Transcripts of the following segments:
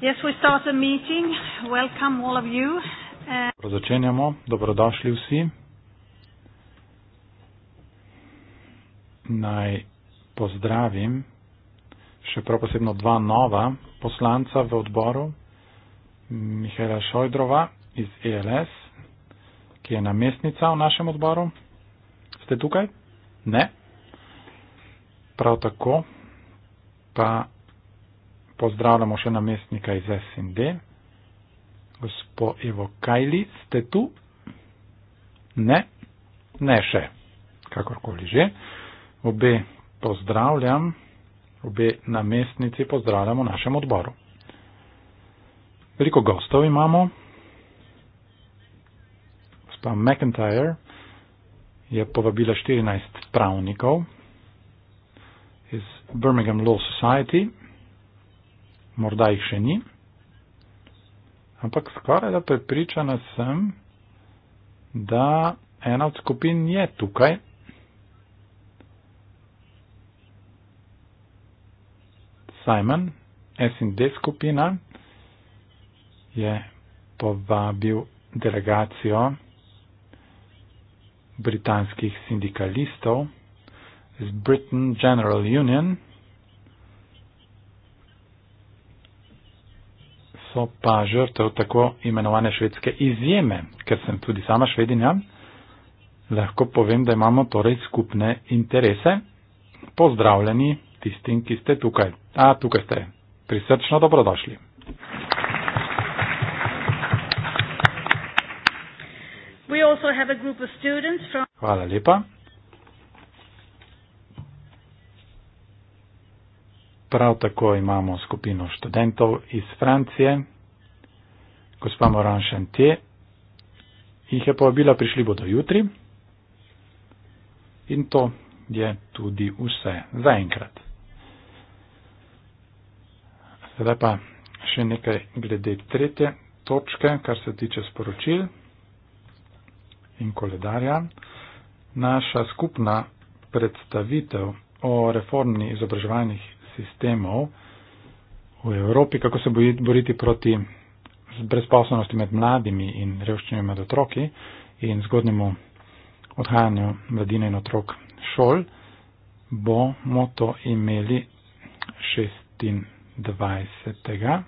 Yes, we start the meeting. Welcome all of you. Uh, začenjamo. Dobrodošli vsi. Naj pozdravim še prav posebno dva nova poslanca v odboru, Mihaela Šojdrova iz ELS, ki je namestnica v našem odboru. Ste tukaj? Ne. Prav tako pa pozdravljamo še namestnika iz SND. Gospod Evo Kajli, ste tu? Ne? Ne še, kakorkoli že. Obe pozdravljam, obe namestnici pozdravljamo našem odboru. Veliko gostov imamo. Gospa McIntyre je povabila 14 pravnikov iz Birmingham Law Society, morda jih še ni, ampak skoraj da prepričana sem, da ena od skupin je tukaj. Simon, SND skupina, je povabil delegacijo britanskih sindikalistov z Britain General Union so pa žrtev tako imenovane švedske izjeme, ker sem tudi sama švedinja, lahko povem, da imamo torej skupne interese. Pozdravljeni tistim, ki ste tukaj. A, tukaj ste. Prisrčno dobrodošli. Hvala lepa. Prav tako imamo skupino študentov iz Francije, gospa Moran Šantje, jih je povabila, prišli bodo jutri. In to je tudi vse zaenkrat. Sedaj pa še nekaj glede tretje točke, kar se tiče sporočil in koledarja. Naša skupna predstavitev o reformni izobraževalnih sistemov v Evropi, kako se boriti proti brezposobnosti med mladimi in revščini med otroki in zgodnemu odhajanju mladine in otrok šol, bomo to imeli 26.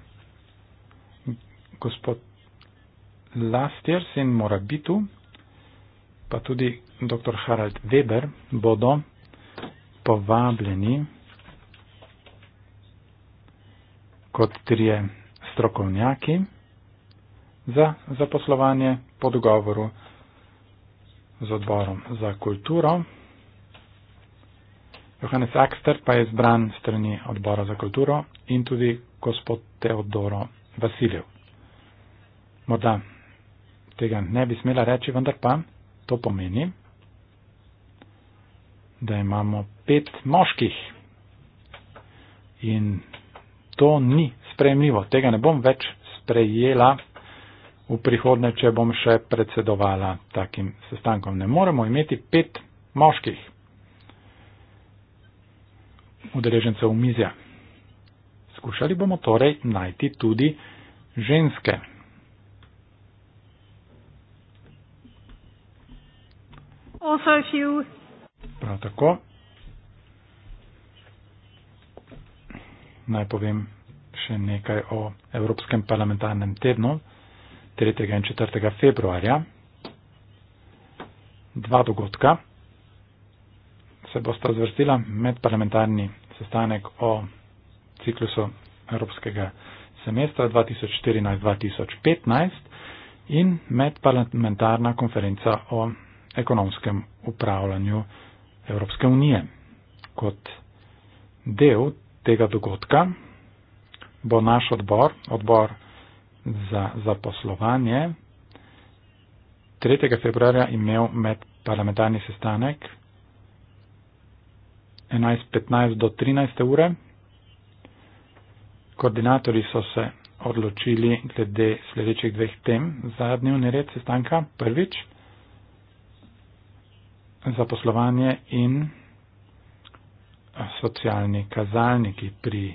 Gospod Lastjers in Morabitu, pa tudi dr. Harald Weber bodo povabljeni kot trije strokovnjaki za zaposlovanje po dogovoru z odborom za kulturo. Johannes Akster pa je zbran strani odbora za kulturo in tudi gospod Teodoro Vasiljev. Morda tega ne bi smela reči, vendar pa to pomeni, da imamo pet moških in to ni sprejemljivo, tega ne bom več sprejela v prihodne, če bom še predsedovala takim sestankom. Ne moremo imeti pet moških udeležencev mizja. Skušali bomo torej najti tudi ženske. Prav tako naj povem še nekaj o Evropskem parlamentarnem tednu 3. in 4. februarja. Dva dogodka se bosta zvrstila medparlamentarni sestanek o ciklusu Evropskega semestra 2014-2015 in medparlamentarna konferenca o ekonomskem upravljanju Evropske unije. Kot del tega dogodka bo naš odbor, odbor za zaposlovanje, 3. februarja imel med parlamentarni sestanek 11.15 do 13. ure. Koordinatori so se odločili glede sledečih dveh tem za dnevni red sestanka. Prvič, zaposlovanje in socialni kazalniki pri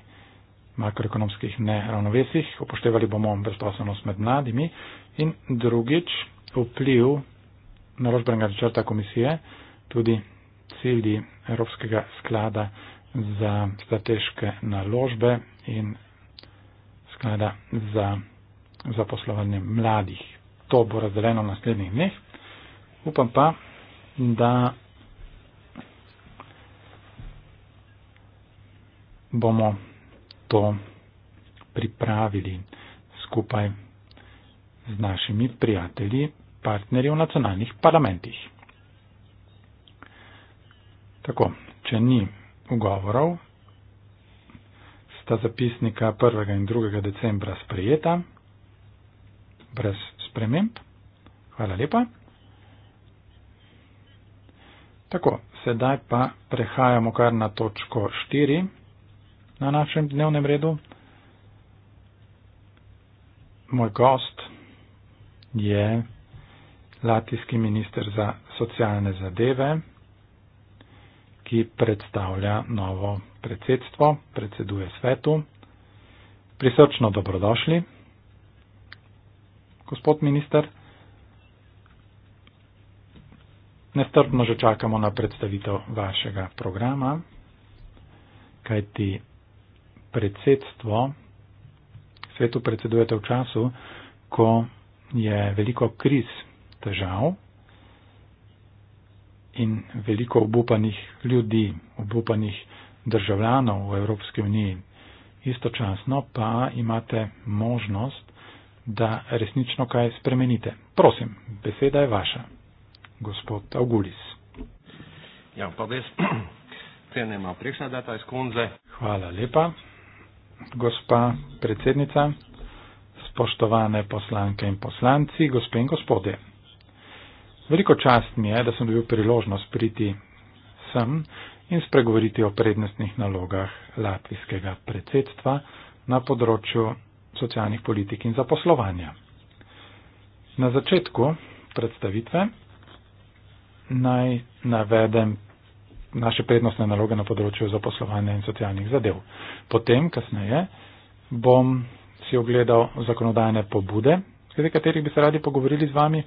makroekonomskih neravnovesjih, upoštevali bomo brezposobnost med mladimi in drugič vpliv naložbenega načrta komisije, tudi cilji Evropskega sklada za strateške naložbe in sklada za zaposlovanje mladih. To bo razdeljeno v naslednjih dneh. Upam pa, da bomo to pripravili skupaj z našimi prijatelji, partnerji v nacionalnih parlamentih. Tako, če ni ugovorov, sta zapisnika 1. in 2. decembra sprejeta, brez sprememb. Hvala lepa. Tako, sedaj pa prehajamo kar na točko 4 na našem dnevnem redu. Moj gost je latijski minister za socialne zadeve, ki predstavlja novo predsedstvo, predseduje svetu. Prisrčno dobrodošli, gospod minister. Nestrpno že čakamo na predstavitev vašega programa, kajti predsedstvo. Svetu predsedujete v času, ko je veliko kriz težav in veliko obupanih ljudi, obupanih državljanov v Evropski uniji. Istočasno pa imate možnost, da resnično kaj spremenite. Prosim, beseda je vaša, gospod Augulis. Ja, pa brez tega nema prejšnja data iz konze. Hvala lepa gospa predsednica, spoštovane poslanke in poslanci, gospe in gospode. Veliko čast mi je, da sem dobil priložnost priti sem in spregovoriti o prednostnih nalogah latvijskega predsedstva na področju socialnih politik in zaposlovanja. Na začetku predstavitve naj navedem naše prednostne naloge na področju zaposlovanja in socialnih zadev. Potem, kasneje, bom si ogledal zakonodajne pobude, glede katerih bi se radi pogovorili z vami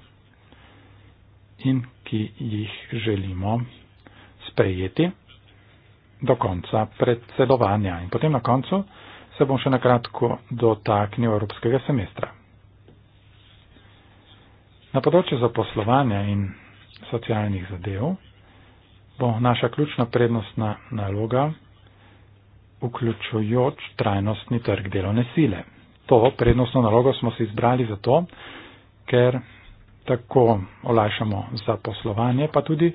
in ki jih želimo sprejeti do konca predsedovanja. In potem na koncu se bom še na kratko dotaknil evropskega semestra. Na področju zaposlovanja in socialnih zadev bo naša ključna prednostna naloga vključujoč trajnostni trg delovne sile. To prednostno nalogo smo si izbrali zato, ker tako olajšamo zaposlovanje, pa tudi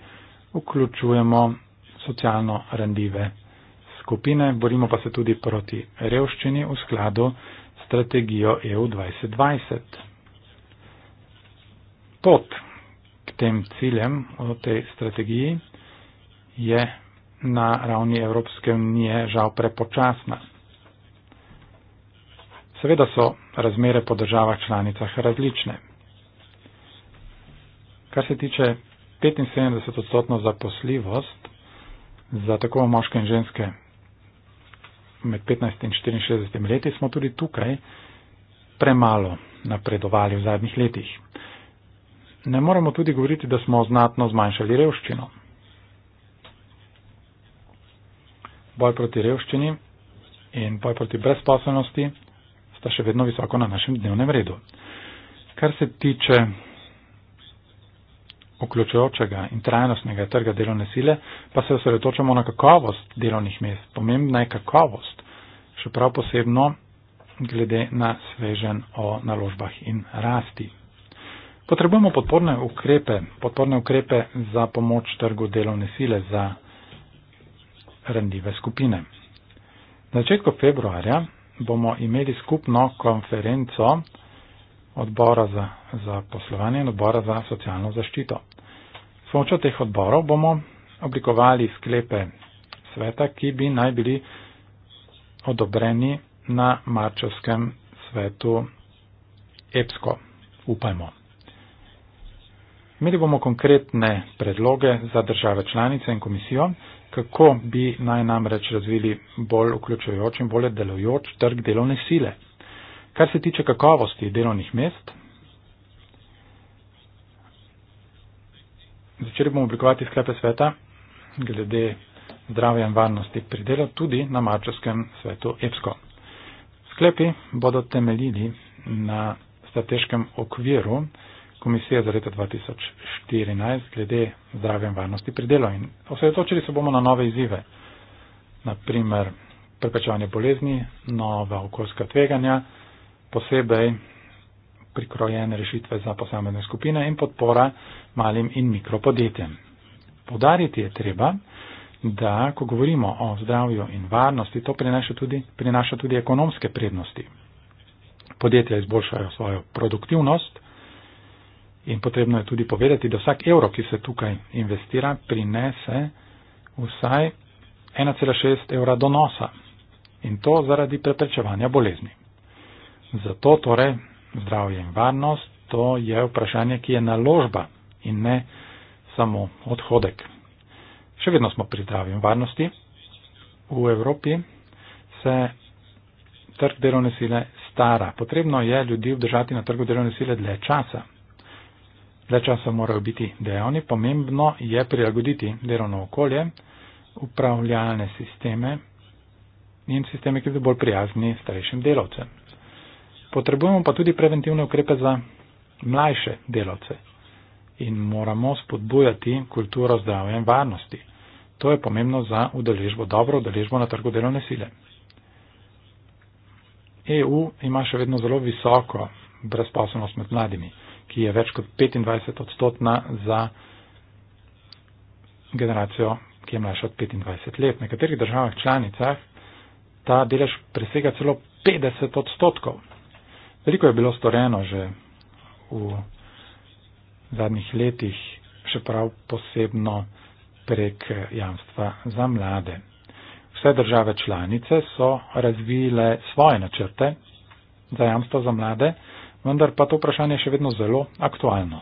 vključujemo socialno randive skupine, borimo pa se tudi proti revščini v skladu s strategijo EU 2020. Pot k tem ciljem v tej strategiji je na ravni Evropske unije žal prepočasna. Seveda so razmere po državah članicah različne. Kar se tiče 75-odstotno zaposljivost za tako moške in ženske med 15 in 64 leti, smo tudi tukaj premalo napredovali v zadnjih letih. Ne moremo tudi govoriti, da smo znatno zmanjšali revščino. boj proti revščini in boj proti brezposobnosti sta še vedno visoko na našem dnevnem redu. Kar se tiče vključujočega in trajnostnega trga delovne sile, pa se osredotočamo na kakovost delovnih mest. Pomembna je kakovost, še prav posebno glede na svežen o naložbah in rasti. Potrebujemo podporne ukrepe, podporne ukrepe za pomoč trgu delovne sile, za ranljive skupine. Na začetku februarja bomo imeli skupno konferenco odbora za, za poslovanje in odbora za socialno zaščito. S pomočjo teh odborov bomo oblikovali sklepe sveta, ki bi naj bili odobreni na marčevskem svetu EPSKO. Upajmo. Imeli bomo konkretne predloge za države članice in komisijo, kako bi naj namreč razvili bolj vključujoč in bolje delojoč trg delovne sile. Kar se tiče kakovosti delovnih mest, začeli bomo oblikovati sklepe sveta glede zdravja in varnosti pri delu tudi na marčarskem svetu EPSCO. Sklepi bodo temeljili na strateškem okviru, komisije za leto 2014 glede zdravja in varnosti pri delu. In osredotočili se bomo na nove izzive, naprimer preprečevanje bolezni, nova okoljska tveganja, posebej prikrojene rešitve za posamezne skupine in podpora malim in mikropodjetjem. Podariti je treba, da ko govorimo o zdravju in varnosti, to prinaša tudi, prinaša tudi ekonomske prednosti. Podjetja izboljšajo svojo produktivnost, In potrebno je tudi povedati, da vsak evro, ki se tukaj investira, prinese vsaj 1,6 evra donosa. In to zaradi preprečevanja bolezni. Zato torej zdravje in varnost, to je vprašanje, ki je naložba in ne samo odhodek. Še vedno smo pri zdravju in varnosti. V Evropi se trg delovne sile stara. Potrebno je ljudi obdržati na trgu delovne sile dlje časa. Dve časa morajo biti dejavni, pomembno je prilagoditi delovno okolje, upravljalne sisteme in sisteme, ki so bolj prijazni starejšim delovcem. Potrebujemo pa tudi preventivne ukrepe za mlajše delovce in moramo spodbujati kulturo zdravja in varnosti. To je pomembno za udeležbo, dobro udeležbo na trgu delovne sile. EU ima še vedno zelo visoko brezposobnost med mladimi ki je več kot 25 odstotna za generacijo, ki je mlajša od 25 let. V nekaterih državah članicah ta delež presega celo 50 odstotkov. Veliko je bilo storjeno že v zadnjih letih, še prav posebno prek jamstva za mlade. Vse države članice so razvile svoje načrte za jamstvo za mlade vendar pa to vprašanje je še vedno zelo aktualno.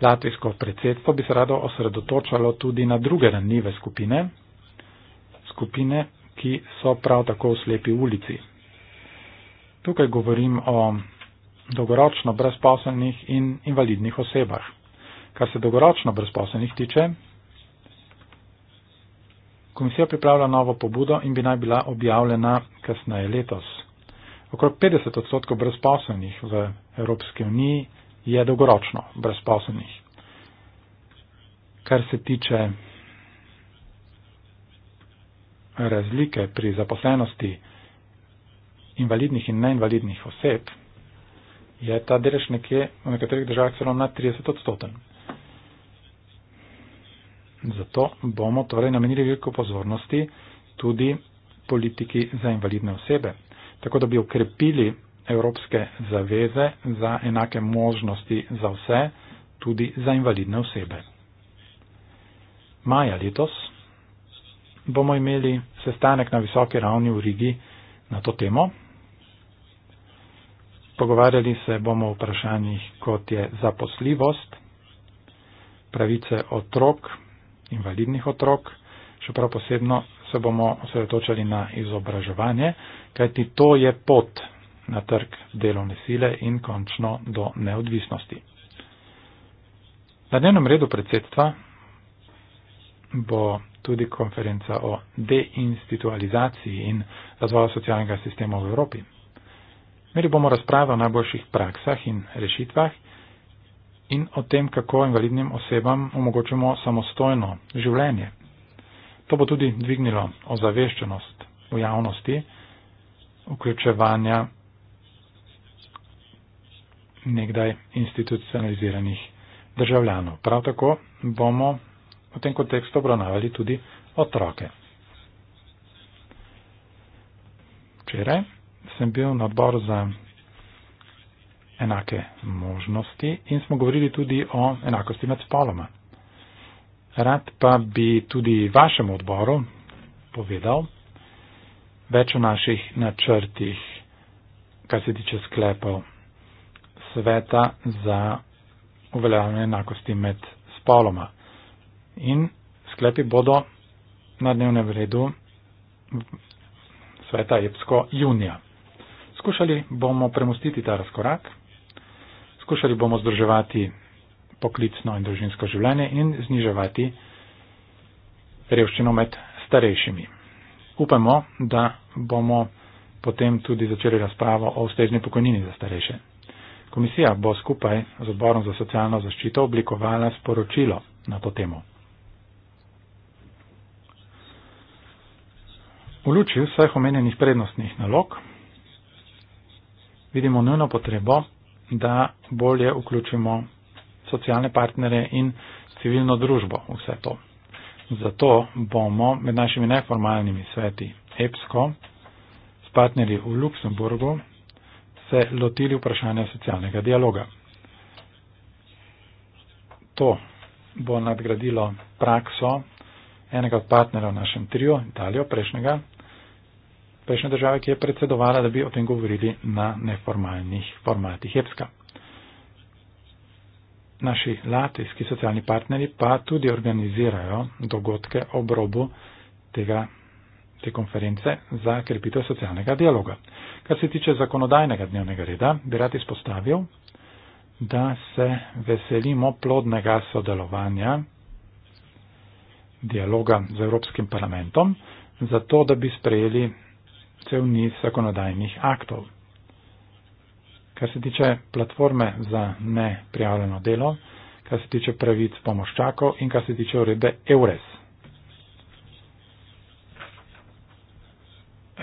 Latvijsko predsedstvo bi se rado osredotočalo tudi na druge ranljive skupine, skupine, ki so prav tako v slepi ulici. Tukaj govorim o dolgoročno brezposelnih in invalidnih osebah. Kar se dolgoročno brezposelnih tiče, komisija pripravlja novo pobudo in bi naj bila objavljena kasneje letos. Okrog 50 odstotkov brezposobnih v Evropski uniji je dolgoročno brezposobnih. Kar se tiče razlike pri zaposlenosti invalidnih in neinvalidnih oseb, je ta delež nekje v nekaterih državah celo na 30 odstoten. Zato bomo torej namenili veliko pozornosti tudi politiki za invalidne osebe tako da bi ukrepili evropske zaveze za enake možnosti za vse, tudi za invalidne osebe. Maja letos bomo imeli sestanek na visoki ravni v Rigi na to temo. Pogovarjali se bomo o vprašanjih, kot je zaposljivost, pravice otrok, invalidnih otrok, še prav posebno se bomo osredotočali na izobraževanje, kajti to je pot na trg delovne sile in končno do neodvisnosti. Na dnevnem redu predsedstva bo tudi konferenca o deinstitualizaciji in razvoju socialnega sistema v Evropi. Meri bomo razpravo o najboljših praksah in rešitvah in o tem, kako invalidnim osebam omogočamo samostojno življenje. To bo tudi dvignilo ozaveščenost v javnosti, vključevanja nekdaj institucionaliziranih državljanov. Prav tako bomo v tem kontekstu obravnavali tudi otroke. Včeraj sem bil na odboru za enake možnosti in smo govorili tudi o enakosti med spoloma. Rad pa bi tudi vašemu odboru povedal več o naših načrtih, kar se tiče sklepov sveta za uveljavljanje enakosti med spoloma. In sklepi bodo na dnevnem redu sveta Epsko junija. Skušali bomo premustiti ta razkorak, skušali bomo združevati poklicno in družinsko življenje in zniževati revščino med starejšimi. Upamo, da bomo potem tudi začeli razpravo o ustrezni pokojnini za starejše. Komisija bo skupaj z odborom za socialno zaščito oblikovala sporočilo na to temo. V luči vseh omenjenih prednostnih nalog vidimo nujno potrebo, da bolje vključimo socialne partnere in civilno družbo vse to. Zato bomo med našimi neformalnimi sveti EPSCO s partnerji v Luksemburgu se lotili vprašanja socialnega dialoga. To bo nadgradilo prakso enega od partnerjev v našem triju, Italijo, prejšnjega, prejšnje države, ki je predsedovala, da bi o tem govorili na neformalnih formatih EPSCO naši latvijski socialni partnerji pa tudi organizirajo dogodke ob robu tega, te konference za krepitev socialnega dialoga. Kar se tiče zakonodajnega dnevnega reda, bi rad izpostavil, da se veselimo plodnega sodelovanja dialoga z Evropskim parlamentom, zato da bi sprejeli cel niz zakonodajnih aktov. Kar se tiče platforme za neprijavljeno delo, kar se tiče pravic pomoščakov in kar se tiče uredbe EURES.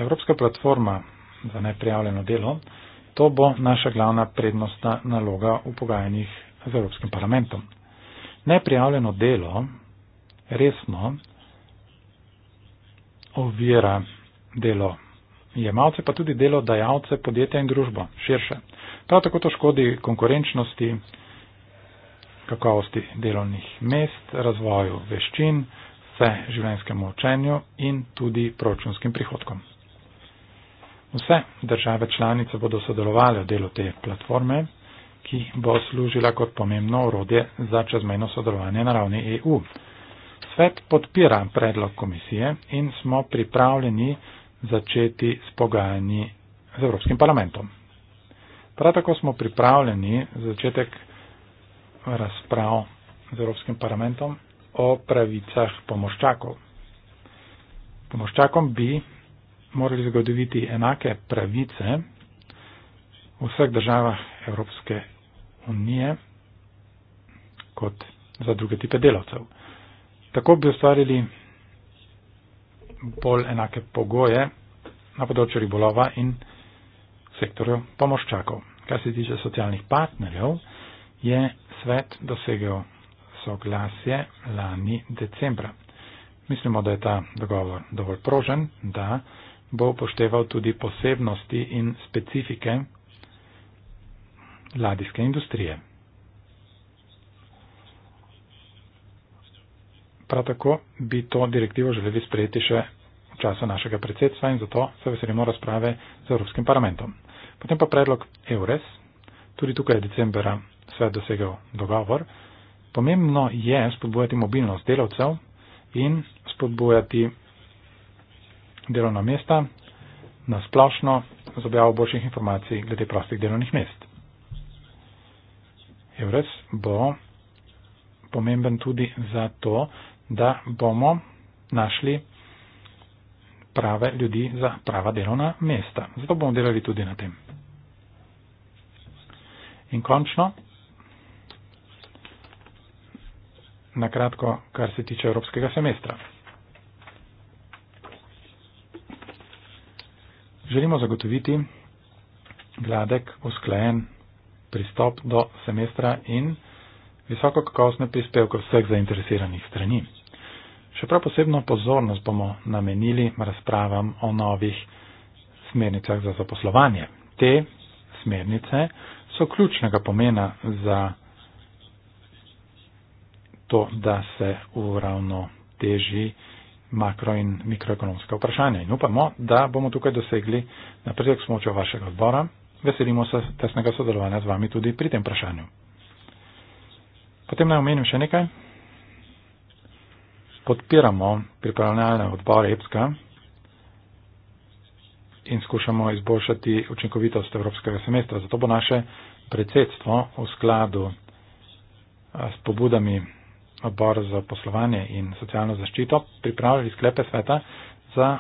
Evropska platforma za neprijavljeno delo, to bo naša glavna prednostna naloga v pogajanjih z Evropskim parlamentom. Neprijavljeno delo resno ovira delo jemalce, pa tudi delodajalce, podjetja in družbo širše. Prav tako to škodi konkurenčnosti, kakovosti delovnih mest, razvoju veščin, vse življenjskemu učenju in tudi proračunskim prihodkom. Vse države članice bodo sodelovali v delu te platforme, ki bo služila kot pomembno urodje za čezmejno sodelovanje na ravni EU. Svet podpira predlog komisije in smo pripravljeni začeti s pogajanji z Evropskim parlamentom. Prav tako smo pripravljeni za začetek razprav z Evropskim parlamentom o pravicah pomoščakov. Pomoščakom bi morali zagotoviti enake pravice v vseh državah Evropske unije kot za druge type delavcev. Tako bi ustvarili bolj enake pogoje na področju ribolova in sektorju pomoščakov. Kar se tiče socialnih partnerjev, je svet dosegel soglasje lani decembra. Mislimo, da je ta dogovor dovolj prožen, da bo upošteval tudi posebnosti in specifike ladijske industrije. Prav tako bi to direktivo želeli sprejeti še v času našega predsedstva in zato se veselimo razprave z Evropskim parlamentom. Potem pa predlog EURES. Tudi tukaj je decembra svet dosegel dogovor. Pomembno je spodbujati mobilnost delavcev in spodbujati delovna mesta na splošno z objavo boljših informacij glede prostih delovnih mest. EURES bo pomemben tudi za to, da bomo našli prave ljudi za prava delovna mesta. Zato bomo delali tudi na tem. In končno, na kratko, kar se tiče evropskega semestra. Želimo zagotoviti gladek, usklajen pristop do semestra in visoko kakovostne prispevke vseh zainteresiranih stranin. Še prav posebno pozornost bomo namenili razpravam o novih smernicah za zaposlovanje. Te smernice so ključnega pomena za to, da se uravno teži makro in mikroekonomska vprašanja. In upamo, da bomo tukaj dosegli napredek s pomočjo vašega odbora. Veselimo se tesnega sodelovanja z vami tudi pri tem vprašanju. Potem naj omenim še nekaj podpiramo pripravljalne odbore EPSKA in skušamo izboljšati učinkovitost evropskega semestra. Zato bo naše predsedstvo v skladu s pobudami odbora za poslovanje in socialno zaščito pripravljali sklepe sveta za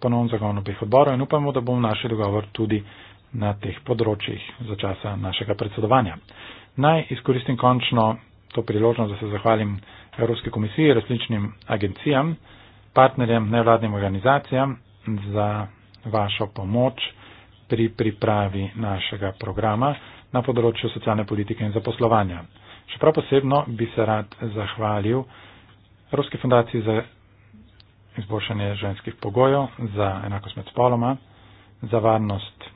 ponovno zagon obeh odborov in upamo, da bomo našli dogovor tudi na teh področjih za časa našega predsedovanja. Naj izkoristim končno to priložnost, da se zahvalim Evropske komisije, različnim agencijam, partnerjem, nevladnim organizacijam za vašo pomoč pri pripravi našega programa na področju socialne politike in zaposlovanja. Še prav posebno bi se rad zahvalil Evropski fundaciji za izboljšanje ženskih pogojev, za enakost med spoloma, za varnost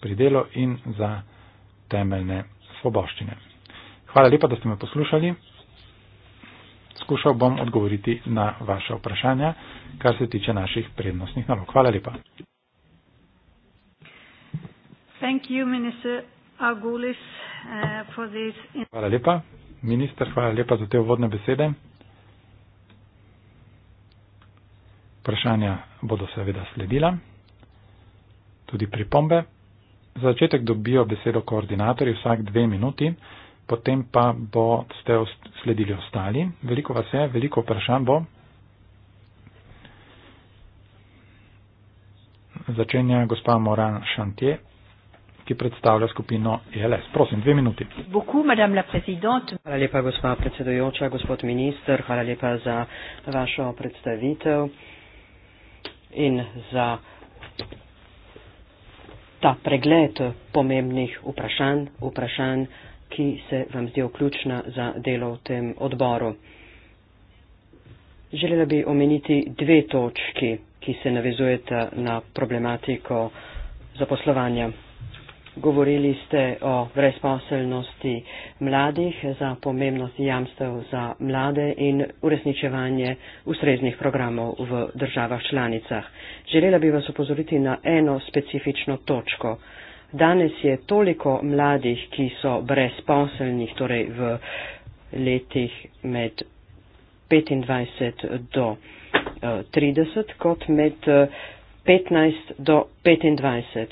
pri delu in za temeljne svoboščine. Hvala lepa, da ste me poslušali. Skušal bom odgovoriti na vaše vprašanja, kar se tiče naših prednostnih nalog. Hvala lepa. You, Agulis, uh, hvala lepa. Minister, hvala lepa za te uvodne besede. Vprašanja bodo seveda sledila, tudi pripombe. Za začetek dobijo besedo koordinatorji vsak dve minuti potem pa boste sledili ostali. Veliko vas je, veliko vprašanj bo. Začenja gospa Moran Šantje, ki predstavlja skupino ELS. Prosim, dve minuti. Hvala lepa, gospa predsedojoča, gospod minister, hvala lepa za vašo predstavitev in za ta pregled pomembnih vprašanj, vprašanj ki se vam zdijo ključna za delo v tem odboru. Želela bi omeniti dve točki, ki se navezujete na problematiko zaposlovanja. Govorili ste o brezposelnosti mladih, za pomembnost jamstev za mlade in uresničevanje ustreznih programov v državah članicah. Želela bi vas upozoriti na eno specifično točko. Danes je toliko mladih, ki so brezposelnih, torej v letih med 25 do 30, eh, kot med 15 eh, do 25.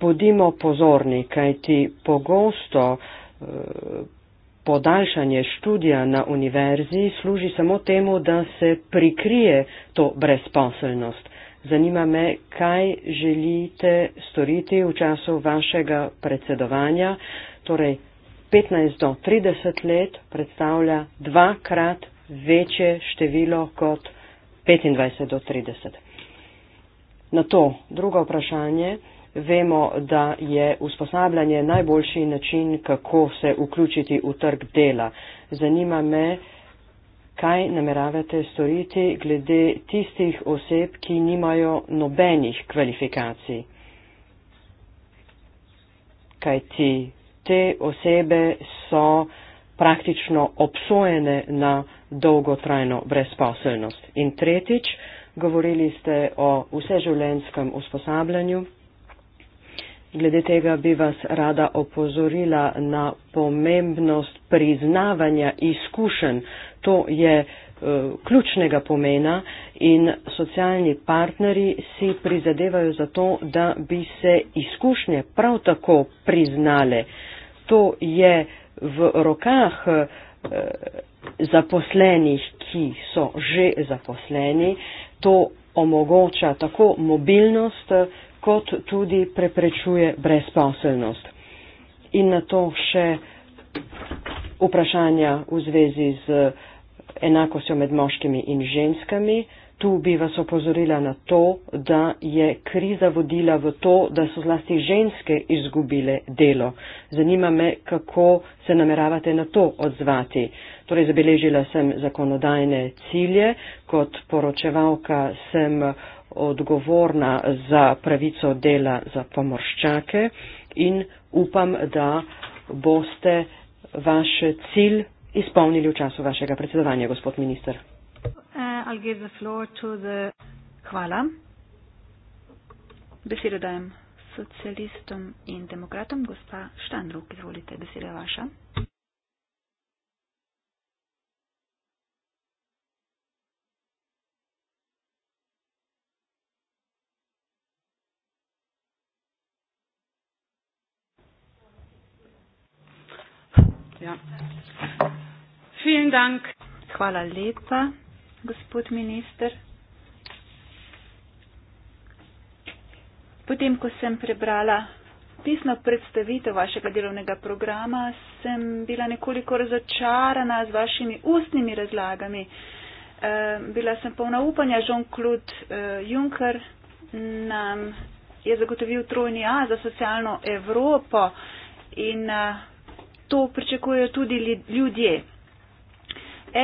Bodimo pozorni, kajti pogosto eh, podaljšanje študija na univerzi služi samo temu, da se prikrije to brezposelnost. Zanima me, kaj želite storiti v času vašega predsedovanja. Torej, 15 do 30 let predstavlja dvakrat večje število kot 25 do 30. Na to drugo vprašanje. Vemo, da je usposabljanje najboljši način, kako se vključiti v trg dela. Zanima me, kaj nameravate storiti glede tistih oseb, ki nimajo nobenih kvalifikacij. Kaj ti te osebe so praktično obsojene na dolgotrajno brezposelnost. In tretjič, govorili ste o vseživljenjskem usposabljanju. Glede tega bi vas rada opozorila na pomembnost priznavanja izkušenj. To je uh, ključnega pomena in socialni partneri si prizadevajo za to, da bi se izkušnje prav tako priznale. To je v rokah uh, zaposlenih, ki so že zaposleni. To omogoča tako mobilnost, uh, kot tudi preprečuje brezposelnost. In na to še vprašanja v zvezi z enakostjo med moškimi in ženskami. Tu bi vas opozorila na to, da je kriza vodila v to, da so zlasti ženske izgubile delo. Zanima me, kako se nameravate na to odzvati. Torej, zabeležila sem zakonodajne cilje, kot poročevalka sem odgovorna za pravico dela za pomorščake in upam, da boste vaš cilj izpolnili v času vašega predsedovanja, gospod minister. Eh, Hvala. Besedo dajem socialistom in demokratom. Gospa Štandruk, izvolite, beseda je vaša. Ja. Dank. Hvala lepa, gospod minister. Potem, ko sem prebrala pisno predstavitev vašega delovnega programa, sem bila nekoliko razočarana z vašimi ustnimi razlagami. E, bila sem polna upanja, Jean-Claude e, Juncker nam je zagotovil trojni A za socialno Evropo in e, to pričakujejo tudi ljudje.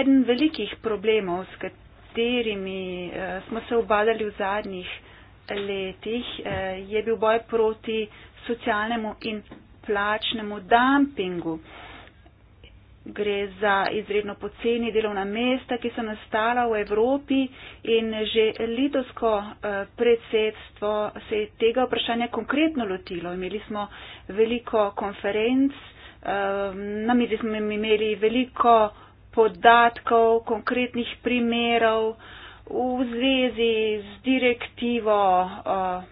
Eden velikih problemov, s katerimi eh, smo se obadali v zadnjih eh, letih, eh, je bil boj proti socialnemu in plačnemu dumpingu. Gre za izredno poceni delovna mesta, ki so nastala v Evropi in že litovsko predsedstvo se je tega vprašanja konkretno lotilo. Imeli smo veliko konferenc Ehm, na mizi smo imeli veliko podatkov, konkretnih primerov v zvezi z direktivo uh,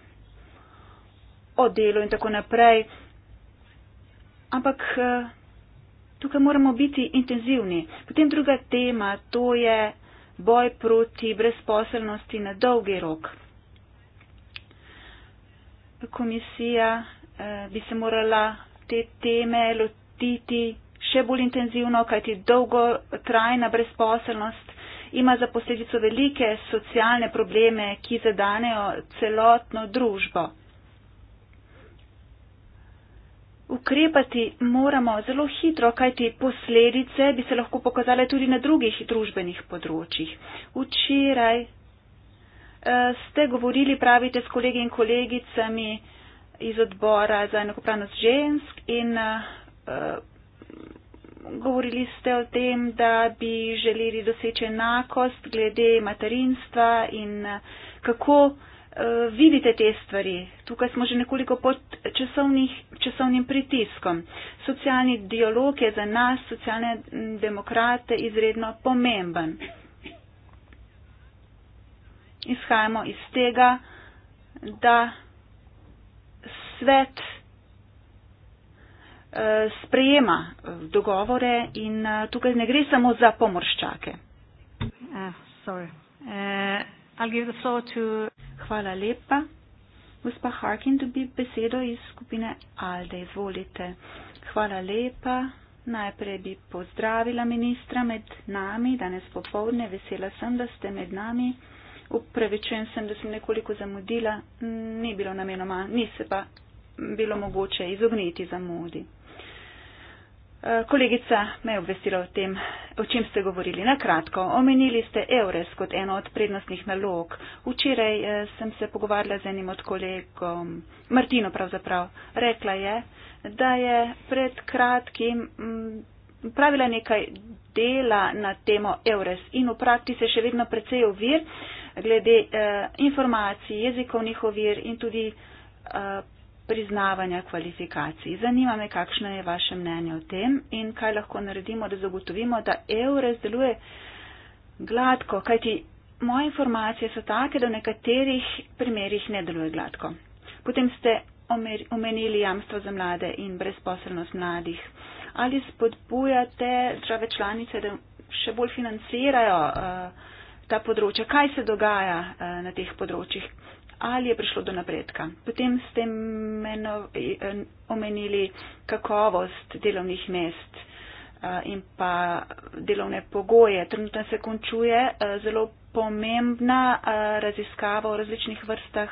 o delu in tako naprej. Ampak uh, tukaj moramo biti intenzivni. Potem druga tema, to je boj proti brezposelnosti na dolgi rok. Komisija uh, bi se morala te teme lotiti pustiti še bolj intenzivno, kajti dolgotrajna brezposelnost ima za posledico velike socialne probleme, ki zadanejo celotno družbo. Ukrepati moramo zelo hitro, kajti posledice bi se lahko pokazale tudi na drugih družbenih področjih. Včeraj eh, ste govorili, pravite, s kolegi in kolegicami iz odbora za enakopravnost žensk in eh, Eh, govorili ste o tem, da bi želeli doseči enakost glede materinstva in eh, kako eh, vidite te stvari. Tukaj smo že nekoliko pod časovnih, časovnim pritiskom. Socialni dialog je za nas, socialne demokrate, izredno pomemben. Izhajamo iz tega, da svet Eh, sprejema dogovore in eh, tukaj ne gre samo za pomorščake. Uh, uh, to... Hvala lepa. Gospa Harkin dobi besedo iz skupine Alde. Izvolite. Hvala lepa. Najprej bi pozdravila ministra med nami danes popovdne. Vesela sem, da ste med nami. Upravičujem sem, da sem nekoliko zamudila. Ni bilo namenoma, ni se pa bilo mogoče izogniti zamudi. Kolegica me je obvestila o tem, o čem ste govorili. Na kratko, omenili ste EURES kot eno od prednostnih nalog. Včeraj eh, sem se pogovarjala z enim od kolegom, Martino pravzaprav, rekla je, da je pred kratkim mm, pravila nekaj dela na temo EURES in v prakti se še vedno precej ovir glede eh, informacij, jezikovnih ovir in tudi eh, priznavanja kvalifikacij. Zanima me, kakšno je vaše mnenje o tem in kaj lahko naredimo, da zagotovimo, da EURES deluje gladko, kajti moje informacije so take, da v nekaterih primerjih ne deluje gladko. Potem ste omenili jamstvo za mlade in brezposelnost mladih. Ali spodbujate države članice, da še bolj financirajo uh, ta področja? Kaj se dogaja uh, na teh področjih? ali je prišlo do napredka. Potem ste meno, eh, omenili kakovost delovnih mest eh, in pa delovne pogoje. Trenutno se končuje eh, zelo pomembna raziskava o različnih vrstah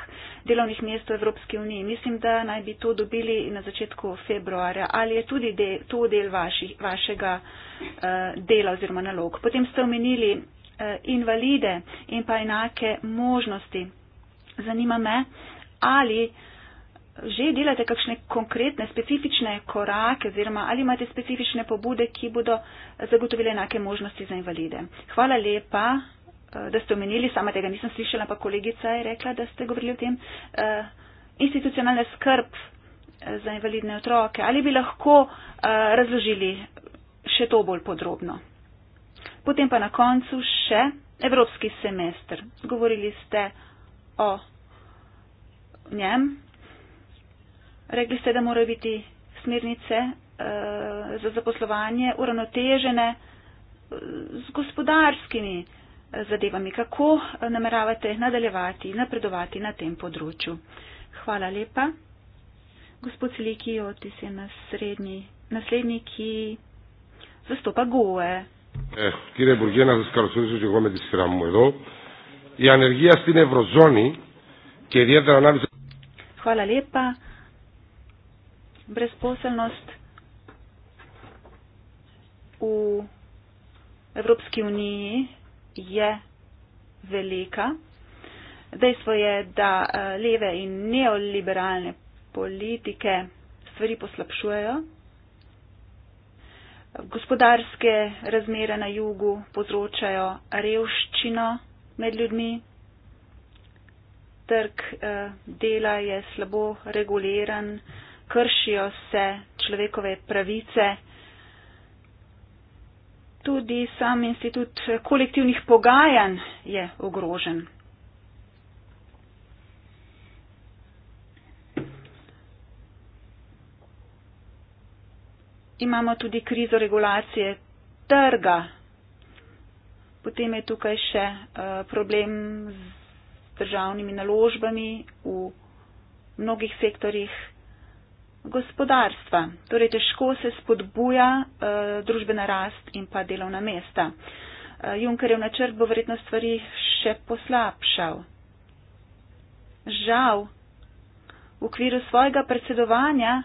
delovnih mest v Evropski uniji. Mislim, da naj bi to dobili na začetku februarja. Ali je tudi de, to del vaši, vašega dela oziroma nalog? Potem ste omenili invalide in pa enake možnosti zanima me, ali že delate kakšne konkretne, specifične korake oziroma ali imate specifične pobude, ki bodo zagotovile enake možnosti za invalide. Hvala lepa, eh, da ste omenili, sama tega nisem slišala, pa kolegica je rekla, da ste govorili o tem. Eh, institucionalna skrb eh, za invalidne otroke. Ali bi lahko razložili še to bolj podrobno? Potem pa na koncu še evropski semester. Govorili ste o njem. Rekli ste, da morajo biti smernice uh, za zaposlovanje uravnotežene eh, z gospodarskimi eh, zadevami. Kako nameravate nadaljevati, napredovati na tem področju? Hvala lepa. Gospod Silikijo, ti si naslednji, naslednji, ki zastopa GOE. Eh, kire Burgena, zaskar, sem se že gome, da si ramo je dol η ανεργία στην Ευρωζώνη και ιδιαίτερα ανάμεσα. Hvala lepa. Brezposelnost v Evropski uniji je velika. Dejstvo je, da eh, leve in neoliberalne politike stvari poslabšujejo. Gospodarske razmere na jugu povzročajo revščino med ljudmi. Trg eh, dela je slabo reguliran, kršijo se človekove pravice. Tudi sam institut kolektivnih pogajanj je ogrožen. Imamo tudi krizo regulacije trga Potem je tukaj še eh, problem z državnimi naložbami v mnogih sektorjih gospodarstva. Torej, težko se spodbuja eh, družbena rast in pa delovna mesta. Eh, Junkerjev načrt bo verjetno stvari še poslabšal. Žal, v okviru svojega predsedovanja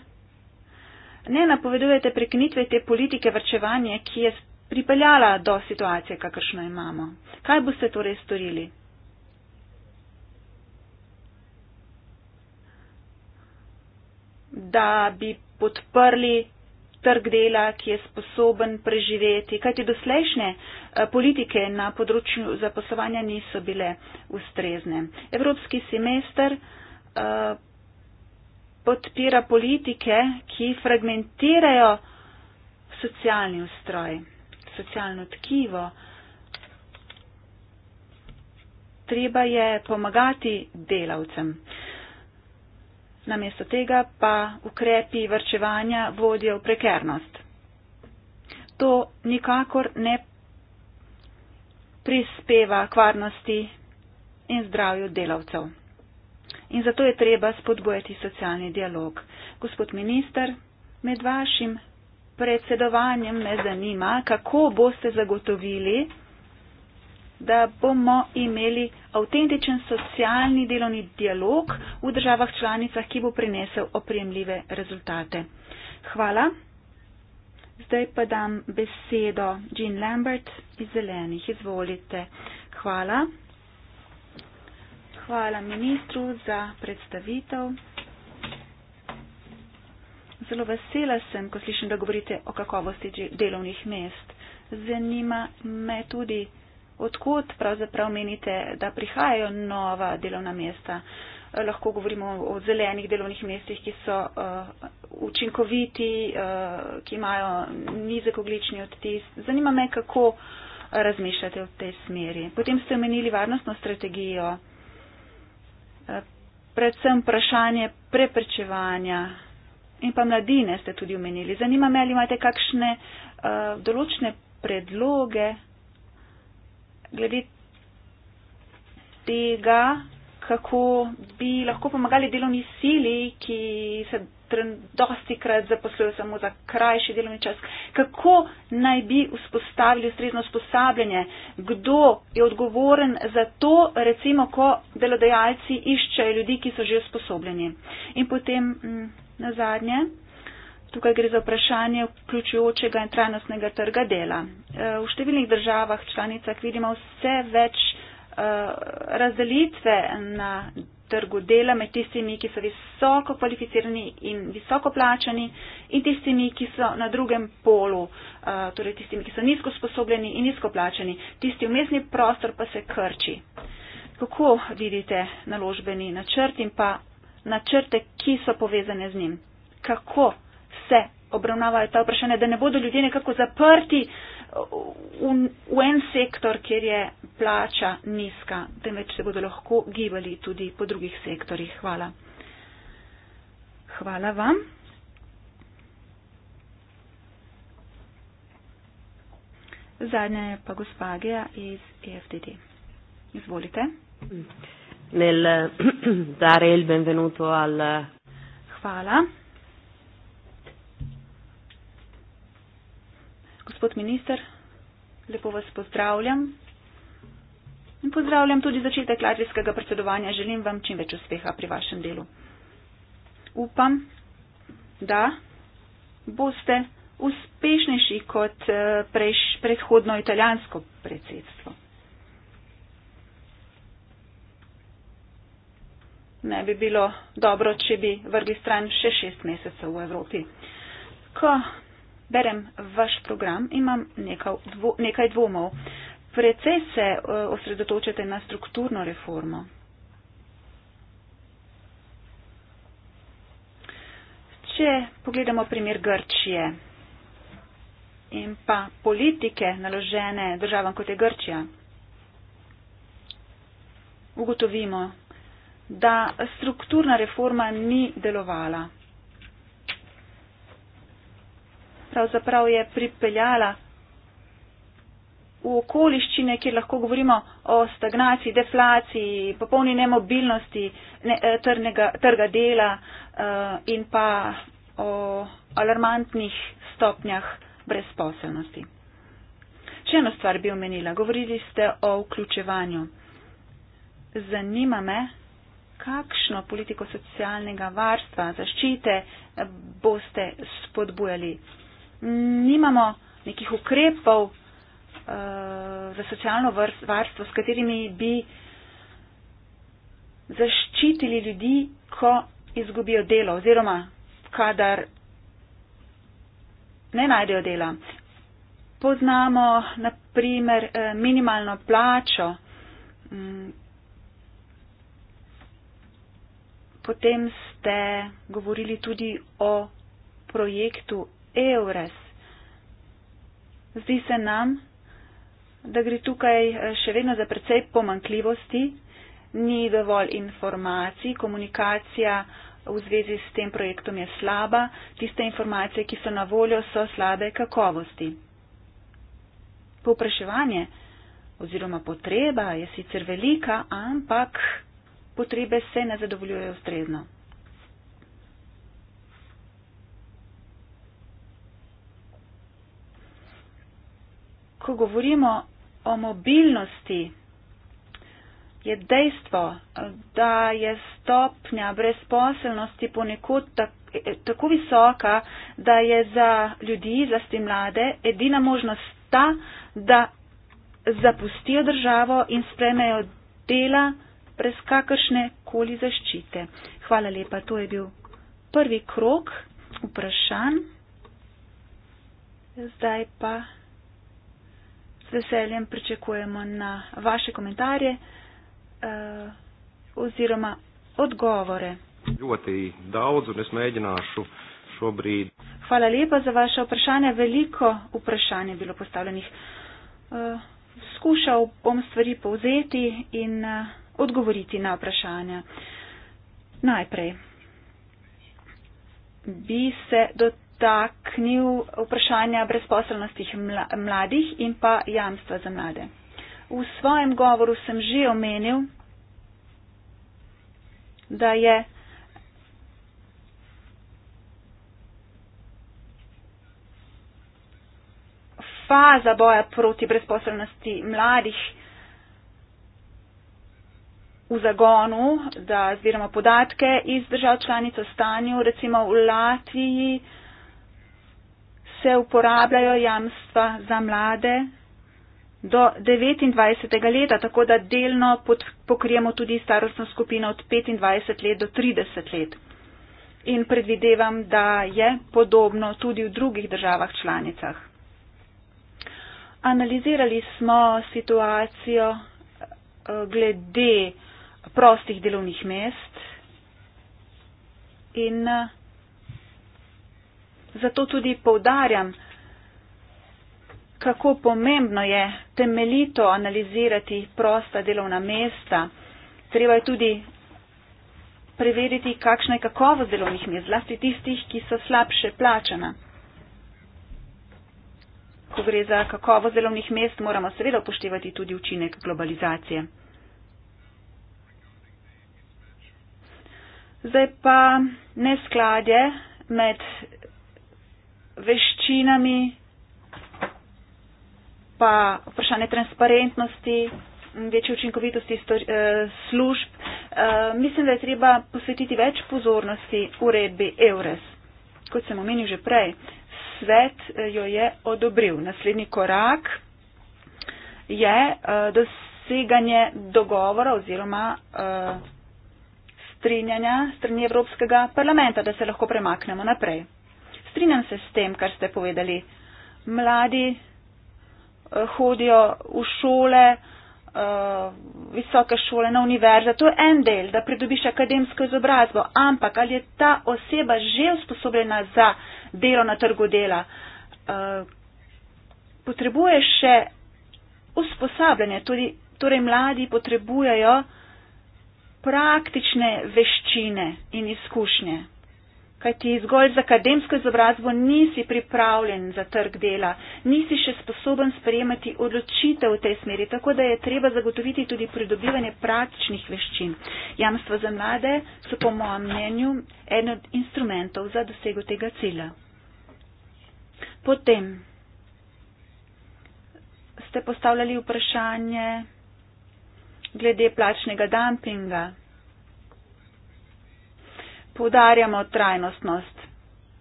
ne napovedujete prekinitve te politike vrčevanja, ki je pripeljala do situacije, kakršno imamo. Kaj boste torej storili? Da bi podprli trg dela, ki je sposoben preživeti, kajti doslejšnje eh, politike na področju zaposlovanja niso bile ustrezne. Evropski semester uh, podpira politike, ki fragmentirajo socialni ustroj socialno tkivo. Treba je pomagati delavcem. Namesto tega pa ukrepi vrčevanja vodijo v prekernost. To nikakor ne prispeva k varnosti in zdravju delavcev. In zato je treba spodbojati socialni dialog. Gospod minister, med vašim predsedovanjem me zanima, kako boste zagotovili, da bomo imeli avtentičen socialni delovni dialog v državah članicah, ki bo prinesel opremljive rezultate. Hvala. Zdaj pa dam besedo Jean Lambert iz Zelenih. Izvolite. Hvala. Hvala ministru za predstavitev zelo vesela sem, ko slišim, da govorite o kakovosti delovnih mest. Zanima me tudi, odkud pravzaprav menite, da prihajajo nova delovna mesta. Eh, lahko govorimo o zelenih delovnih mestih, ki so uh, učinkoviti, uh, ki imajo nizek oglični odtis. Zanima me, kako razmišljate v tej smeri. Potem ste omenili varnostno strategijo, uh, predvsem vprašanje preprečevanja In pa mladine ste tudi omenili. Zanima me, ali imate kakšne uh, določene predloge glede tega, kako bi lahko pomagali delovni sili, ki se dosti krat zaposlujejo samo za krajši delovni čas. Kako naj bi vzpostavili ustrezno usposabljanje? Kdo je odgovoren za to, recimo, ko delodajalci iščejo ljudi, ki so že usposobljeni? In potem mm, na zadnje. Tukaj gre za vprašanje vključujočega in trajnostnega trga dela. E, v številnih državah članicah vidimo vse več e, razdelitve na trgu dela med tistimi, ki so visoko kvalificirani in visoko plačani in tistimi, ki so na drugem polu, eh, torej tistimi, ki so nizko sposobljeni in nizko plačani. Tisti umestni prostor pa se krči. Kako vidite naložbeni načrt in pa načrte, ki so povezane z njim? Kako se obravnavajo ta vprašanja, da ne bodo ljudje nekako zaprti? v, v en sektor, kjer je plača nizka, temveč se bodo lahko gibali tudi po drugih sektorjih. Hvala. Hvala vam. Zadnja je pa gospa Agija iz EFDD. Izvolite. Nel eh, dare il benvenuto al. Eh, Hvala. Gospod minister, lepo vas pozdravljam. In pozdravljam tudi začetek latvijskega predsedovanja. Želim vam čim več uspeha pri vašem delu. Upam, da boste uspešnejši kot eh, prejš, predhodno italijansko predsedstvo. Ne bi bilo dobro, če bi vrgli stran še šest mesecev v Evropi. Ko berem vaš program, imam nekaj, dvo, nekaj dvomov. Precej se eh, osredotočate na strukturno reformo. Če pogledamo primer Grčije in pa politike naložene državam kot je Grčija, ugotovimo, da strukturna reforma ni delovala. pravzaprav je pripeljala v okoliščine, kjer lahko govorimo o stagnaciji, deflaciji, popolni nemobilnosti ne, eh, trnega, trga dela uh, in pa o alarmantnih stopnjah brezposelnosti. Še eno stvar bi omenila. Govorili ste o vključevanju. Zanima me, kakšno politiko socialnega varstva, zaščite eh, boste spodbujali nimamo nekih ukrepov uh, za socialno vrst, varstvo, s katerimi bi zaščitili ljudi, ko izgubijo delo oziroma kadar ne najdejo dela. Poznamo naprimer eh, minimalno plačo, mm, potem ste govorili tudi o projektu evres. Zdi se nam, da gre tukaj eh, še vedno za precej pomankljivosti, ni dovolj informacij, komunikacija v zvezi s tem projektom je slaba, tiste informacije, ki so na voljo, so slabe kakovosti. Popraševanje oziroma potreba je sicer velika, ampak potrebe se ne zadovoljujejo ustrezno. ko govorimo o mobilnosti, je dejstvo, da je stopnja brezposelnosti ponekod tako visoka, da je za ljudi, za ste mlade, edina možnost ta, da zapustijo državo in spremejo dela brez kakršne koli zaščite. Hvala lepa, to je bil prvi krok vprašanj. Zdaj pa z veseljem pričakujemo na vaše komentarje uh, oziroma odgovore. Hvala lepa za vaše vprašanje. Veliko vprašanje je bilo postavljenih. Uh, skušal bom stvari povzeti in uh, odgovoriti na vprašanja. Najprej bi se dotaknil dotaknil vprašanja brezposelnosti mla, mladih in pa jamstva za mlade. V svojem govoru sem že omenil, da je faza boja proti brezposelnosti mladih v zagonu, da zbiramo podatke iz držav članic o stanju, recimo v Latviji, se uporabljajo jamstva za mlade do 29. leta, tako da delno pod, pokrijemo tudi starostno skupino od 25 let do 30 let. In predvidevam, da je podobno tudi v drugih državah članicah. Analizirali smo situacijo eh, glede prostih delovnih mest in eh, Zato tudi povdarjam, kako pomembno je temeljito analizirati prosta delovna mesta. Treba je tudi preveriti, kakšna je kakovost delovnih mest, zlasti tistih, ki so slabše plačana. Ko gre za kakovost delovnih mest, moramo seveda upoštevati tudi učinek globalizacije. Zdaj pa neskladje med veščinami, pa vprašanje transparentnosti, večje učinkovitosti stori, eh, služb. Eh, mislim, da je treba posvetiti več pozornosti uredbi EURES. Kot sem omenil že prej, svet eh, jo je odobril. Naslednji korak je eh, doseganje dogovora oziroma eh, strinjanja strani Evropskega parlamenta, da se lahko premaknemo naprej strinjam se s tem, kar ste povedali. Mladi eh, hodijo v šole, eh, visoke šole, na univerze. To je en del, da pridobiš akademsko izobrazbo, ampak ali je ta oseba že usposobljena za delo na trgu dela? Eh, potrebuje še usposabljanje, tudi, torej mladi potrebujejo praktične veščine in izkušnje. Kajti zgolj z akademsko izobrazbo nisi pripravljen za trg dela, nisi še sposoben sprejemati odločitev v tej smeri, tako da je treba zagotoviti tudi pridobivanje praktičnih veščin. Jamstva za mlade so po mojem mnenju en od instrumentov za dosego tega cilja. Potem ste postavljali vprašanje glede plačnega dumpinga poudarjamo trajnostnost,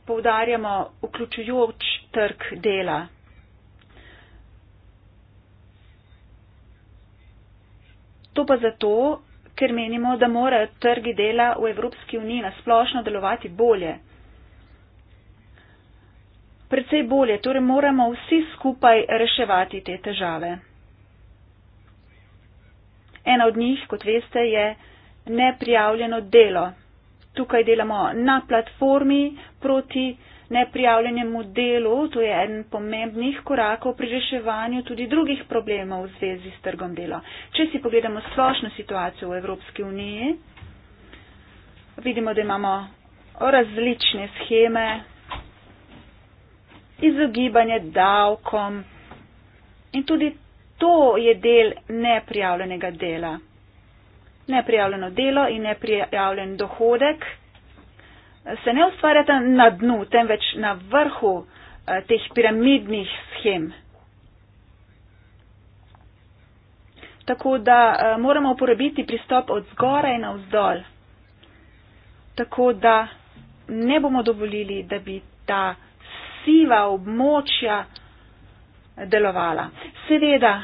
poudarjamo vključujoč trg dela. To pa zato, ker menimo, da morajo trgi dela v Evropski uniji nasplošno delovati bolje. Predvsej bolje, torej moramo vsi skupaj reševati te težave. Ena od njih, kot veste, je neprijavljeno delo tukaj delamo na platformi proti neprijavljenemu delu. To je en pomembnih korakov pri reševanju tudi drugih problemov v zvezi s trgom dela. Če si pogledamo splošno situacijo v Evropski uniji, vidimo, da imamo različne scheme izogibanje davkom. In tudi to je del neprijavljenega dela neprijavljeno delo in neprijavljen dohodek se ne ustvarjata na dnu, temveč na vrhu eh, teh piramidnih schem. Tako da eh, moramo uporabiti pristop od zgoraj na vzdolj, tako da ne bomo dovolili, da bi ta siva območja delovala. Seveda,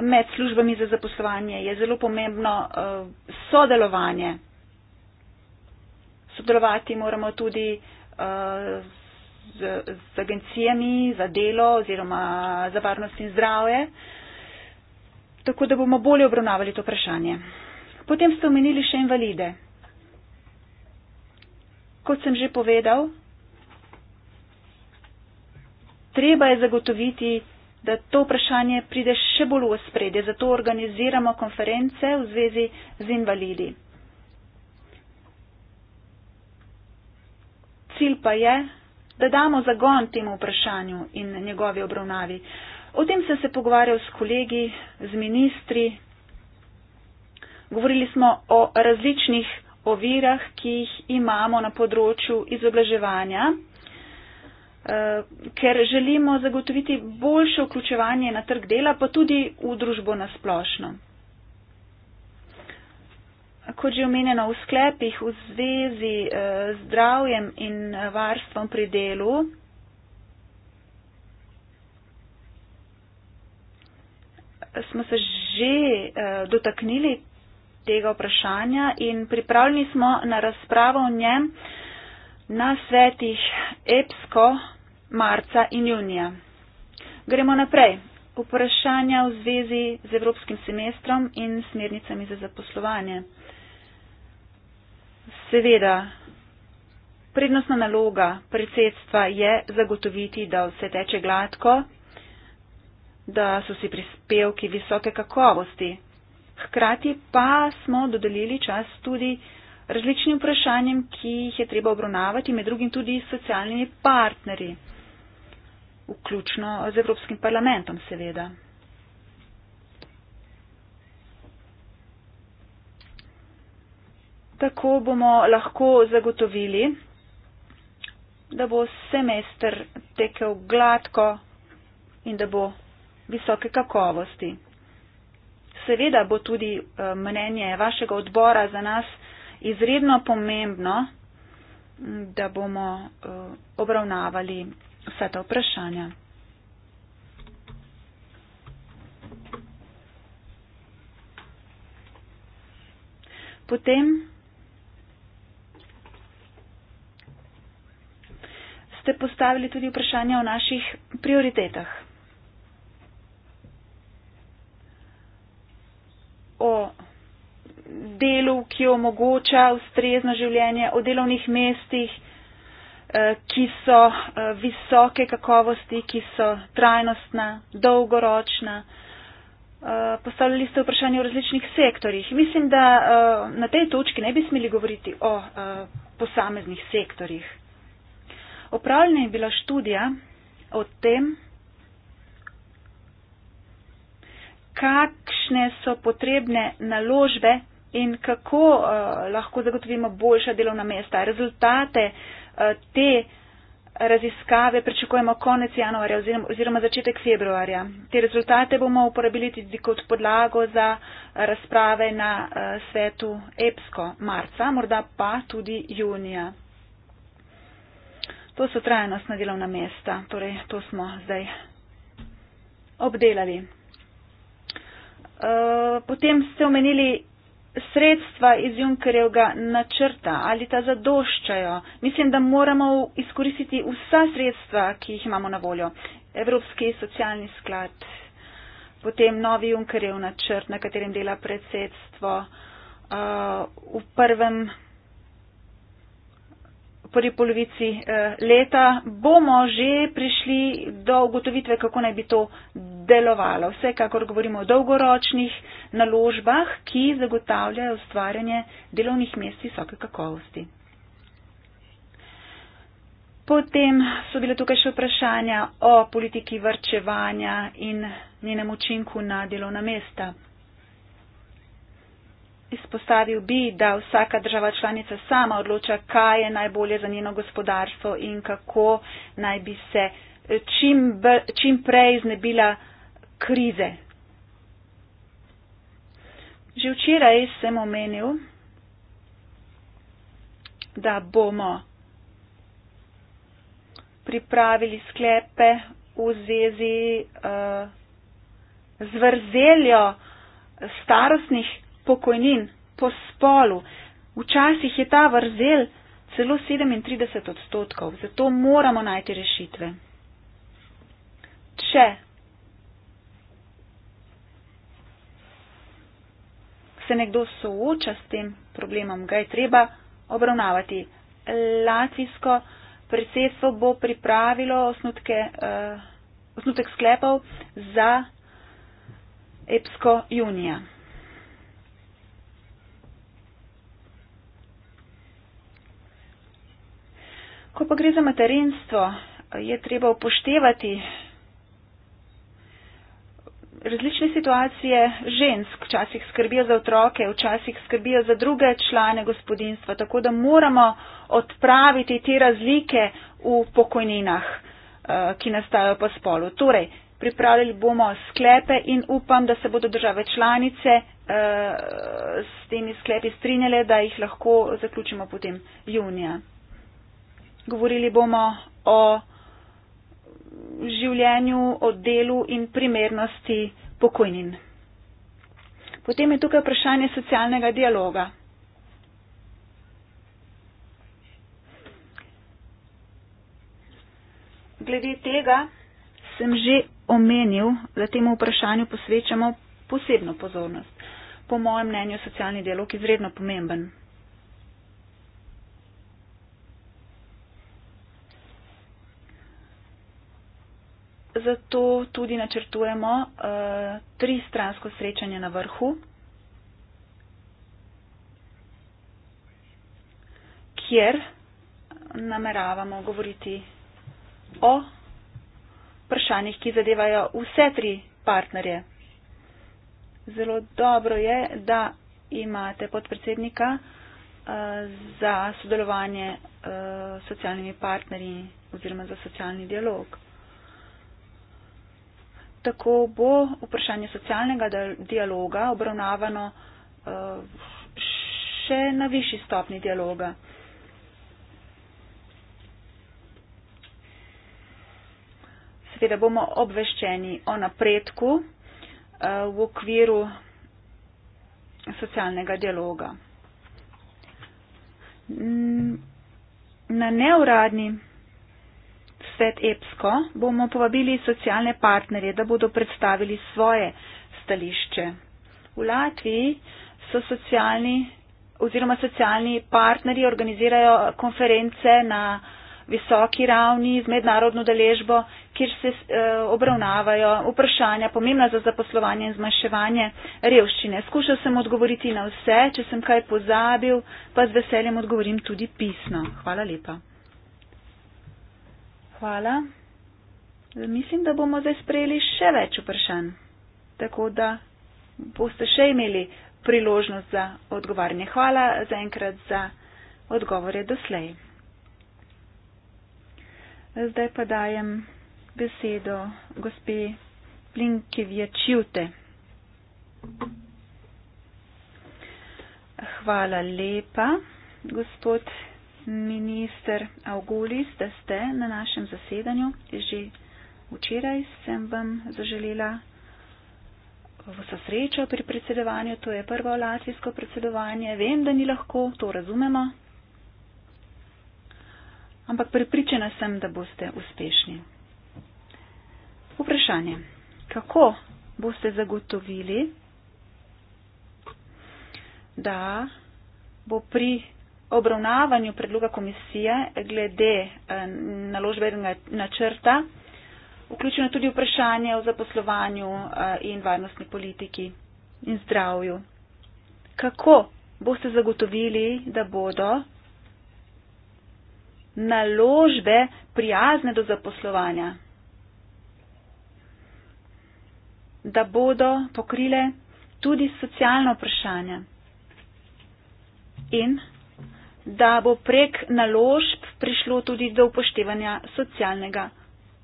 med službami za zaposlovanje je zelo pomembno eh, sodelovanje. Sodelovati moramo tudi eh, z, z agencijami za delo oziroma za varnost in zdravje, tako da bomo bolje obravnavali to vprašanje. Potem ste omenili še invalide. Kot sem že povedal, treba je zagotoviti da to vprašanje pride še bolj v spredje, zato organiziramo konference v zvezi z invalidi. Cilj pa je, da damo zagon temu vprašanju in njegovi obravnavi. O tem sem se pogovarjal s kolegi, z ministri. Govorili smo o različnih ovirah, ki jih imamo na področju izobraževanja. Eh, ker želimo zagotoviti boljše vključevanje na trg dela, pa tudi v družbo nasplošno. Kot že omenjeno v sklepih v zvezi eh, z zdravjem in eh, varstvom pri delu, smo se že dotaknili tega vprašanja in pripravljeni smo na razpravo o njem na svetih Epsko, marca in junija. Gremo naprej. Vprašanja v zvezi z evropskim semestrom in smernicami za zaposlovanje. Seveda, prednostna naloga predsedstva je zagotoviti, da vse teče gladko, da so si prispevki visoke kakovosti. Hkrati pa smo dodelili čas tudi različnim vprašanjem, ki jih je treba obravnavati, med drugim tudi s socialnimi partnerji, vključno z Evropskim parlamentom seveda. Tako bomo lahko zagotovili, da bo semester tekel gladko in da bo visoke kakovosti. Seveda bo tudi eh, mnenje vašega odbora za nas izredno pomembno, da bomo eh, obravnavali vse ta vprašanja. Potem ste postavili tudi vprašanje o naših prioritetah. O delu, ki omogoča ustrezno življenje, o delovnih mestih, eh, ki so eh, visoke kakovosti, ki so trajnostna, dolgoročna. Eh, postavljali ste vprašanje o različnih sektorjih. Mislim, da na tej točki ne bi smeli govoriti o posameznih sektorjih. Opravljena je bila študija o tem, kakšne so potrebne naložbe in kako uh, lahko zagotovimo boljša delovna mesta. Rezultate uh, te raziskave pričakujemo konec januarja oziroma, oziroma začetek februarja. Te rezultate bomo uporabili tudi kot podlago za razprave na uh, svetu EPSKO marca, morda pa tudi junija. To so trajnostna delovna mesta, torej to smo zdaj obdelali. Potem ste omenili sredstva iz Junkerjevega načrta, ali ta zadoščajo. Mislim, da moramo izkoristiti vsa sredstva, ki jih imamo na voljo. Evropski socialni sklad, potem novi Junkerjev načrt, na katerem dela predsedstvo, uh, v prvem prvi polovici eh, leta, bomo že prišli do ugotovitve, kako naj bi to delovalo. Vsekakor govorimo o dolgoročnih naložbah, ki zagotavljajo ustvarjanje delovnih mest visoke kakovosti. Potem so bile tukaj še vprašanja o politiki vrčevanja in njenem učinku na delovna mesta. Izpostavil bi, da vsaka država članica sama odloča, kaj je najbolje za njeno gospodarstvo in kako naj bi se eh, čim, čim prej znebila krize. Že včeraj sem omenil, da bomo pripravili sklepe v zvezi uh, z vrzeljo starostnih pokojnin, po spolu. Včasih je ta vrzel celo 37 odstotkov, zato moramo najti rešitve. Če se nekdo sooča s tem problemom, ga je treba obravnavati. Latvijsko predsedstvo bo pripravilo osnutke, uh, osnutek sklepov za EPSKO junija. Ko pa gre za materinstvo, je treba upoštevati različne situacije žensk. Včasih skrbijo za otroke, včasih skrbijo za druge člane gospodinstva, tako da moramo odpraviti te razlike v pokojninah, eh, ki nastajajo po spolu. Torej, pripravljali bomo sklepe in upam, da se bodo države članice eh, s temi sklepi strinjale, da jih lahko zaključimo potem junija govorili bomo o življenju, o delu in primernosti pokojnin. Potem je tukaj vprašanje socialnega dialoga. Glede tega sem že omenil, da temu vprašanju posvečamo posebno pozornost. Po mojem mnenju je socialni dialog izredno pomemben. zato tudi načrtujemo uh, eh, tri stransko srečanje na vrhu, kjer nameravamo govoriti o vprašanjih, ki zadevajo vse tri partnerje. Zelo dobro je, da imate podpredsednika eh, za sodelovanje eh, s socialnimi partnerji oziroma za socialni dialog tako bo vprašanje socialnega dialoga obravnavano eh, še na višji stopni dialoga. Seveda bomo obveščeni o napredku eh, v okviru socialnega dialoga. Na neuradni posvet EPSKO bomo povabili socialne partnerje, da bodo predstavili svoje stališče. V Latviji so socialni oziroma socialni partnerji organizirajo konference na visoki ravni z mednarodno deležbo, kjer se eh, obravnavajo vprašanja pomembna za zaposlovanje in zmanjševanje revščine. Skušal sem odgovoriti na vse, če sem kaj pozabil, pa z veseljem odgovorim tudi pisno. Hvala lepa hvala. Mislim, da bomo zdaj sprejeli še več vprašanj, tako da boste še imeli priložnost za odgovarjanje. Hvala za enkrat za odgovore doslej. Zdaj pa dajem besedo gospe Plinkevje Čute. Hvala lepa, gospod minister Augulis, da ste na našem zasedanju. Že včeraj sem vam zaželela vso srečo pri predsedovanju. To je prvo latvijsko predsedovanje. Vem, da ni lahko, to razumemo. Ampak pripričana sem, da boste uspešni. Vprašanje. Kako boste zagotovili, da bo pri obravnavanju predloga komisije glede eh, naložbe enega načrta vključeno tudi vprašanje o zaposlovanju eh, in varnostni politiki in zdravju. Kako boste zagotovili, da bodo naložbe prijazne do zaposlovanja? da bodo pokrile tudi socialno vprašanje in da bo prek naložb prišlo tudi do upoštevanja socialnega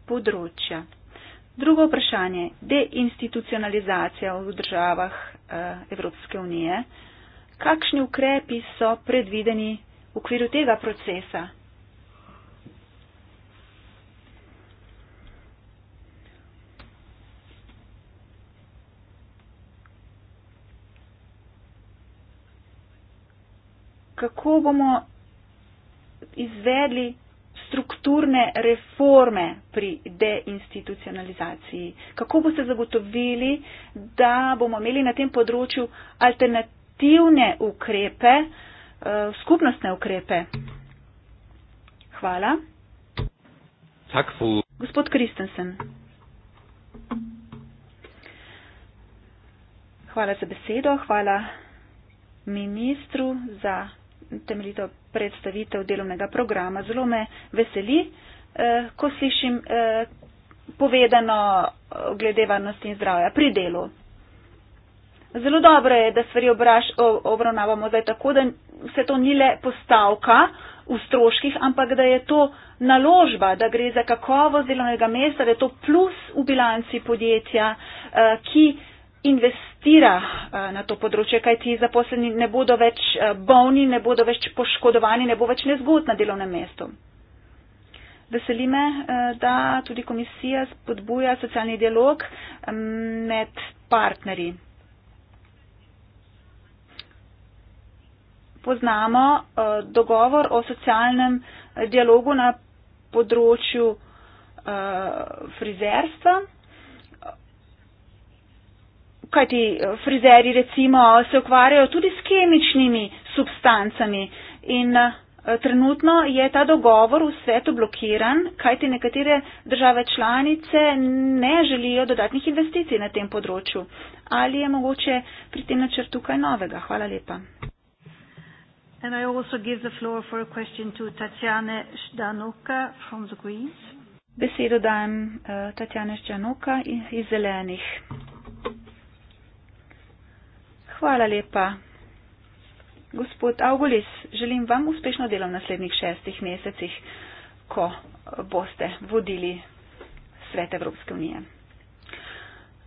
področja. Drugo vprašanje. Deinstitucionalizacija v državah eh, Evropske unije. Kakšni ukrepi so predvideni v okviru tega procesa? kako bomo izvedli strukturne reforme pri deinstitucionalizaciji, kako boste zagotovili, da bomo imeli na tem področju alternativne ukrepe, eh, skupnostne ukrepe. Hvala. Gospod Kristensen. Hvala za besedo, hvala ministru za temeljito predstavitev delovnega programa. Zelo me veseli, eh, ko slišim eh, povedano eh, glede varnosti in zdravja pri delu. Zelo dobro je, da stvari obraš, obravnavamo zdaj tako, da se to ni le postavka v stroških, ampak da je to naložba, da gre za kakovo zelenega mesta, da je to plus v bilanci podjetja, ki investira eh, na to področje, kaj ti zaposleni ne bodo več eh, bolni, ne bodo več poškodovani, ne bo več nezgod na delovnem mestu. Veseli me, eh, da tudi komisija spodbuja socialni dialog med partnerji. Poznamo dogovor o socialnem dialogu na področju frizerstva kajti eh, frizeri recimo se ukvarjajo tudi s kemičnimi substancami in eh, trenutno je ta dogovor v svetu blokiran, kajti nekatere države članice ne želijo dodatnih investicij na tem področju. Ali je mogoče pri tem načrtu kaj novega? Hvala lepa. And I also give the floor for a question to Tatjana Štanuka from the Greens. Besedo dajem uh, eh, Tatjana Štanuka iz, iz Zelenih. Hvala lepa. Gospod Avgolis, želim vam uspešno delo v naslednjih šestih mesecih, ko boste vodili Svet Evropske unije.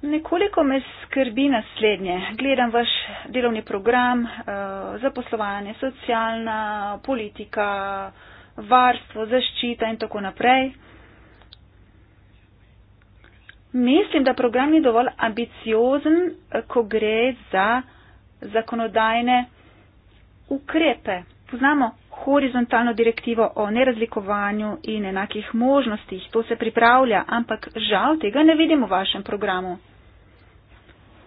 Nekoliko me skrbi naslednje. Gledam vaš delovni program, eh, zaposlovanje, socialna politika, varstvo, zaščita in tako naprej. Mislim, da program ni dovolj ambiciozen, eh, ko gre za zakonodajne ukrepe. Poznamo horizontalno direktivo o nerazlikovanju in enakih možnostih, to se pripravlja, ampak žal tega ne vidimo v vašem programu.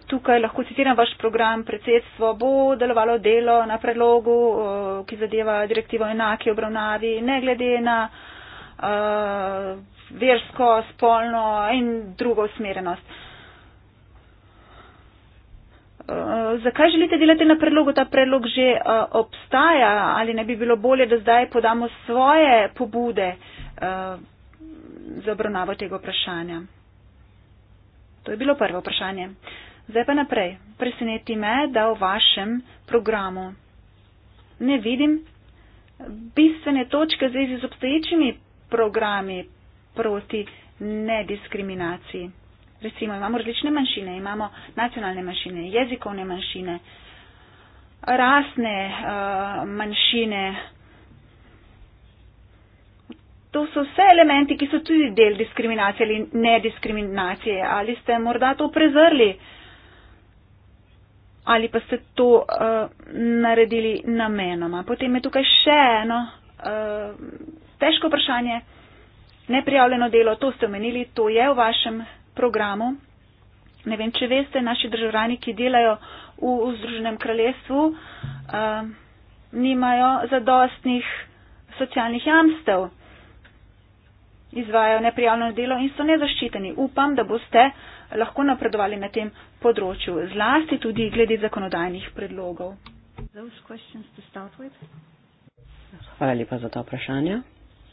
Tukaj lahko citiram vaš program, predsedstvo bo delovalo delo na predlogu, ki zadeva direktivo o enaki obravnavi, ne glede na uh, versko, spolno in drugo usmerenost. Uh, Eh, zakaj želite delati na predlogu, ta predlog že uh, obstaja ali ne bi bilo bolje, da zdaj podamo svoje pobude uh, za obravnavo tega vprašanja. To je bilo prvo vprašanje. Zdaj pa naprej. Preseneti me, da v vašem programu ne vidim bistvene točke v zvezi z obstoječimi programi proti nediskriminaciji. Recimo imamo različne manjšine, imamo nacionalne manjšine, jezikovne manjšine, rasne uh, manjšine. To so vse elementi, ki so tudi del diskriminacije ali nediskriminacije. Ali ste morda to prezrli ali pa ste to uh, naredili namenoma. Potem je tukaj še eno uh, težko vprašanje. Neprijavljeno delo, to ste omenili, to je v vašem programu. Ne vem, če veste, naši državljani, ki delajo v, v Združenem kraljestvu, uh, nimajo zadostnih socialnih jamstev, izvajajo neprijavljeno delo in so nezaščiteni. Upam, da boste lahko napredovali na tem področju, zlasti tudi glede zakonodajnih predlogov. Hvala lepa za ta vprašanja.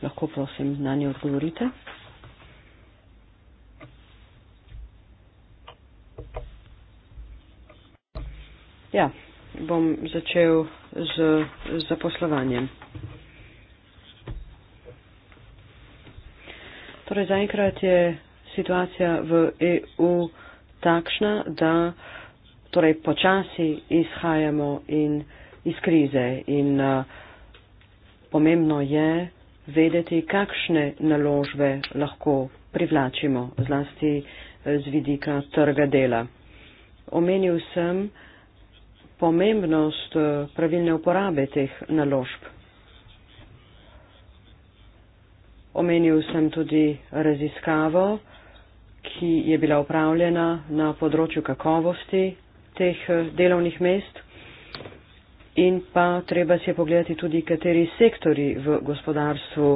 Lahko prosim na nje odgovorite. Ja, bom začel z zaposlovanjem. Torej, zaenkrat je situacija v EU takšna, da torej, počasi izhajamo in iz krize in uh, pomembno je vedeti, kakšne naložbe lahko privlačimo, zlasti z vidika trga dela. Omenil sem, pomembnost eh, pravilne uporabe teh naložb. Omenil sem tudi raziskavo, ki je bila upravljena na področju kakovosti teh eh, delovnih mest in pa treba si je pogledati tudi, kateri sektori v gospodarstvu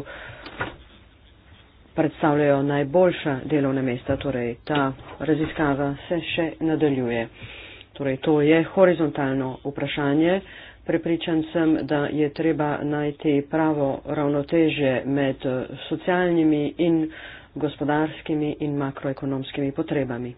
predstavljajo najboljša delovna mesta, torej ta raziskava se še nadaljuje. Torej, to je horizontalno vprašanje. Prepričan sem, da je treba najti pravo ravnoteže med eh, socialnimi in gospodarskimi in makroekonomskimi potrebami.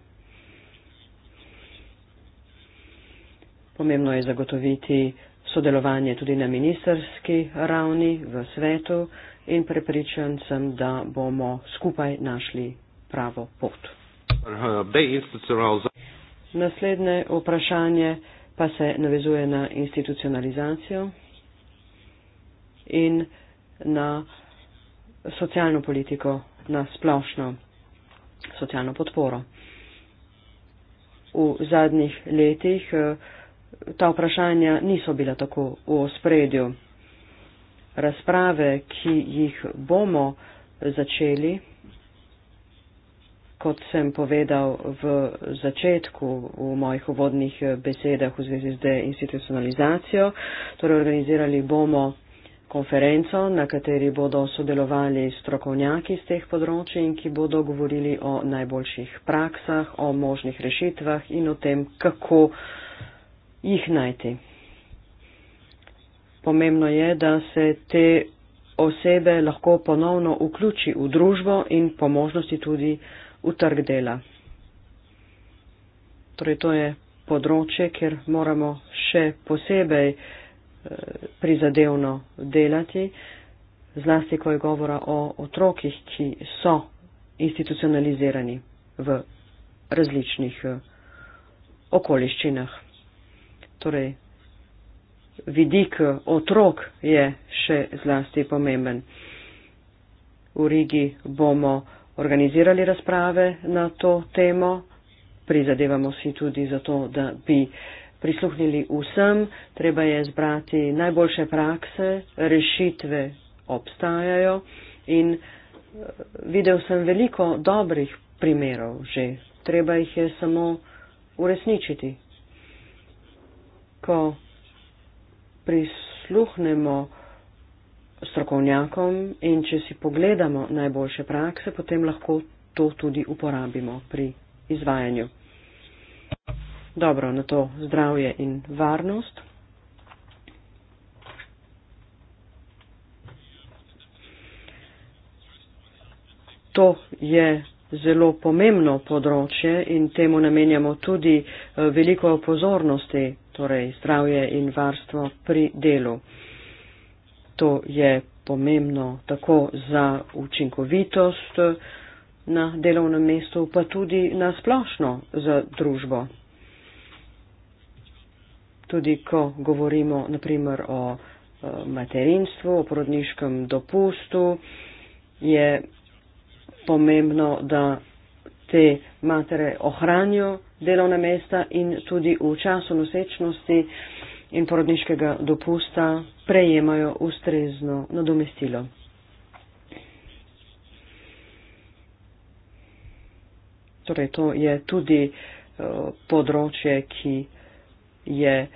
Pomembno je zagotoviti sodelovanje tudi na ministerski ravni v svetu in prepričan sem, da bomo skupaj našli pravo pot. Uh, Naslednje vprašanje pa se navezuje na institucionalizacijo in na socialno politiko, na splošno socialno podporo. V zadnjih letih eh, ta vprašanja niso bila tako v ospredju. Razprave, ki jih bomo začeli, kot sem povedal v začetku v mojih uvodnih eh, besedah v zvezi z deinstitucionalizacijo, torej organizirali bomo konferenco, na kateri bodo sodelovali strokovnjaki z teh področji in ki bodo govorili o najboljših praksah, o možnih rešitvah in o tem, kako jih najti. Pomembno je, da se te osebe lahko ponovno vključi v družbo in po možnosti tudi v trg dela. Torej, to je področje, kjer moramo še posebej eh, prizadevno delati, zlasti, ko je govora o otrokih, ki so institucionalizirani v različnih eh, okoliščinah. Torej, vidik eh, otrok je še zlasti pomemben. V Rigi bomo organizirali razprave na to temo. Prizadevamo si tudi za to, da bi prisluhnili vsem. Treba je zbrati najboljše prakse, rešitve obstajajo in eh, videl sem veliko dobrih primerov že. Treba jih je samo uresničiti. Ko prisluhnemo, strokovnjakom in če si pogledamo najboljše prakse, potem lahko to tudi uporabimo pri izvajanju. Dobro, na to zdravje in varnost. To je zelo pomembno področje in temu namenjamo tudi eh, veliko pozornosti, torej zdravje in varstvo pri delu to je pomembno tako za učinkovitost eh, na delovnem mestu, pa tudi na splošno za družbo. Tudi ko govorimo naprimer o eh, materinstvu, o porodniškem dopustu, je pomembno, da te matere ohranijo delovna mesta in tudi v času nosečnosti in porodniškega dopusta prejemajo ustrezno nadomestilo. Torej, to je tudi eh, področje, ki, je, eh,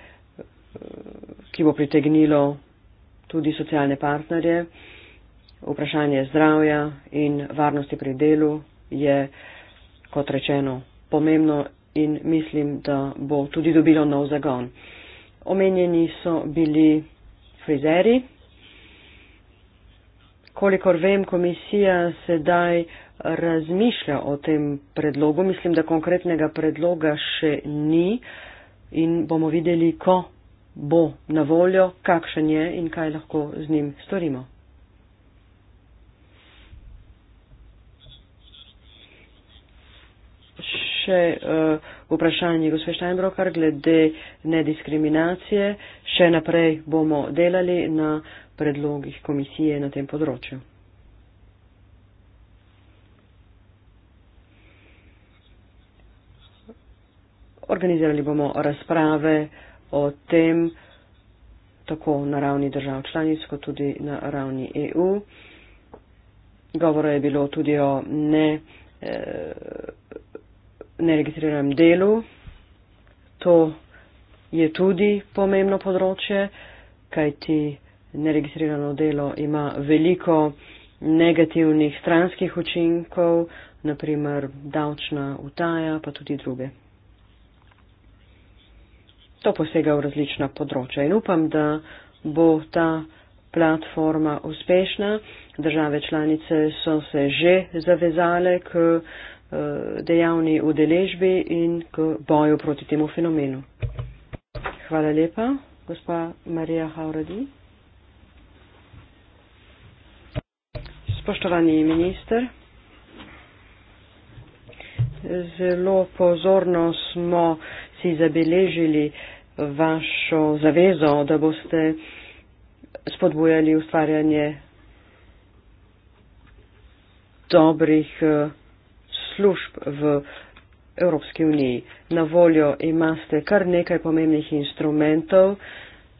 ki bo pritegnilo tudi socialne partnerje. Vprašanje zdravja in varnosti pri delu je, kot rečeno, pomembno in mislim, da bo tudi dobilo nov zagon omenjeni so bili frizeri. Kolikor vem, komisija sedaj razmišlja o tem predlogu. Mislim, da konkretnega predloga še ni in bomo videli, ko bo na voljo, kakšen je in kaj lahko z njim storimo. Še uh, vprašanje gospe Štajnbrokar glede nediskriminacije. Še naprej bomo delali na predlogih komisije na tem področju. Organizirali bomo razprave o tem tako na ravni držav članic, kot tudi na ravni EU. Govora je bilo tudi o ne. Eh, neregistriranem delu. To je tudi pomembno področje, kajti neregistrirano delo ima veliko negativnih stranskih učinkov, naprimer davčna utaja, pa tudi druge. To posega v različna področja in upam, da bo ta platforma uspešna. Države članice so se že zavezale k Eh, dejavni udeležbi in k boju proti temu fenomenu. Hvala lepa, gospa Marija Hauradi. Spoštovani minister, zelo pozorno smo si zabeležili vašo zavezo, da boste spodbujali ustvarjanje dobrih eh, služb v Evropski uniji. Na voljo imate kar nekaj pomembnih instrumentov,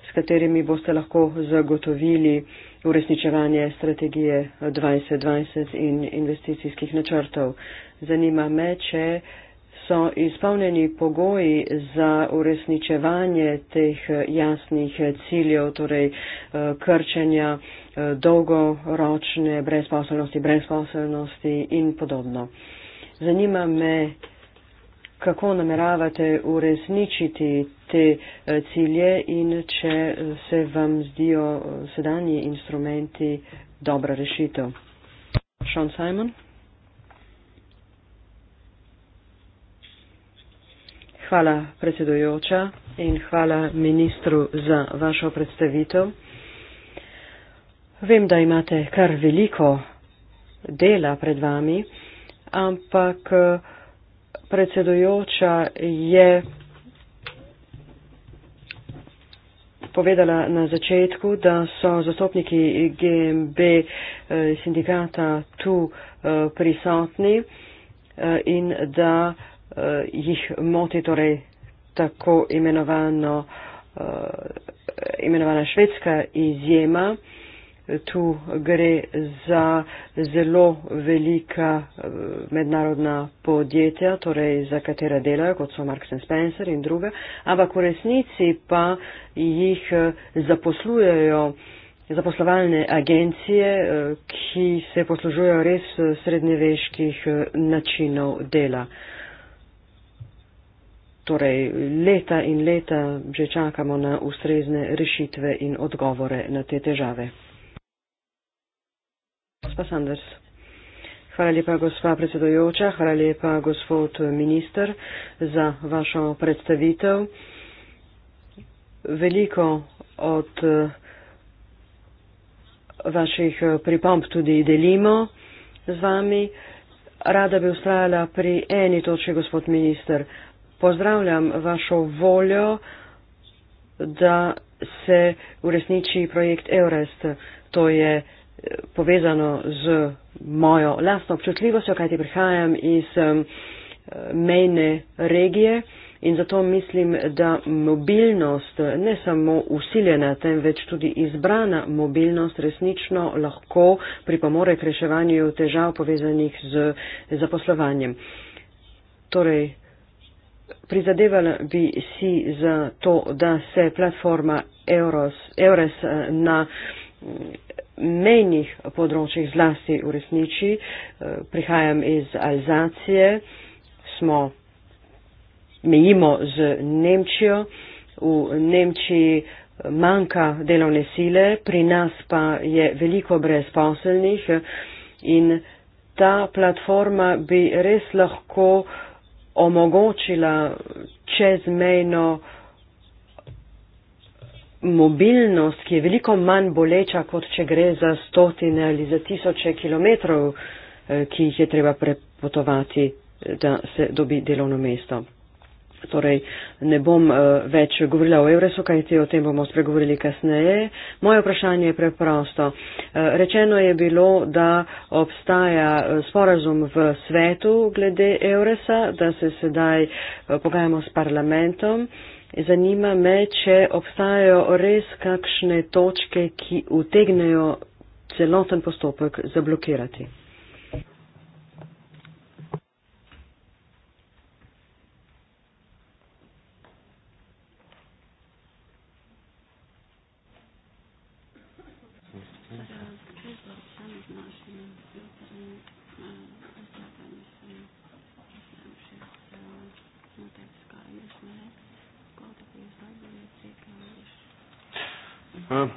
s katerimi boste lahko zagotovili uresničevanje strategije 2020 in investicijskih načrtov. Zanima me, če so izpolnjeni pogoji za uresničevanje teh jasnih ciljev, torej eh, krčenja eh, dolgoročne brezposobnosti, brezposobnosti in podobno. Zanima me, kako nameravate uresničiti te eh, cilje in če se vam zdijo eh, sedanji instrumenti dobra rešitev. Sean Simon. Hvala predsedojoča in hvala ministru za vašo predstavitev. Vem, da imate kar veliko dela pred vami ampak eh, predsedujoča je povedala na začetku, da so zastopniki GMB eh, sindikata tu eh, prisotni in da jih moti torej tako imenovana švedska izjema tu gre za zelo velika eh, mednarodna podjetja, torej za katera delajo, kot so Marks and Spencer in druge, ampak v resnici pa jih eh, zaposlujejo zaposlovalne agencije, eh, ki se poslužujejo res srednjeveških načinov dela. Torej, leta in leta že čakamo na ustrezne rešitve in odgovore na te težave gospa Sanders. Hvala lepa, gospa predsedojoča, hvala lepa, gospod minister, za vašo predstavitev. Veliko od vaših pripomb tudi delimo z vami. Rada bi ustrajala pri eni točki, gospod minister. Pozdravljam vašo voljo, da se uresniči projekt Eurest. To je povezano z mojo lastno občutljivostjo, kajti prihajam iz mejne regije in zato mislim, da mobilnost, ne samo usiljena, temveč tudi izbrana mobilnost, resnično lahko pripomore k reševanju težav povezanih z zaposlovanjem. Torej, Prizadevala bi si za to, da se platforma Euros, Eures eh, na mejnih področjih zlasti v resniči. Eh, prihajam iz Alzacije, smo, mejimo z Nemčijo, v Nemčiji eh, manjka delovne sile, pri nas pa je veliko brezposelnih eh, in ta platforma bi res lahko omogočila čezmejno uh, mobilnost, ki je veliko manj boleča, kot če gre za stotine ali za tisoče kilometrov, eh, ki jih je treba prepotovati, eh, da se dobi delovno mesto. Torej, ne bom uh, več govorila o Evresu, kajti o tem bomo spregovorili kasneje. Moje vprašanje je preprosto. Uh, rečeno je bilo, da obstaja uh, sporazum v svetu glede Evresa, da se sedaj uh, pogajamo s parlamentom. Uh, Zanima me, če obstajajo res kakšne točke, ki utegnejo celoten postopek zablokirati.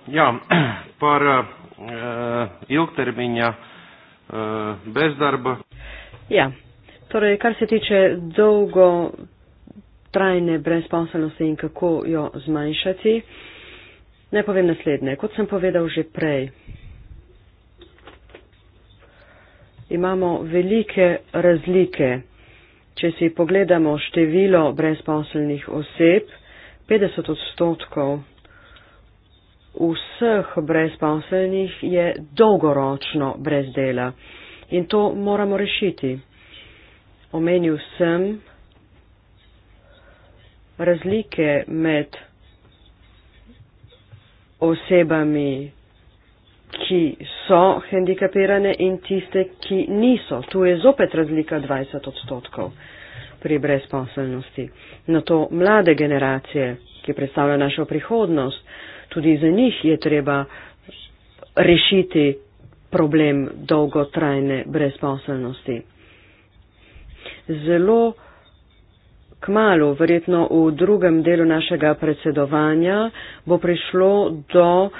Ja, par uh, ilgterminja uh, bezdarba. Ja, torej, kar se tiče dolgo trajne brezposelnosti in kako jo zmanjšati, naj povem naslednje. Kot sem povedal že prej, imamo velike razlike. Če si pogledamo število brezposelnih oseb, 50 odstotkov vseh brezposelnih je dolgoročno brez dela in to moramo rešiti. Omenil sem razlike med osebami, ki so hendikapirane in tiste, ki niso. Tu je zopet razlika 20 odstotkov pri brezposelnosti. Na to mlade generacije, ki predstavlja našo prihodnost, tudi za njih je treba rešiti problem dolgotrajne brezposelnosti. Zelo kmalo, verjetno v drugem delu našega predsedovanja, bo prišlo do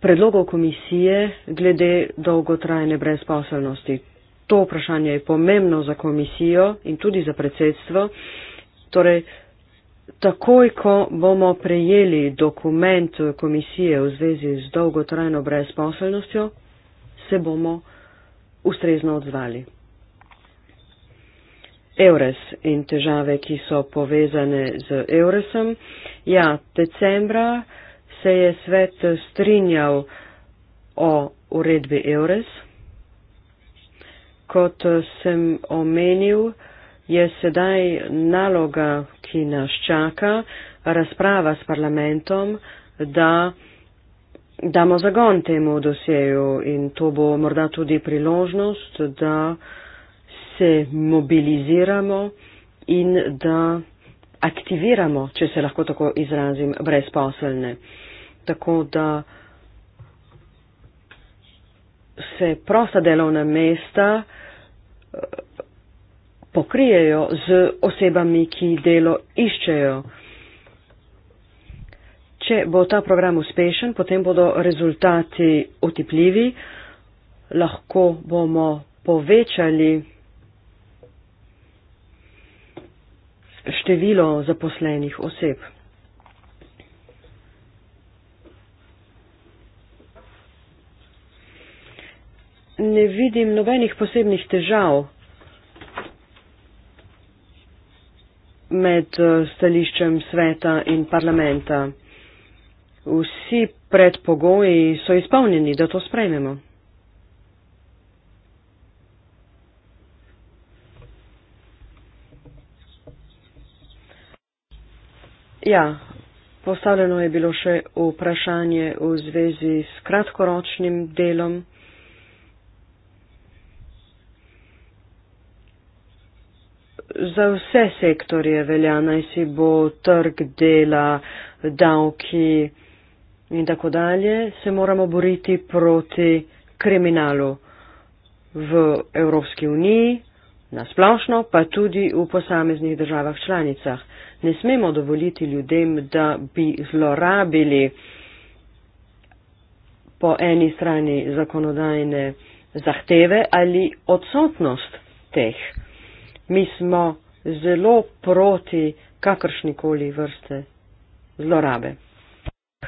predlogov komisije glede dolgotrajne brezposelnosti. To vprašanje je pomembno za komisijo in tudi za predsedstvo. Torej, Takoj, ko bomo prejeli dokument komisije v zvezi z dolgotrajno brezposelnostjo, se bomo ustrezno odzvali. Eures in težave, ki so povezane z Euresom. Ja, decembra se je svet strinjal o uredbi Eures. Kot sem omenil, je sedaj naloga, ki nas čaka, razprava s parlamentom, da damo zagon temu dosjeju in to bo morda tudi priložnost, da se mobiliziramo in da aktiviramo, če se lahko tako izrazim, brezposelne. Tako da se prosta delovna mesta pokrijejo z osebami, ki delo iščejo. Če bo ta program uspešen, potem bodo rezultati otipljivi, lahko bomo povečali število zaposlenih oseb. Ne vidim nobenih posebnih težav med eh, stališčem sveta in parlamenta. Vsi predpogoji so izpolnjeni, da to sprejmemo. Ja, postavljeno je bilo še vprašanje v zvezi s kratkoročnim delom. za vse sektorje velja, naj si bo trg dela, davki in tako dalje, se moramo boriti proti kriminalu v Evropski uniji, nasplošno, pa tudi v posameznih državah članicah. Ne smemo dovoliti ljudem, da bi zlorabili po eni strani zakonodajne zahteve ali odsotnost teh mi smo zelo proti kakršnikoli vrste zlorabe.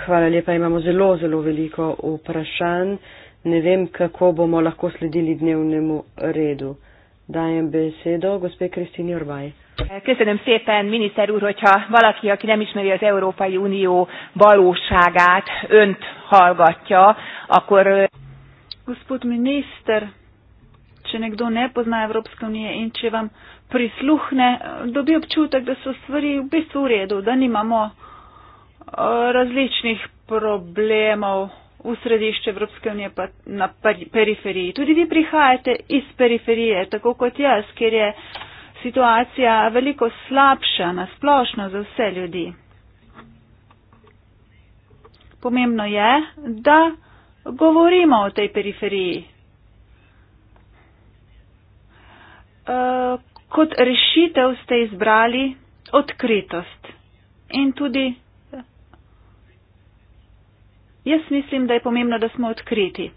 Hvala lepa, imamo zelo, zelo veliko vprašanj. Ne vem, kako bomo lahko sledili dnevnemu redu. Dajem besedo gospe Kristini Orbaj. Köszönöm szépen, miniszter úr, hogyha valaki, aki nem ismeri az Európai Unió valóságát, önt hallgatja, akkor... Gospod miniszter, če nekdo ne pozna Evropske unije in če vam prisluhne, dobi občutek, da so stvari v bistvu v redu, da nimamo eh, različnih problemov v središču Evropske unije pa na periferiji. Tudi vi prihajate iz periferije, tako kot jaz, kjer je situacija veliko slabša na splošno za vse ljudi. Pomembno je, da govorimo o tej periferiji, Eh, kot rešitev ste izbrali odkritost. In tudi jaz mislim, da je pomembno, da smo odkriti.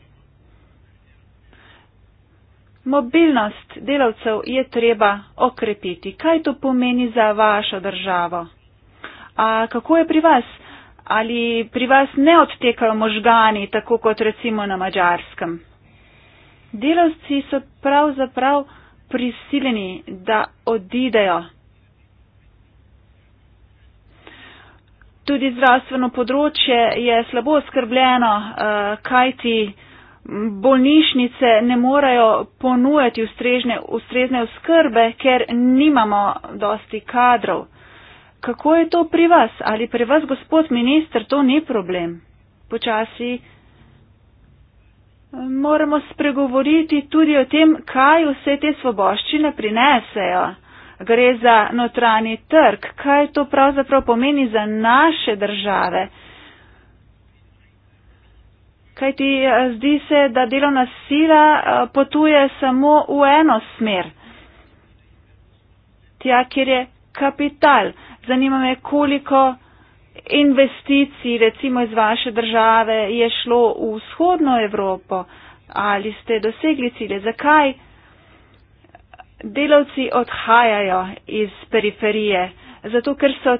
Mobilnost delavcev je treba okrepiti. Kaj to pomeni za vašo državo? A kako je pri vas? Ali pri vas ne odtekajo možgani, tako kot recimo na mačarskem? Delavci so pravzaprav prav prisiljeni, da odidejo. Tudi zdravstveno področje je slabo oskrbljeno, eh, kajti bolnišnice ne morejo ponujati ustrežne, ustrezne oskrbe, ker nimamo dosti kadrov. Kako je to pri vas? Ali pri vas, gospod minister, to ni problem? Počasi Moramo spregovoriti tudi o tem, kaj vse te svoboščine prinesejo. Gre za notranji trg, kaj to pravzaprav pomeni za naše države. Kaj ti eh, zdi se, da delovna sila eh, potuje samo v eno smer, tja, kjer je kapital. Zanima me, koliko investicij, recimo iz vaše države, je šlo v vzhodno Evropo? Ali ste dosegli cilje? Zakaj delavci odhajajo iz periferije? Zato, ker so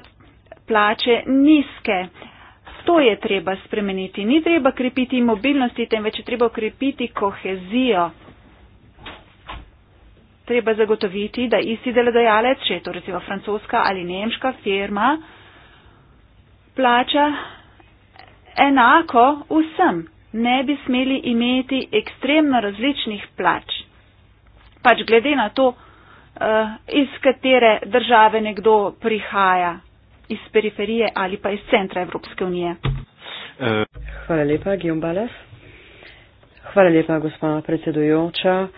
plače nizke. To je treba spremeniti. Ni treba krepiti mobilnosti, temveč je treba krepiti kohezijo. Treba zagotoviti, da isti delodajalec, če je to recimo francoska ali nemška firma, plača enako vsem. Ne bi smeli imeti ekstremno različnih plač. Pač glede na to, eh, iz katere države nekdo prihaja, iz periferije ali pa iz centra Evropske unije. Eh. Hvala lepa, Gimbales. Hvala lepa, gospa predsedujoča.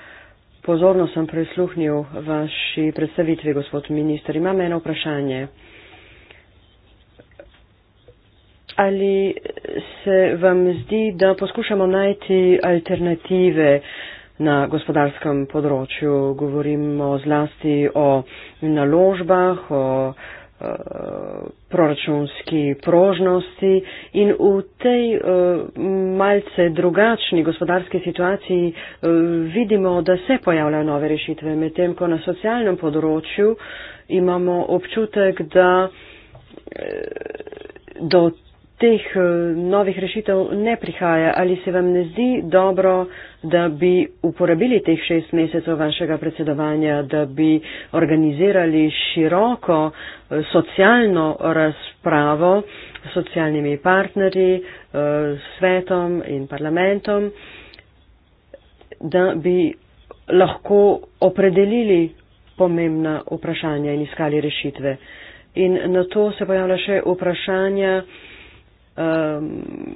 Pozorno sem prisluhnil vaši predstavitvi, gospod minister. Imam eno vprašanje ali se vam zdi, da poskušamo najti alternative na gospodarskem področju? Govorimo zlasti o naložbah, o eh, proračunski prožnosti in v tej eh, malce drugačni gospodarski situaciji eh, vidimo, da se pojavljajo nove rešitve, medtem ko na socialnem področju imamo občutek, da do teh eh, novih rešitev ne prihaja, ali se vam ne zdi dobro, da bi uporabili teh šest mesecev vašega predsedovanja, da bi organizirali široko eh, socialno razpravo s socialnimi partnerji, eh, svetom in parlamentom, da bi lahko opredelili pomembna vprašanja in iskali rešitve. In na to se pojavlja še vprašanje, um,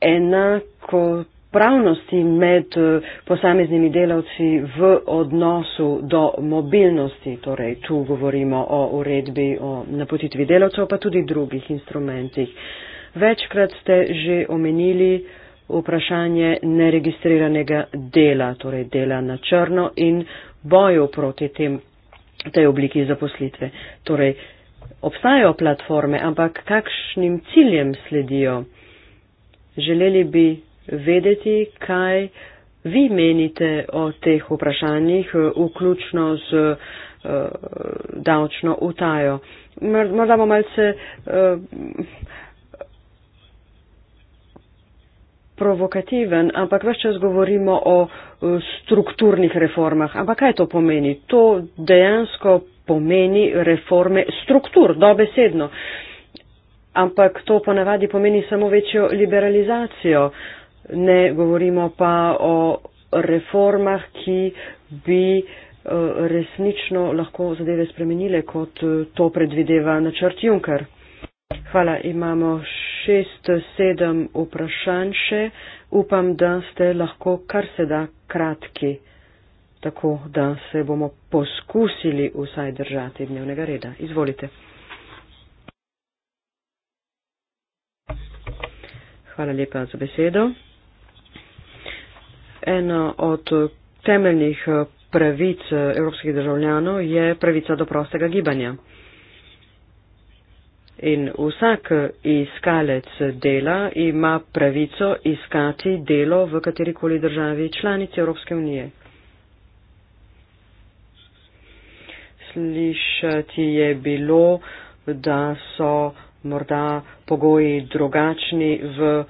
enako pravnosti med uh, posameznimi delavci v odnosu do mobilnosti. Torej, tu govorimo o uredbi o napotitvi delavcev, pa tudi drugih instrumentih. Večkrat ste že omenili vprašanje neregistriranega dela, torej dela na črno in boju proti tem, tej obliki zaposlitve. Torej, uh, obstajajo platforme, ampak kakšnim ciljem sledijo. Želeli bi vedeti, kaj vi menite o teh vprašanjih, vključno z uh, davčno utajo. Morda bomo malce eh, provokativen, ampak več čas govorimo o eh, strukturnih reformah. Ampak kaj to pomeni? To dejansko pomeni reforme struktur, dobesedno. Ampak to ponavadi pomeni samo večjo liberalizacijo. Ne govorimo pa o reformah, ki bi eh, resnično lahko zadeve spremenile, kot eh, to predvideva načrt Juncker. Hvala, imamo šest, sedem vprašanj še. Upam, da ste lahko kar se da kratki tako da se bomo poskusili vsaj držati dnevnega reda. Izvolite. Hvala lepa za besedo. Eno od temeljnih eh, pravic eh, evropskih državljanov je pravica do prostega gibanja. In vsak eh, iskalec dela ima pravico iskati delo v katerikoli državi članici Evropske unije. slišati je bilo, da so morda pogoji drugačni v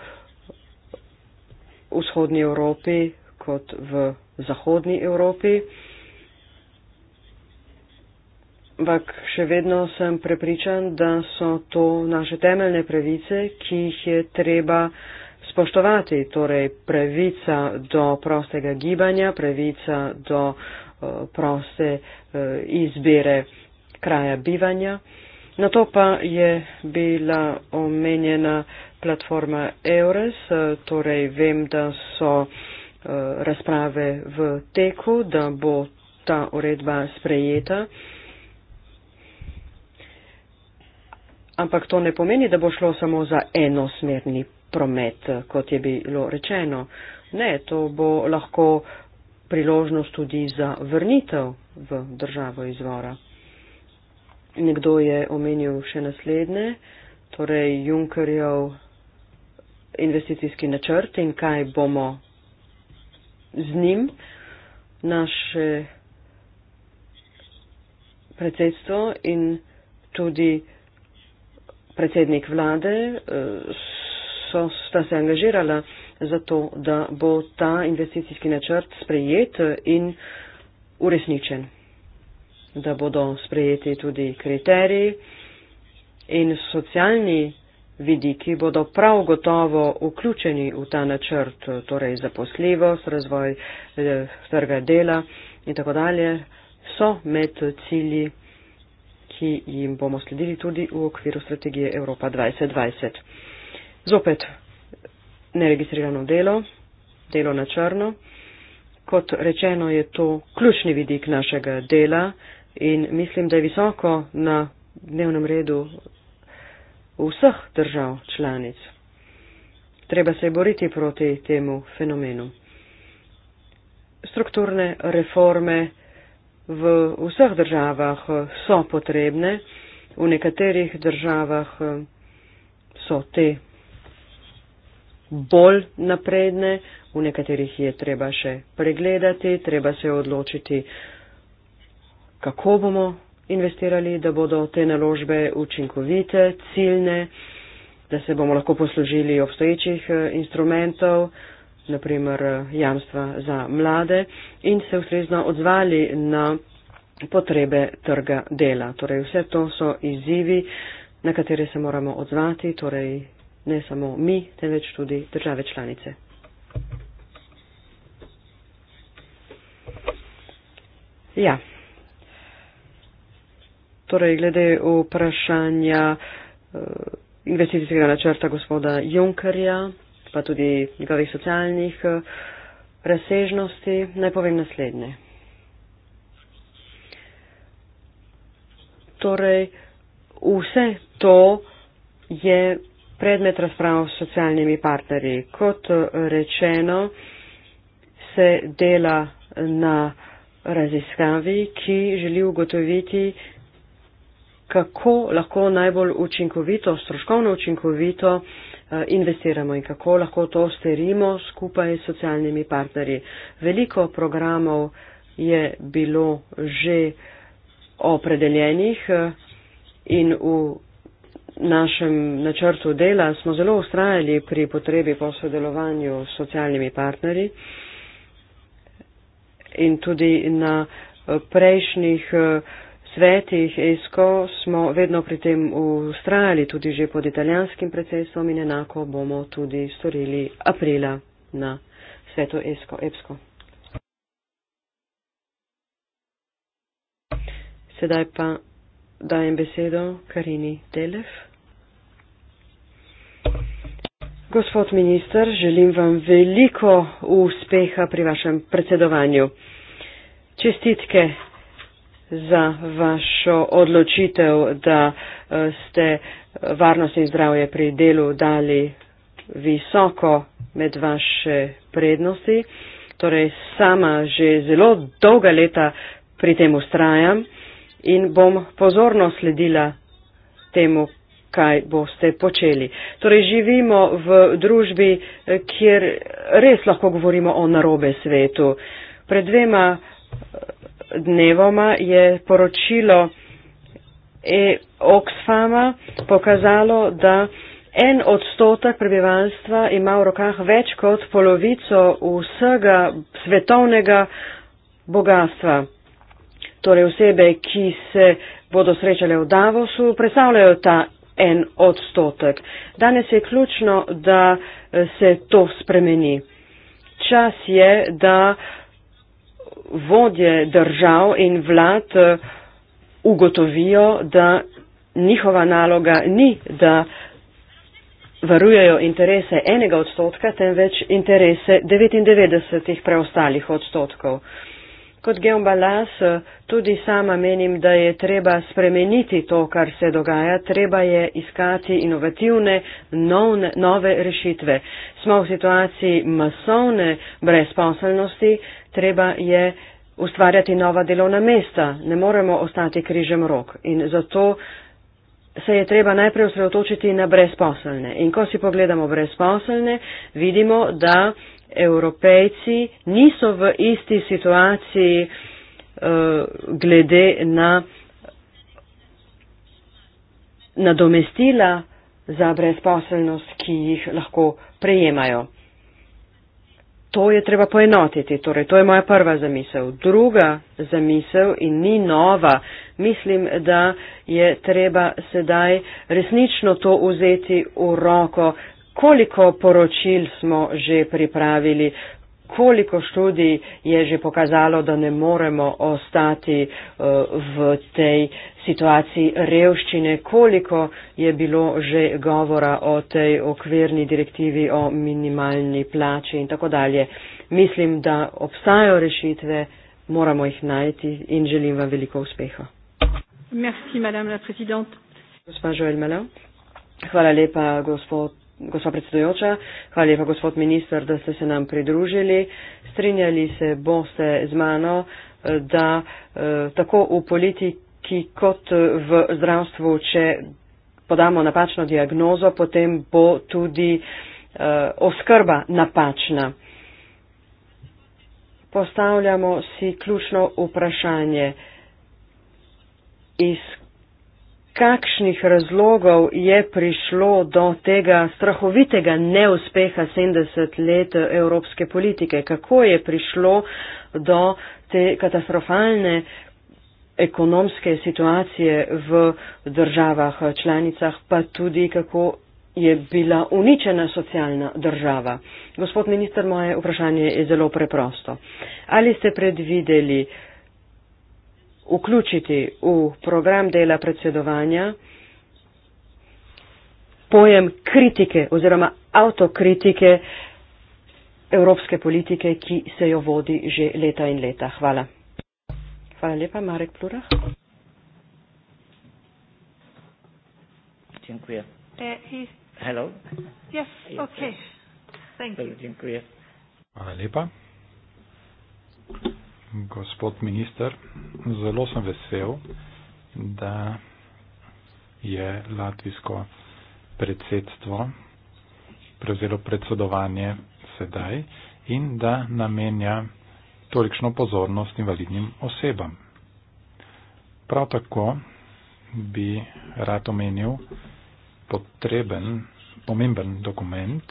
vzhodni Evropi kot v zahodni Evropi. Ampak še vedno sem prepričan, da so to naše temeljne pravice, ki jih je treba spoštovati. Torej pravica do prostega gibanja, pravica do uh, proste eh, izbire kraja bivanja. Na to pa je bila omenjena platforma EURES, eh, torej vem, da so eh, razprave v teku, da bo ta uredba sprejeta. Ampak to ne pomeni, da bo šlo samo za enosmerni promet, kot je bilo rečeno. Ne, to bo lahko uh, priložnost tudi za vrnitev v državo izvora. Nekdo je omenil še naslednje, torej Junkerjev investicijski načrt in kaj bomo z njim. Naše predsedstvo in tudi predsednik vlade eh, so, sta se angažirala za to, da bo ta investicijski načrt sprejet in uresničen, da bodo sprejeti tudi kriteriji in socialni vidiki bodo prav gotovo vključeni v ta načrt, torej zaposljivost, razvoj eh, trga dela in tako dalje, so med cilji, ki jim bomo sledili tudi v okviru strategije Evropa 2020. Zopet neregistrirano delo, delo na črno. Kot rečeno, je to ključni vidik našega dela in mislim, da je visoko na dnevnem redu vseh držav članic. Treba se boriti proti temu fenomenu. Strukturne reforme v vseh državah eh, so potrebne, v nekaterih državah eh, so te bolj napredne, v nekaterih je treba še pregledati, treba se odločiti, kako bomo investirali, da bodo te naložbe učinkovite, ciljne, da se bomo lahko poslužili obstoječih eh, instrumentov, naprimer eh, jamstva za mlade in se ustrezno odzvali na potrebe trga dela. Torej, vse to so izzivi, na katere se moramo odzvati, torej ne samo mi, temveč tudi države članice. Ja. Torej, glede vprašanja eh, investicijskega načrta gospoda Junkerja, pa tudi njegovih socialnih eh, razsežnosti, naj povem naslednje. Torej, vse to je predmet razprav s socialnimi partnerji. Kot eh, rečeno, se dela na raziskavi, ki želi ugotoviti, kako lahko najbolj učinkovito, stroškovno učinkovito eh, investiramo in kako lahko to sterimo skupaj s socialnimi partnerji. Veliko programov je bilo že opredeljenih eh, in v našem načrtu dela smo zelo ustrajali pri potrebi po sodelovanju s socialnimi partnerji in tudi na eh, prejšnjih eh, svetih ESCO smo vedno pri tem ustrajali tudi že pod italijanskim predsedstvom in enako bomo tudi storili aprila na svetu ESCO. EPSCO. Sedaj pa dajem besedo Karini Telef. Gospod minister, želim vam veliko uspeha pri vašem predsedovanju. Čestitke za vašo odločitev, da eh, ste eh, varnost in zdravje pri delu dali visoko med vaše prednosti. Torej, sama že zelo dolga leta pri tem ustrajam in bom pozorno sledila temu, kaj boste počeli. Torej živimo v družbi, eh, kjer res lahko govorimo o narobe svetu. Pred dvema eh, dnevoma je poročilo e Oxfama pokazalo, da en odstotek prebivalstva ima v rokah več kot polovico vsega svetovnega bogatstva. Torej osebe, ki se bodo srečale v Davosu, predstavljajo ta en odstotek. Danes je ključno, da eh, se to spremeni. Čas je, da vodje držav in vlad eh, ugotovijo, da njihova naloga ni, da varujejo interese enega odstotka, temveč interese 99 preostalih odstotkov. Kot geombalas eh, tudi sama menim, da je treba spremeniti to, kar se dogaja, treba je iskati inovativne, novne, nove rešitve. Smo v situaciji masovne brezposelnosti, treba je ustvarjati nova delovna mesta, ne moremo ostati križem rok in zato se je treba najprej osredotočiti na brezposelne. In ko si pogledamo brezposelne, vidimo, da evropejci niso v isti situaciji eh, glede na nadomestila za brezposelnost, ki jih lahko prejemajo. To je treba poenotiti. Torej, to je moja prva zamisel. Druga zamisel in ni nova. Mislim, da je treba sedaj resnično to vzeti v roko, koliko poročil smo že pripravili, koliko študij je že pokazalo, da ne moremo ostati eh, v tej situaciji revščine, koliko je bilo že govora o tej okvirni direktivi o minimalni plači in tako dalje. Mislim, da obstajajo rešitve, moramo jih najti in želim vam veliko uspeha. Merci, madame la présidente. Gospa Joël Malin. Hvala lepa, gospod gospod predsedujoča, hvala lepa gospod minister, da ste se nam pridružili. Strinjali se boste z mano, eh, da eh, tako v politiki kot eh, v zdravstvu, če podamo napačno diagnozo, potem bo tudi oskrba napačna. Postavljamo si ključno vprašanje, iz kakšnih razlogov je prišlo do tega strahovitega neuspeha 70 let evropske politike, kako je prišlo do te katastrofalne ekonomske situacije v državah članicah, pa tudi kako je bila uničena socialna država. Gospod minister, moje vprašanje je zelo preprosto. Ali ste predvideli, vključiti v program dela predsedovanja pojem kritike oziroma avtokritike evropske politike, ki se jo vodi že leta in leta. Hvala. Hvala lepa, Marek Plurah. Dziękuję. E, he... Hello? Yes, okay. Thank you. Dziękuję. Hvala lepa gospod minister, zelo sem vesel, da je latvijsko predsedstvo prevzelo predsedovanje sedaj in da namenja tolikšno pozornost invalidnim osebam. Prav tako bi rad omenil potreben, pomemben dokument,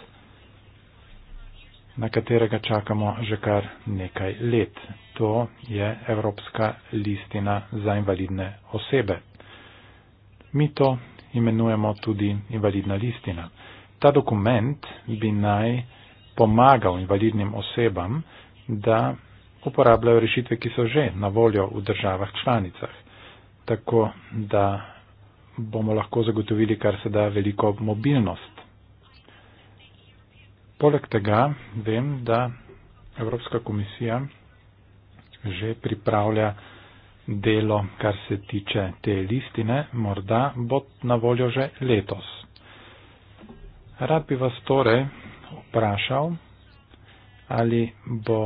na katerega čakamo že kar nekaj let. To je Evropska listina za invalidne osebe. Mi to imenujemo tudi invalidna listina. Ta dokument bi naj pomagal invalidnim osebam, da uporabljajo rešitve, ki so že na voljo v državah članicah, tako da bomo lahko zagotovili kar se da veliko mobilnost Poleg tega vem, da Evropska komisija že pripravlja delo, kar se tiče te listine, morda bo na voljo že letos. Rad bi vas torej vprašal, ali bo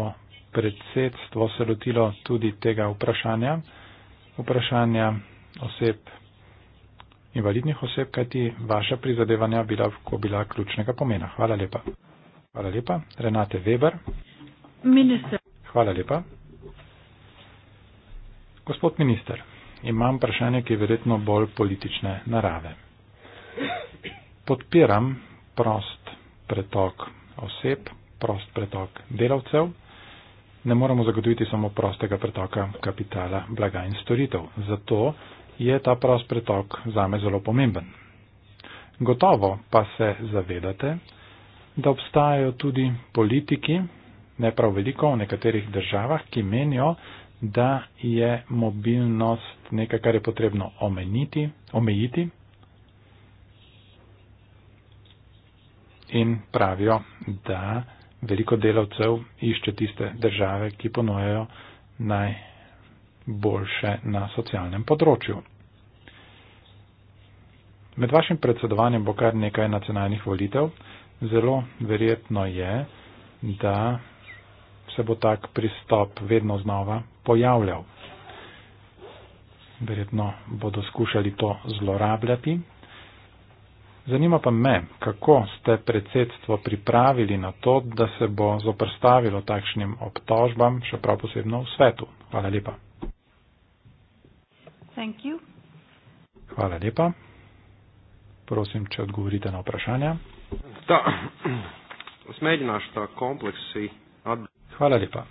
predsedstvo se lotilo tudi tega vprašanja, vprašanja oseb, invalidnih oseb, kajti vaša prizadevanja bila, ko bila ključnega pomena. Hvala lepa. Hvala lepa. Renate Weber. Minister. Hvala lepa. Gospod minister, imam vprašanje, ki je verjetno bolj politične narave. Podpiram prost pretok oseb, prost pretok delavcev. Ne moramo zagotoviti samo prostega pretoka kapitala, blaga in storitev. Zato je ta prost pretok zame zelo pomemben. Gotovo pa se zavedate, da obstajajo tudi politiki, ne prav veliko v nekaterih državah, ki menijo, da je mobilnost nekaj, kar je potrebno omeniti, omejiti. In pravijo, da veliko delavcev išče tiste države, ki ponujajo najboljše na socialnem področju. Med vašim predsedovanjem bo kar nekaj nacionalnih volitev zelo verjetno je, da se bo tak pristop vedno znova pojavljal. Verjetno bodo skušali to zlorabljati. Zanima pa me, kako ste predsedstvo pripravili na to, da se bo zoprstavilo takšnim obtožbam, še prav posebno v svetu. Hvala lepa. Hvala lepa. Prosim, če odgovorite na vprašanja. Da, jaz mediš ta kompleks. Hvala lepa.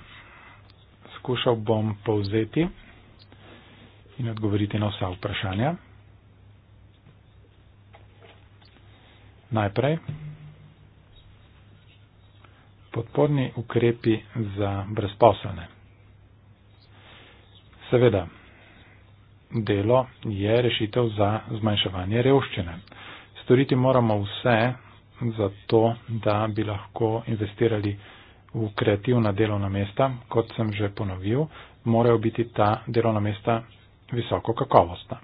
Skušal bom povzeti in odgovoriti na vsa vprašanja. Najprej. Podporni ukrepi za brezposlene. Seveda, delo je rešitev za zmanjševanje revščine. Storiti moramo vse, za to, da bi lahko investirali v kreativna delovna mesta, kot sem že ponovil, morajo biti ta delovna mesta visoko kakovostna.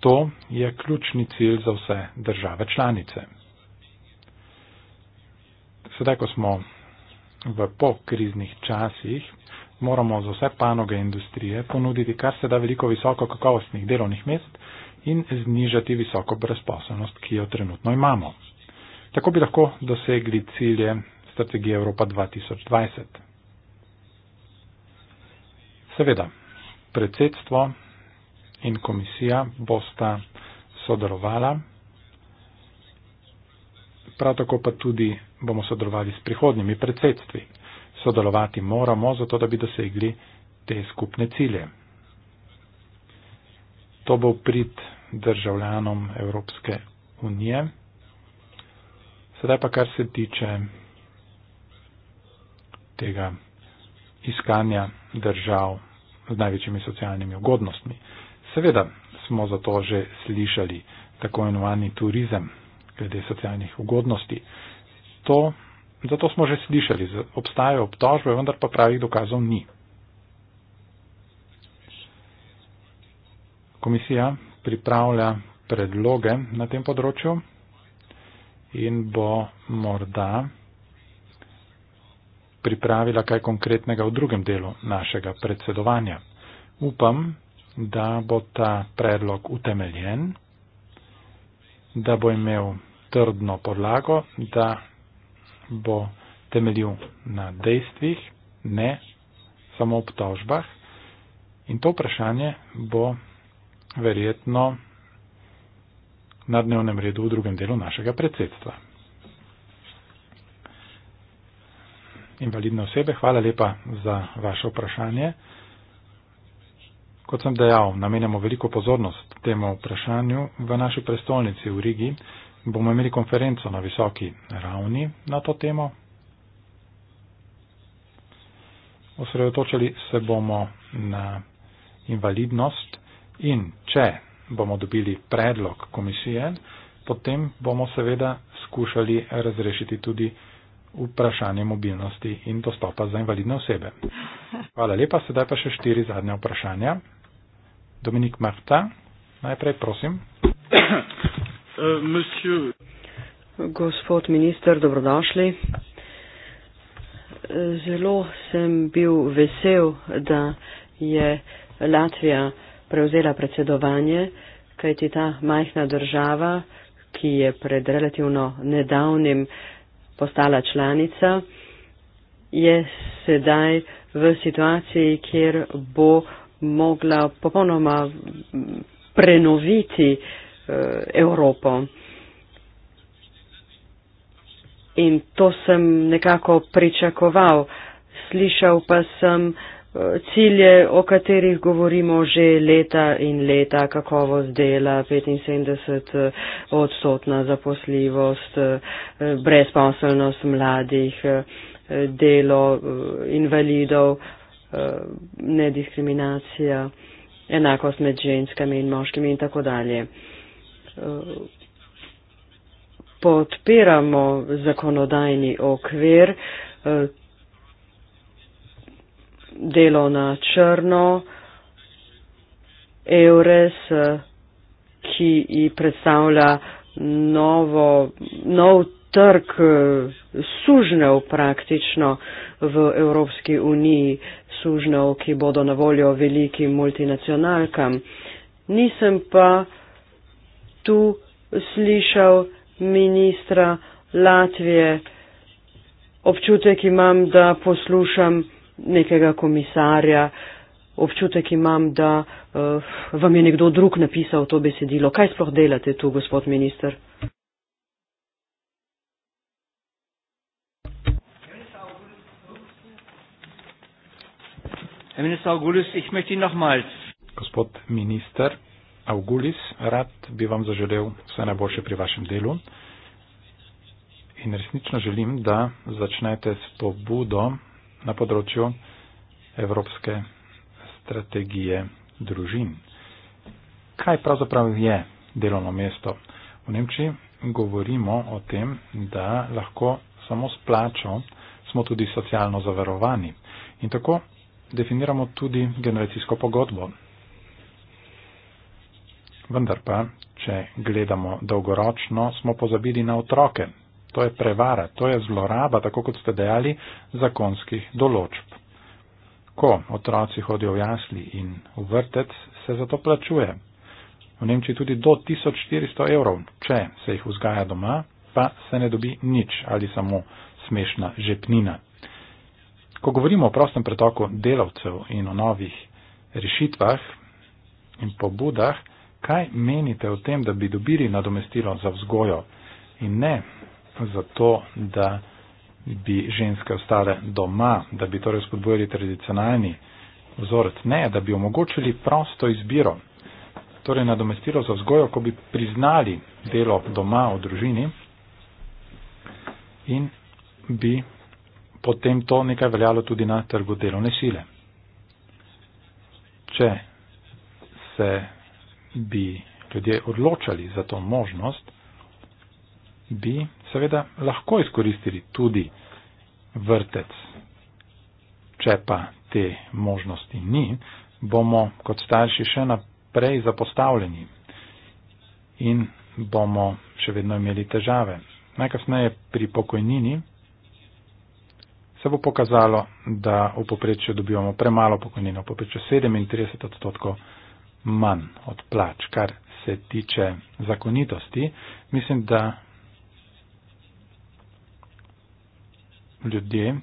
To je ključni cilj za vse države članice. Sedaj, ko smo v pokriznih časih, moramo za vse panoge industrije ponuditi kar se da veliko visoko kakovostnih delovnih mest in znižati visoko brezposobnost, ki jo trenutno imamo. Tako bi lahko dosegli cilje strategije Evropa 2020. Seveda, predsedstvo in komisija bosta sodelovala, prav tako pa tudi bomo sodelovali s prihodnjimi predsedstvi. Sodelovati moramo, zato da bi dosegli te skupne cilje. To bo prid državljanom Evropske unije. Sedaj pa kar se tiče tega iskanja držav z največjimi socialnimi ugodnostmi. Seveda smo za to že slišali tako imenovani turizem glede socialnih ugodnosti. To, za to smo že slišali, obstajajo obtožbe, vendar pa pravih dokazov ni. Komisija pripravlja predloge na tem področju in bo morda pripravila kaj konkretnega v drugem delu našega predsedovanja. Upam, da bo ta predlog utemeljen, da bo imel trdno podlago, da bo temeljil na dejstvih, ne samo obtožbah. In to vprašanje bo verjetno na dnevnem redu v drugem delu našega predsedstva. Invalidne osebe, hvala lepa za vaše vprašanje. Kot sem dejal, namenjamo veliko pozornost temu vprašanju v naši prestolnici v Rigi. Bomo imeli konferenco na visoki ravni na to temo. Osredotočili se bomo na invalidnost in če bomo dobili predlog komisije, potem bomo seveda skušali razrešiti tudi vprašanje mobilnosti in dostopa za invalidne osebe. Hvala lepa, sedaj pa še štiri zadnja vprašanja. Dominik Marta, najprej prosim. Gospod minister, dobrodošli. Zelo sem bil vesel, da je Latvija prevzela predsedovanje, kajti ta majhna država, ki je pred relativno nedavnim postala članica, je sedaj v situaciji, kjer bo mogla popolnoma prenoviti eh, Evropo. In to sem nekako pričakoval. Slišal pa sem, cilje, o katerih govorimo že leta in leta, kakovost dela, 75 eh, odstotna zaposljivost, eh, brezposelnost mladih, eh, delo invalidov, nediskriminacija, enakost med ženskami in moškimi in tako dalje. Podpiramo zakonodajni okvir, delo na črno, EURES, ki ji predstavlja novo, nov trg sužnev praktično v Evropski uniji, sužnev, ki bodo na voljo velikim multinacionalkam. Nisem pa tu slišal ministra Latvije. Občutek imam, da poslušam nekega komisarja, občutek imam, da uh, vam je nekdo drug napisal to besedilo. Kaj sploh delate tu, gospod minister? Gospod minister Augulis, rad bi vam zaželel vse najboljše pri vašem delu in resnično želim, da začnete s to budo na področju evropske strategije družin. Kaj pravzaprav je delovno mesto? V Nemčiji govorimo o tem, da lahko samo s plačo smo tudi socialno zaverovani. In tako definiramo tudi generacijsko pogodbo. Vendar pa, če gledamo dolgoročno, smo pozabili na otroke, To je prevara, to je zloraba, tako kot ste dejali, zakonskih določb. Ko otroci hodijo v jasli in v vrtec, se za to plačuje. V Nemčiji tudi do 1400 evrov, če se jih vzgaja doma, pa se ne dobi nič ali samo smešna žepnina. Ko govorimo o prostem pretoku delavcev in o novih rešitvah in pobudah, kaj menite o tem, da bi dobili nadomestilo za vzgojo in ne za to, da bi ženske ostale doma, da bi torej spodbojili tradicionalni vzorec. Ne, da bi omogočili prosto izbiro, torej nadomestilo za vzgojo, ko bi priznali delo doma v družini in bi potem to nekaj veljalo tudi na trgu delovne sile. Če se bi ljudje odločali za to možnost, bi seveda lahko izkoristili tudi vrtec. Če pa te možnosti ni, bomo kot starši še naprej zapostavljeni in bomo še vedno imeli težave. Najkasneje pri pokojnini se bo pokazalo, da v poprečju dobivamo premalo pokojnino, v poprečju 37 odstotkov manj od plač, kar se tiče zakonitosti. Mislim, da ljudje,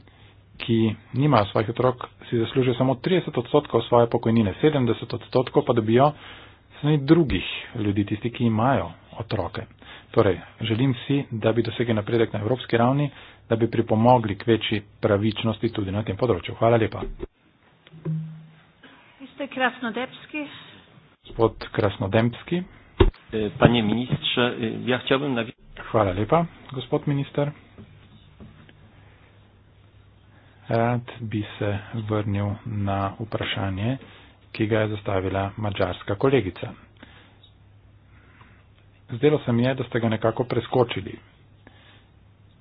ki nimajo svojih otrok, si zaslužijo samo 30 odstotkov svoje pokojnine, 70 odstotkov pa dobijo sami drugih ljudi, tisti, ki imajo otroke. Torej, želim si, da bi dosegli napredek na evropski ravni, da bi pripomogli k večji pravičnosti tudi na tem področju. Hvala lepa. Gospod Krasnodemski. E, panie ministrze, e, ja chciałbym nawi- Hvala lepa, gospod minister. Rad bi se vrnil na vprašanje, ki ga je zastavila mađarska kolegica. Zdelo se mi je, da ste ga nekako preskočili.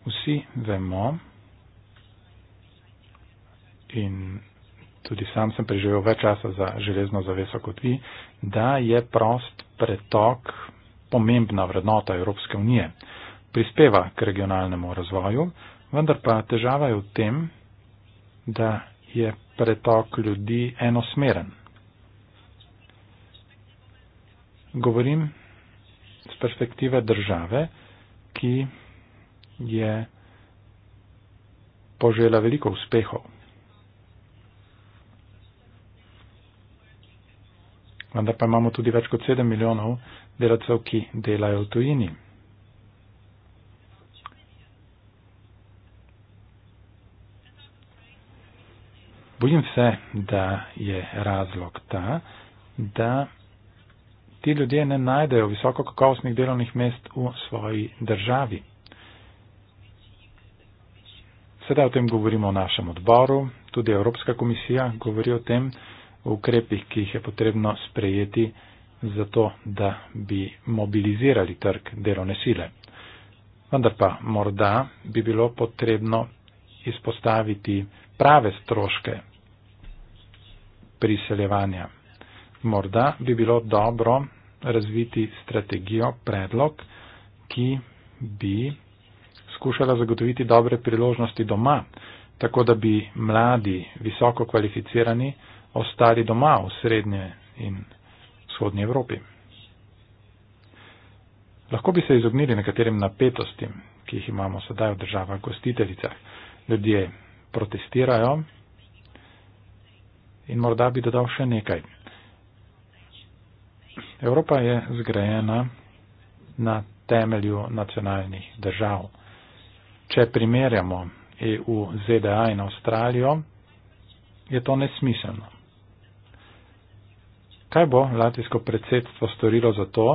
Vsi vemo in tudi sam sem preživel več časa za železno zaveso kot vi, da je prost pretok pomembna vrednota Evropske unije. Prispeva k regionalnemu razvoju, vendar pa težava je v tem, da je pretok ljudi enosmeren. Govorim z perspektive države, ki je požela veliko uspehov. Vendar pa imamo tudi več kot 7 milijonov delavcev, ki delajo v tujini. bojim se, da je razlog ta, da ti ljudje ne najdejo visoko kakovostnih delovnih mest v svoji državi. Sedaj o tem govorimo v našem odboru, tudi Evropska komisija govori o tem, o ukrepih, ki jih je potrebno sprejeti, zato da bi mobilizirali trg delovne sile. Vendar pa morda bi bilo potrebno izpostaviti prave stroške priseljevanja. Morda bi bilo dobro razviti strategijo, predlog, ki bi skušala zagotoviti dobre priložnosti doma, tako da bi mladi, visoko kvalificirani, ostali doma v srednje in vzhodnje Evropi. Lahko bi se izognili nekaterim napetostim, ki jih imamo sedaj v državah gostiteljicah. Ljudje protestirajo, In morda bi dodal še nekaj. Evropa je zgrajena na temelju nacionalnih držav. Če primerjamo EU, ZDA in Avstralijo, je to nesmiselno. Kaj bo latijsko predsedstvo storilo za to,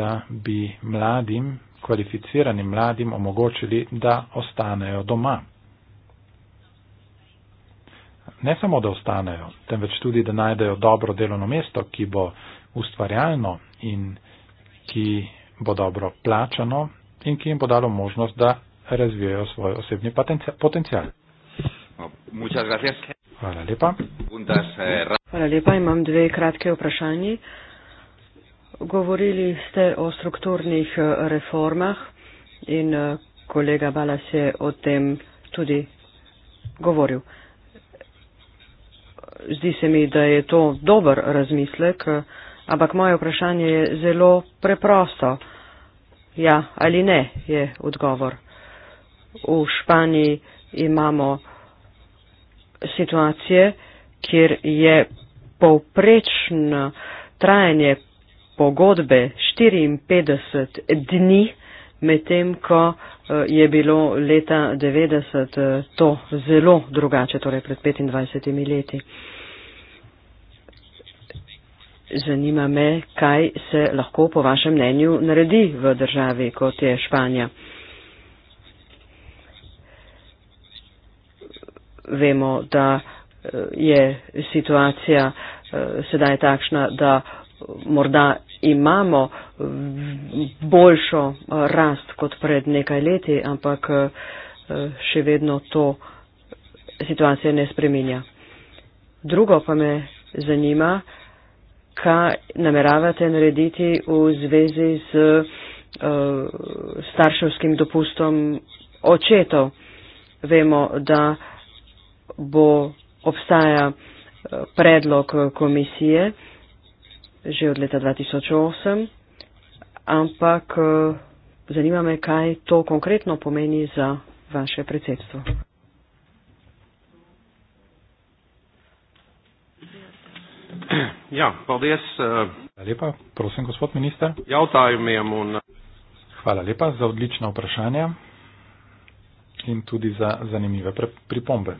da bi mladim, kvalificiranim mladim omogočili, da ostanejo doma? ne samo, da ostanejo, temveč tudi, da najdejo dobro delovno mesto, ki bo ustvarjalno in ki bo dobro plačano in ki jim bo dalo možnost, da razvijajo svoj osebni potencial. No, Hvala lepa. Eh, Hvala lepa, imam dve kratke vprašanje. Govorili ste o strukturnih eh, reformah in eh, kolega Balas je o tem tudi govoril zdi se mi, da je to dober razmislek, ampak moje vprašanje je zelo preprosto. Ja ali ne je odgovor. V Španiji imamo situacije, kjer je povprečno trajanje pogodbe 54 dni medtem ko eh, je bilo leta 90 eh, to zelo drugače, torej pred 25 leti. Zanima me, kaj se lahko po vašem mnenju naredi v državi, kot je Španija. Vemo, da eh, je situacija sedaj takšna, da morda imamo boljšo eh, rast kot pred nekaj leti, ampak eh, eh, še vedno to situacija ne spreminja. Drugo pa me zanima, kaj nameravate narediti v zvezi z starševskim dopustom očetov. Vemo, da bo obstaja predlog komisije, že od leta 2008, ampak eh, zanima me, kaj to konkretno pomeni za vaše predsedstvo. Ja, paldies. Eh. Hvala lepa, prosim, gospod minister. Hvala lepa za odlična vprašanja in tudi za zanimive pripombe.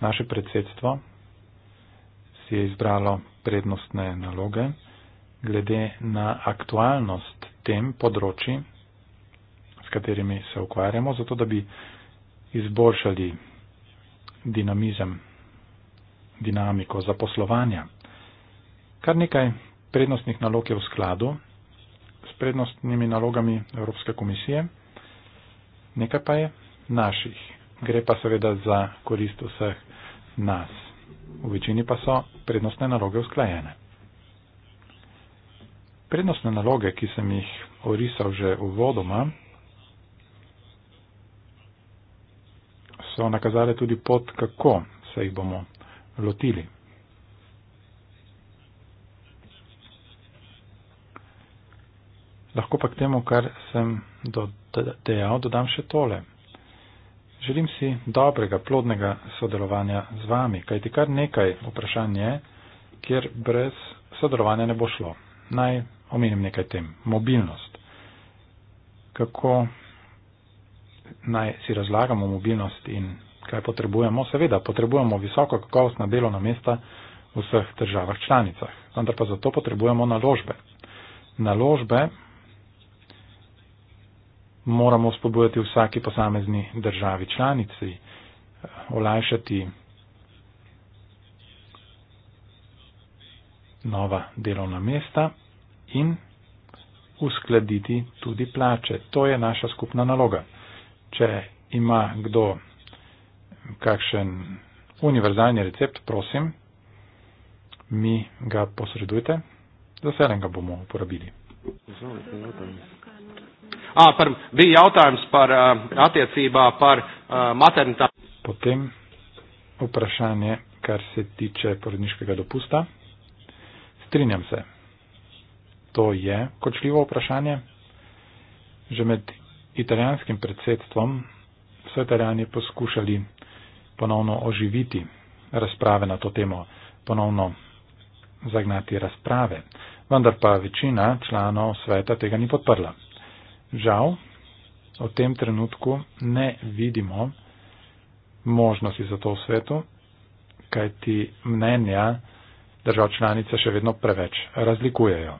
Naše predsedstvo si je izbralo prednostne naloge, glede na aktualnost tem področji, s katerimi se ukvarjamo, zato da bi izboljšali dinamizem, dinamiko zaposlovanja. Kar nekaj prednostnih nalog je v skladu s prednostnimi nalogami Evropske komisije, nekaj pa je naših. Gre pa seveda za korist vseh nas. V večini pa so prednostne naloge usklajene. Prednostne naloge, ki sem jih orisal že uvodoma, so nakazale tudi pot, kako se jih bomo lotili. Lahko pa k temu, kar sem dejal, dodam še tole. Želim si dobrega, plodnega sodelovanja z vami, kajti kar nekaj vprašanj je, kjer brez sodelovanja ne bo šlo. Naj omenim nekaj tem. Mobilnost. Kako naj si razlagamo mobilnost in kaj potrebujemo? Seveda, potrebujemo visoko kakovostna delovna mesta v vseh državah članicah, vendar pa zato potrebujemo naložbe. Naložbe moramo spodbujati vsaki posamezni državi članici, eh, olajšati nova delovna mesta in uskladiti tudi plače. To je naša skupna naloga. Če ima kdo kakšen univerzalni recept, prosim, mi ga posredujte, veselim ga bomo uporabili. Zdravo, zdravo. A, ah, par, bija jautājums par eh, attiecībā par eh, maternitāti. Potem uprašanje, kar se tiče porodniškega dopusta. Strinjam se. To je kočljivo vprašanje. Že med italijanskim predsedstvom so italijani poskušali ponovno oživiti razprave na to temo, ponovno zagnati razprave. Vendar pa večina članov sveta tega ni podprla žal v tem trenutku ne vidimo možnosti za to v svetu, kajti mnenja držav članice še vedno preveč razlikujejo.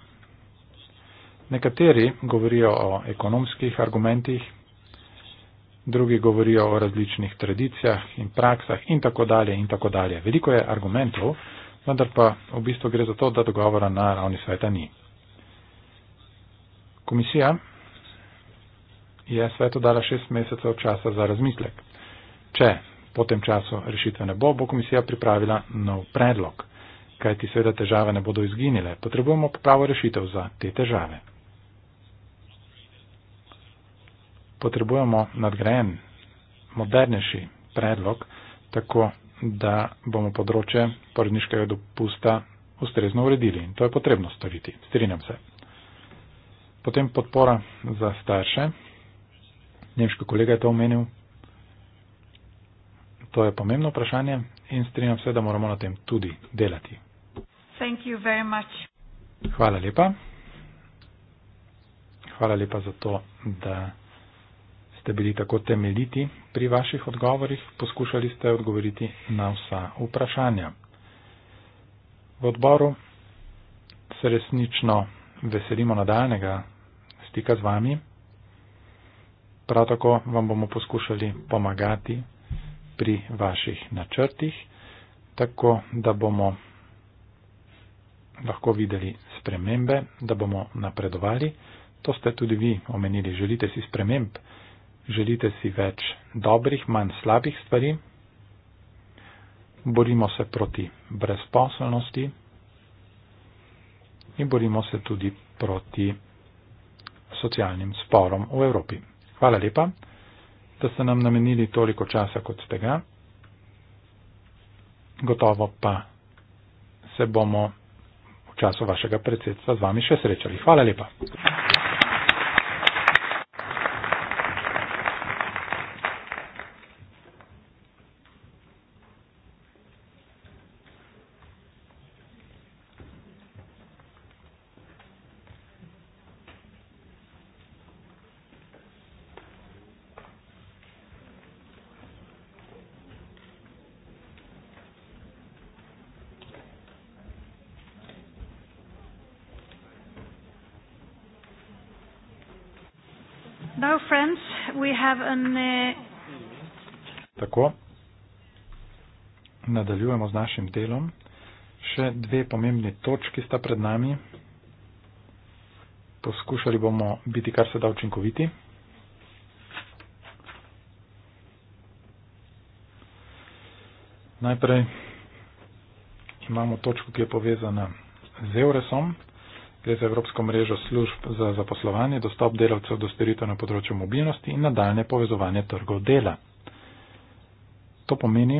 Nekateri govorijo o ekonomskih argumentih, drugi govorijo o različnih tradicijah in praksah in tako dalje in tako dalje. Veliko je argumentov, vendar pa v bistvu gre za to, da dogovora na ravni sveta ni. Komisija je sveto dala šest mesecev časa za razmislek. Če po tem času rešitve ne bo, bo komisija pripravila nov predlog, kajti seveda težave ne bodo izginile. Potrebujemo pravo rešitev za te težave. Potrebujemo nadgrajen, modernejši predlog, tako da bomo področje porodniškega dopusta ustrezno uredili. In to je potrebno storiti. Strinjam se. Potem podpora za starše nemški kolega je to omenil. To je pomembno vprašanje in strinjam se, da moramo na tem tudi delati. Thank you very much. Hvala lepa. Hvala lepa za to, da ste bili tako temeljiti pri vaših odgovorih. Poskušali ste odgovoriti na vsa vprašanja. V odboru se resnično veselimo nadaljnega stika z vami. Prav tako vam bomo poskušali pomagati pri vaših načrtih, tako da bomo lahko videli spremembe, da bomo napredovali. To ste tudi vi omenili. Želite si sprememb, želite si več dobrih, manj slabih stvari. Borimo se proti brezposelnosti in borimo se tudi proti socialnim sporom v Evropi. Hvala lepa, da ste nam namenili toliko časa, kot ste ga. Gotovo pa se bomo v času vašega predsedstva z vami še srečali. Hvala lepa. delom. Še dve pomembni točki sta pred nami. Poskušali bomo biti kar se da učinkoviti. Najprej imamo točko, ki je povezana z Euresom. Gre za Evropsko mrežo služb za zaposlovanje, dostop delavcev do storitev na področju mobilnosti in nadaljne povezovanje trgov dela. To pomeni,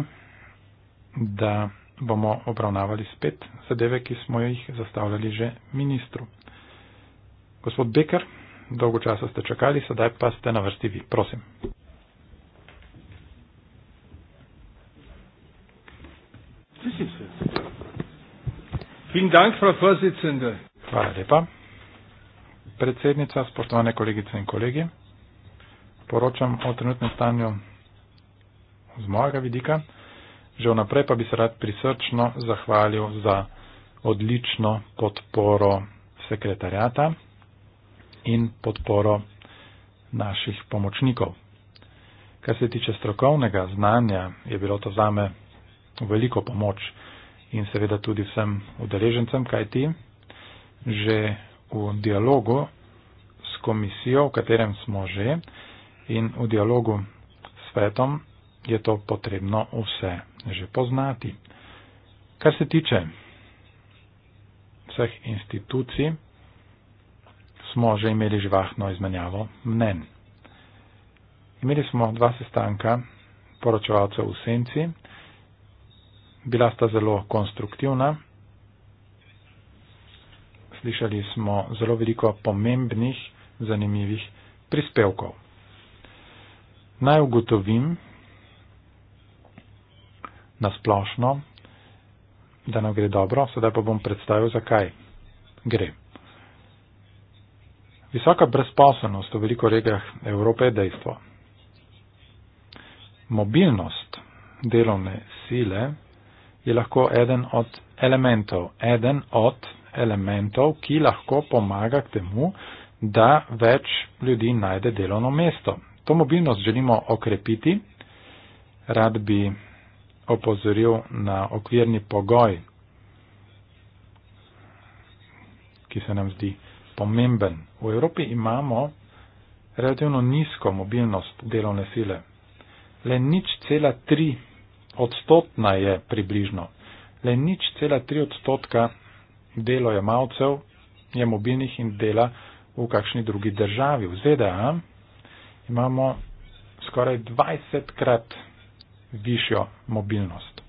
da bomo obravnavali spet zadeve, ki smo jih zastavljali že ministru. Gospod Beker, dolgo časa ste čakali, sedaj pa ste na vrsti vi. Prosim. Hvala lepa. Predsednica, spoštovane kolegice in kolegi, poročam o trenutnem stanju z mojega vidika. Že vnaprej pa bi se rad prisrčno zahvalil za odlično podporo sekretarjata in podporo naših pomočnikov. Kar se tiče strokovnega znanja, je bilo to zame veliko pomoč in seveda tudi vsem udeležencem, kaj ti že v dialogu s komisijo, v katerem smo že, in v dialogu s svetom je to potrebno vse že poznati. Kar se tiče vseh institucij, smo že imeli živahno izmenjavo mnen. Imeli smo dva sestanka poročevalcev v senci, bila sta zelo konstruktivna. Slišali smo zelo veliko pomembnih, zanimivih prispevkov. Naj ugotovim, na splošno, da nam gre dobro, sedaj pa bom predstavil, zakaj gre. Visoka brezposobnost v veliko regijah Evrope je dejstvo. Mobilnost delovne sile je lahko eden od elementov, eden od elementov, ki lahko pomaga k temu, da več ljudi najde delovno mesto. To mobilnost želimo okrepiti, rad bi opozoril na okvirni pogoj, ki se nam zdi pomemben. V Evropi imamo relativno nizko mobilnost delovne sile. Le nič cela tri odstotna je približno. Le nič cela tri odstotka delojemalcev je mobilnih in dela v kakšni drugi državi. V ZDA imamo skoraj 20 krat višjo mobilnost.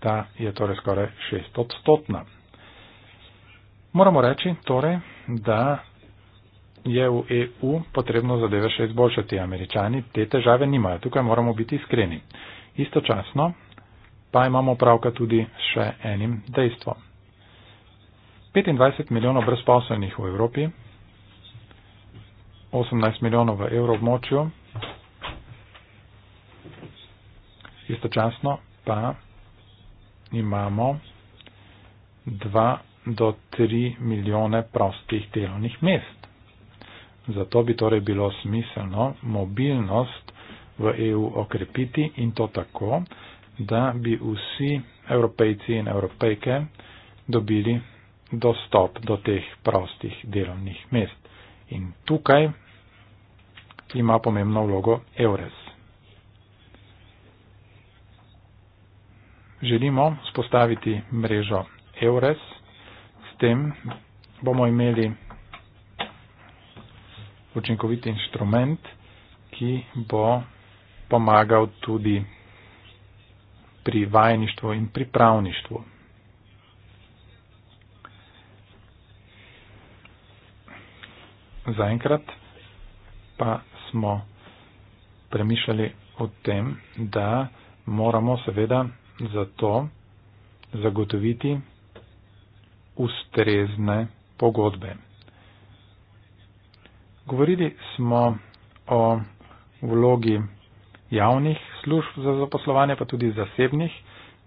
Ta je torej skoraj šest odstotna. Moramo reči torej, da je v EU potrebno zadeve še izboljšati. Američani te težave nimajo. Tukaj moramo biti iskreni. Istočasno pa imamo pravka tudi še enim dejstvom. 25 milijonov brezposelnih v Evropi, 18 milijonov v evroobmočju, istočasno pa imamo 2 do 3 milijone prostih delovnih mest. Zato bi torej bilo smiselno mobilnost v EU okrepiti in to tako, da bi vsi evropejci in evropejke dobili dostop do teh prostih delovnih mest. In tukaj ima pomembno vlogo EURES. želimo spostaviti mrežo EURES. S tem bomo imeli učinkovit inštrument, ki bo pomagal tudi pri vajništvu in pripravništvu. Zaenkrat pa smo premišljali o tem, da moramo seveda za to zagotoviti ustrezne pogodbe. Govorili smo o vlogi javnih služb za zaposlovanje, pa tudi zasebnih.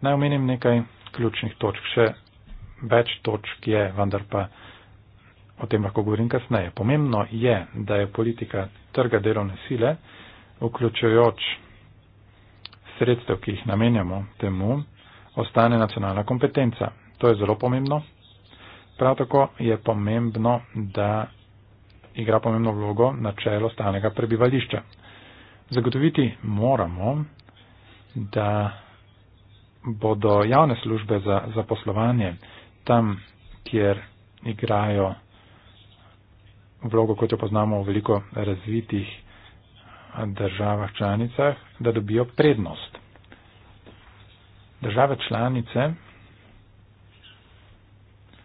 Naj omenim nekaj ključnih točk. Še več točk je, vendar pa o tem lahko govorim kasneje. Pomembno je, da je politika trga delovne sile, vključujoč sredstev, ki jih namenjamo temu, ostane nacionalna kompetenca. To je zelo pomembno. Prav tako je pomembno, da igra pomembno vlogo načelo stalnega prebivališča. Zagotoviti moramo, da bodo javne službe za zaposlovanje tam, kjer igrajo vlogo, kot jo poznamo v veliko razvitih državah članicah, da dobijo prednost. Države članice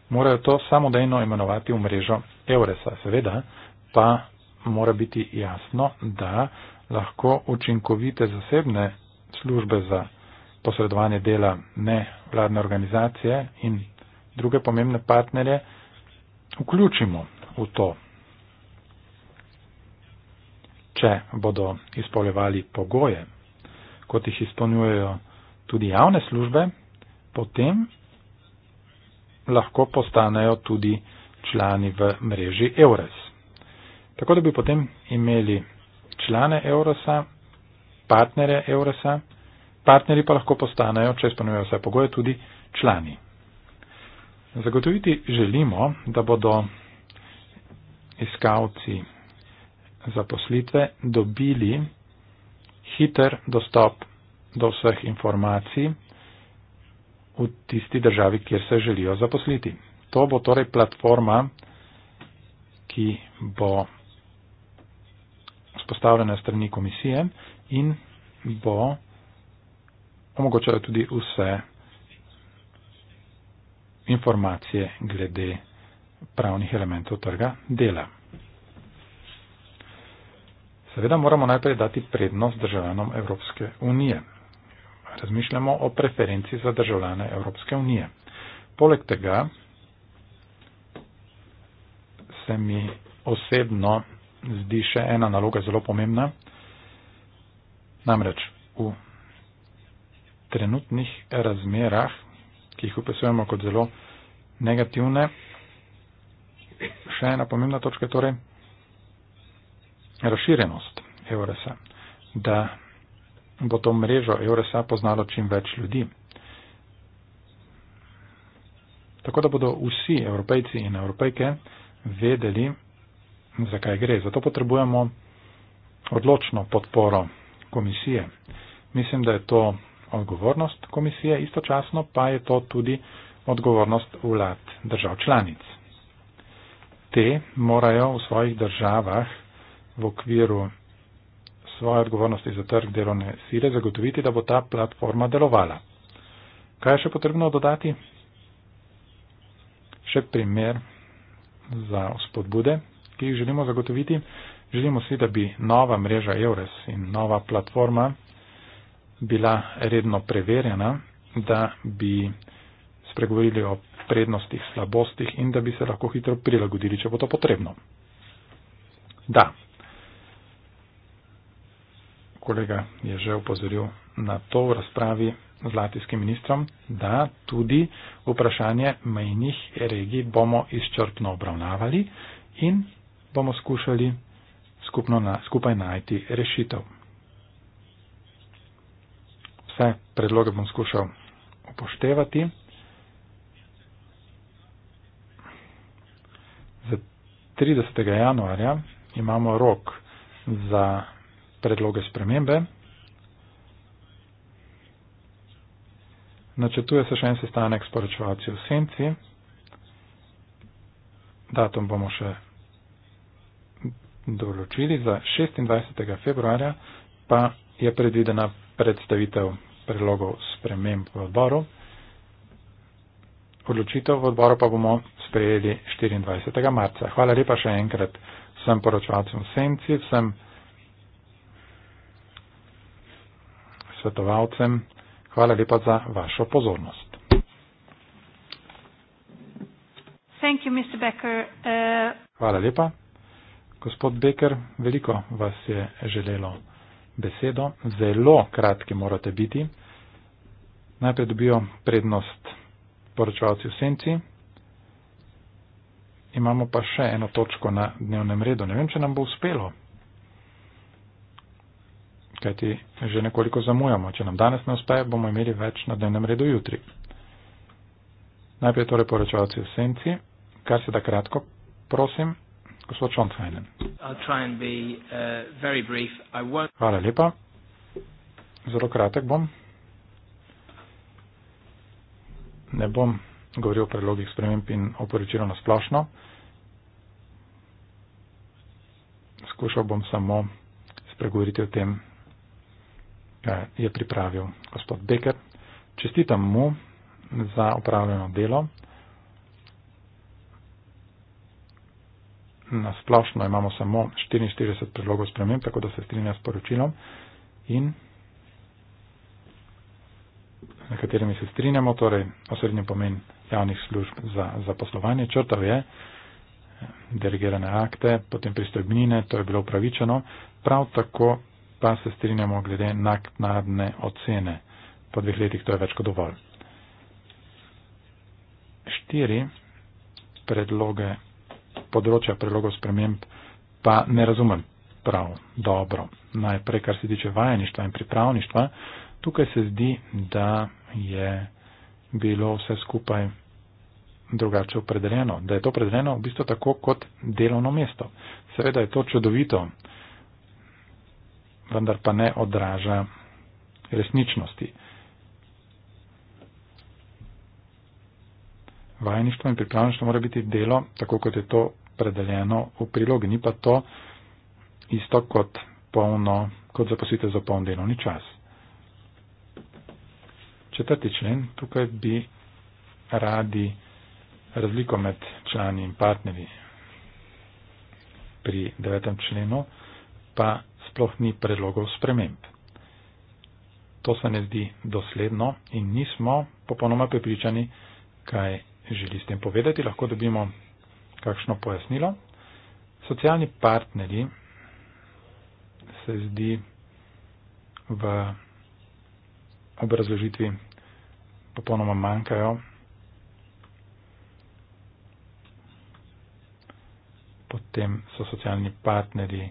morajo to samodejno imenovati v mrežo Euresa. Seveda pa mora biti jasno, da lahko učinkovite zasebne službe za posredovanje dela ne vladne organizacije in druge pomembne partnerje vključimo v to če bodo izpolnjevali pogoje, kot jih izpolnjujejo tudi javne službe, potem lahko postanejo tudi člani v mreži EURES. Tako da bi potem imeli člane EUROSA, partnerje EUROSA, partnerji pa lahko postanejo, če izpolnjujejo vse pogoje, tudi člani. Zagotoviti želimo, da bodo iskavci zaposlitve dobili hiter dostop do vseh informacij v tisti državi, kjer se želijo zaposliti. To bo torej platforma, ki bo spostavljena strani komisije in bo omogočala tudi vse informacije glede pravnih elementov trga dela. Seveda moramo najprej dati prednost državljanom Evropske unije. Razmišljamo o preferenci za državljane Evropske unije. Poleg tega se mi osebno zdi še ena naloga zelo pomembna. Namreč v trenutnih razmerah, ki jih upisujemo kot zelo negativne, še ena pomembna točka torej razširjenost EURES-a, da bo to mrežo EURES-a poznalo čim več ljudi. Tako da bodo vsi evropejci in evropejke vedeli, zakaj gre. Zato potrebujemo odločno podporo komisije. Mislim, da je to odgovornost komisije, istočasno pa je to tudi odgovornost vlad držav članic. Te morajo v svojih državah v okviru svoje odgovornosti za trg delovne sile zagotoviti, da bo ta platforma delovala. Kaj je še potrebno dodati? Še primer za spodbude, ki jih želimo zagotoviti. Želimo si, da bi nova mreža EURES in nova platforma bila redno preverjena, da bi spregovorili o prednostih, slabostih in da bi se lahko hitro prilagodili, če bo to potrebno. Da, kolega je že upozoril na to v razpravi z latijskim ministrom, da tudi vprašanje mejnih regij bomo izčrpno obravnavali in bomo skušali skupno na, skupaj najti rešitev. Vse predloge bom skušal upoštevati. Za 30. januarja imamo rok za predloge spremembe. Načrtuje se še en sestanek s poročevalci v senci. Datum bomo še določili za 26. februarja, pa je predvidena predstavitev predlogov sprememb v odboru. Odločitev v odboru pa bomo sprejeli 24. marca. Hvala lepa še enkrat vsem poročevalcem v senci, vsem poročevalcem. svetovalcem. Hvala lepa za vašo pozornost. You, uh... Hvala lepa. Gospod Becker, veliko vas je želelo besedo. Zelo kratki morate biti. Najprej dobijo prednost poročevalci v senci. Imamo pa še eno točko na dnevnem redu. Ne vem, če nam bo uspelo kajti že nekoliko zamujamo. Če nam danes ne uspe, bomo imeli več na dnevnem redu jutri. Najprej torej poročevalci v senci, kar se da kratko, prosim, gospod Šoncajnen. Uh, Hvala lepa. Zelo kratek bom. Ne bom govoril o predlogih sprememb in o poročilu na splošno. Skušal bom samo spregovoriti o tem, je pripravil gospod Becker. Čestitam mu za upravljeno delo. Na splošno imamo samo 44 predlogov spremem, tako da se strinja s poročilom in na katerimi se strinjamo, torej osrednji pomen javnih služb za, za poslovanje. Črtav je eh, delegirane akte, potem pristojbnine, to je bilo upravičeno. Prav tako pa se strinjamo glede naknadne ocene. Po dveh letih to je več kot dovolj. Štiri predloge, področja predlogov sprememb pa ne razumem prav dobro. Najprej, kar se tiče vajeništva in pripravništva, tukaj se zdi, da je bilo vse skupaj drugače opredeljeno, da je to opredeljeno v bistvu tako kot delovno mesto. Seveda je to čudovito, vendar pa ne odraža resničnosti. Vajništvo in pripravništvo mora biti delo, tako kot je to predeljeno v prilogi, ni pa to isto kot, polno, kot zaposlite za poln delovni čas. Četrti člen, tukaj bi radi razliko med člani in partnerji. Pri devetem členu pa sploh ni predlogov sprememb. To se ne zdi dosledno in nismo popolnoma prepričani, kaj želi s tem povedati. Lahko dobimo kakšno pojasnilo. Socialni partneri se zdi v obrazložitvi popolnoma manjkajo. Potem so socialni partneri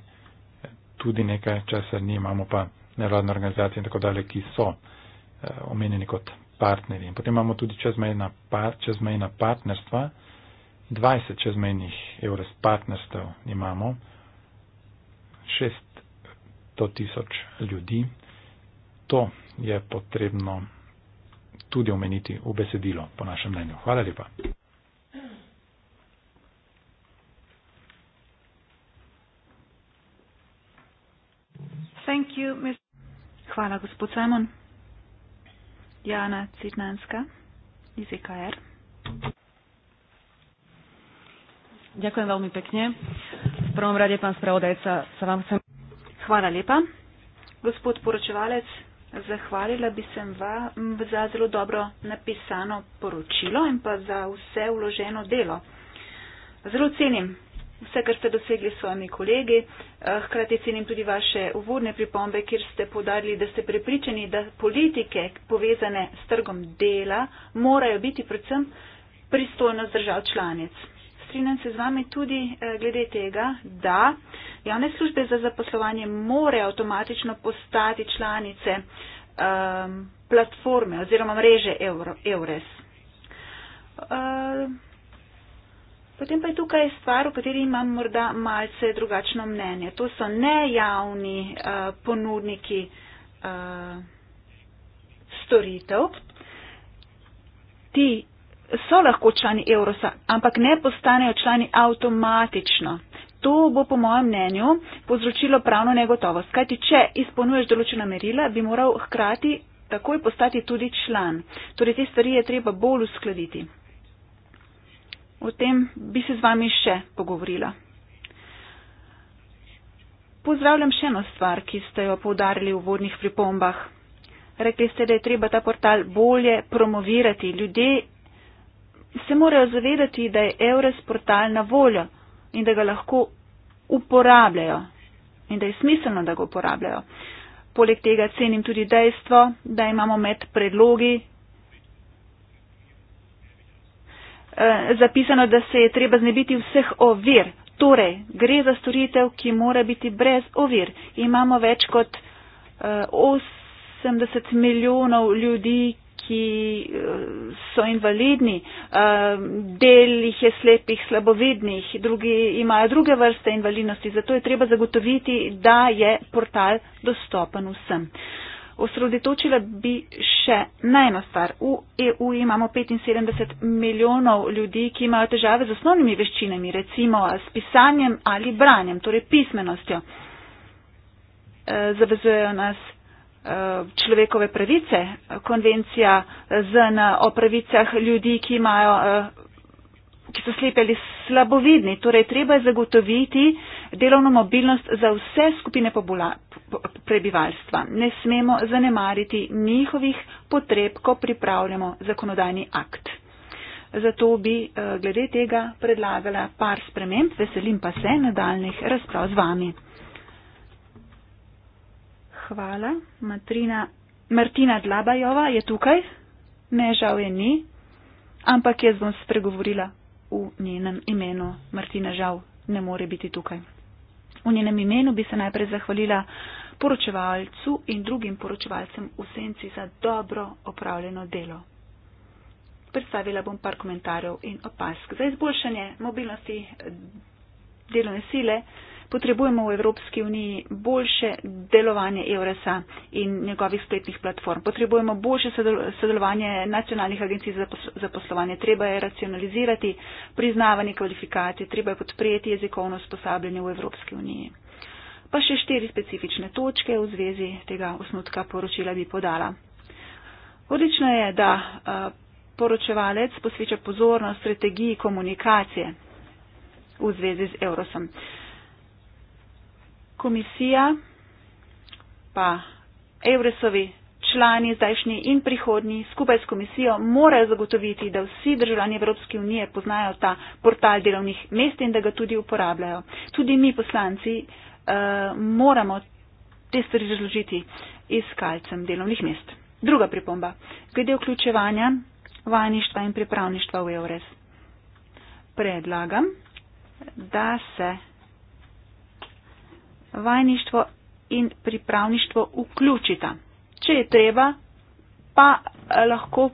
tudi nekaj, česar ni, imamo pa nevladne organizacije in tako dalje, ki so eh, omenjeni kot partnerji. In potem imamo tudi čezmejna, čezmejna partnerstva, 20 čezmejnih EURES partnerstv imamo, 600 tisoč ljudi. To je potrebno tudi omeniti v besedilo, po našem mnenju. Hvala lepa. Hvala, gospod Simon. Jana Cidnanska iz EKR. Ďakujem veľmi pekne. V prvom rade, pán spravodajca, sa vám chcem... Hvala lepa. Gospod poročevalec, zahvalila bi sem vam za zelo dobro napisano poročilo in pa za vse vloženo delo. Zelo cenim vse, kar ste dosegli s svojimi kolegi. Eh, hkrati cenim tudi vaše uvodne pripombe, kjer ste podarili, da ste prepričani, da politike povezane s trgom dela morajo biti predvsem pristojnost držav članic. Strinjam se z vami tudi eh, glede tega, da javne službe za zaposlovanje morajo avtomatično postati članice um, platforme oziroma mreže Eures. Uh, Potem pa je tukaj stvar, o kateri imam morda malce drugačno mnenje. To so nejavni uh, ponudniki uh, storitev. Ti so lahko člani Eurosa, ampak ne postanejo člani avtomatično. To bo po mojem mnenju povzročilo pravno negotovost. Kajti, če izpolnjuješ določena merila, bi moral hkrati takoj postati tudi član. Torej, te stvari je treba bolj uskladiti o tem bi se z vami še pogovorila. Pozdravljam še eno stvar, ki ste jo povdarili v vodnih pripombah. Rekli ste, da je treba ta portal bolje promovirati. Ljudje se morajo zavedati, da je EURES portal na voljo in da ga lahko uporabljajo in da je smiselno, da ga uporabljajo. Poleg tega cenim tudi dejstvo, da imamo med predlogi Eh, zapisano, da se je treba znebiti vseh ovir. Torej, gre za storitev, ki mora biti brez ovir. Imamo več kot 80 eh, milijonov ljudi, ki eh, so invalidni, del jih je slepih, slabovidnih, drugi imajo druge vrste invalidnosti, zato je treba zagotoviti, da je portal dostopen vsem osredotočila bi še na eno stvar. V EU imamo 75 milijonov ljudi, ki imajo težave z osnovnimi veščinami, recimo s pisanjem ali branjem, torej pismenostjo. E, zavezujejo nas e, človekove pravice, konvencija ZN o pravicah ljudi, ki, imajo, e, ki so slepi ali slabovidni. Torej, treba je zagotoviti delovno mobilnost za vse skupine populacije prebivalstva. Ne smemo zanemariti njihovih potreb, ko pripravljamo zakonodajni akt. Zato bi eh, glede tega predlagala par sprememb. Veselim pa se nadaljnih razprav z vami. Hvala. Martina, Martina Dlabajova je tukaj. Ne žal je ni, ampak jaz bom spregovorila v njenem imenu. Martina žal ne more biti tukaj. V njenem imenu bi se najprej zahvalila uh, poročevalcu in drugim poročevalcem v senci za dobro opravljeno delo. Predstavila bom par komentarjev in opask. Za izboljšanje mobilnosti delovne sile potrebujemo v Evropski uniji boljše delovanje EURES-a in njegovih spletnih platform. Potrebujemo boljše sodelovanje nacionalnih agencij za poslovanje. Treba je racionalizirati priznavanje kvalifikacije, treba je podprijeti jezikovno usposabljanje v Evropski uniji pa še štiri specifične točke v zvezi tega osnutka poročila bi podala. Odlično je, da poročevalec posveča pozornost strategiji komunikacije v zvezi z Eurosom. Komisija pa Euresovi člani zdajšnji in prihodnji skupaj s komisijo morajo zagotoviti, da vsi državljani Evropske unije poznajo ta portal delovnih mest in da ga tudi uporabljajo. Tudi mi poslanci uh, moramo te stvari razložiti iskalcem delovnih mest. Druga pripomba. Glede vključevanja vajništva in pripravništva v EURES. Predlagam, da se vajništvo in pripravništvo vključita. Če je treba, pa eh, lahko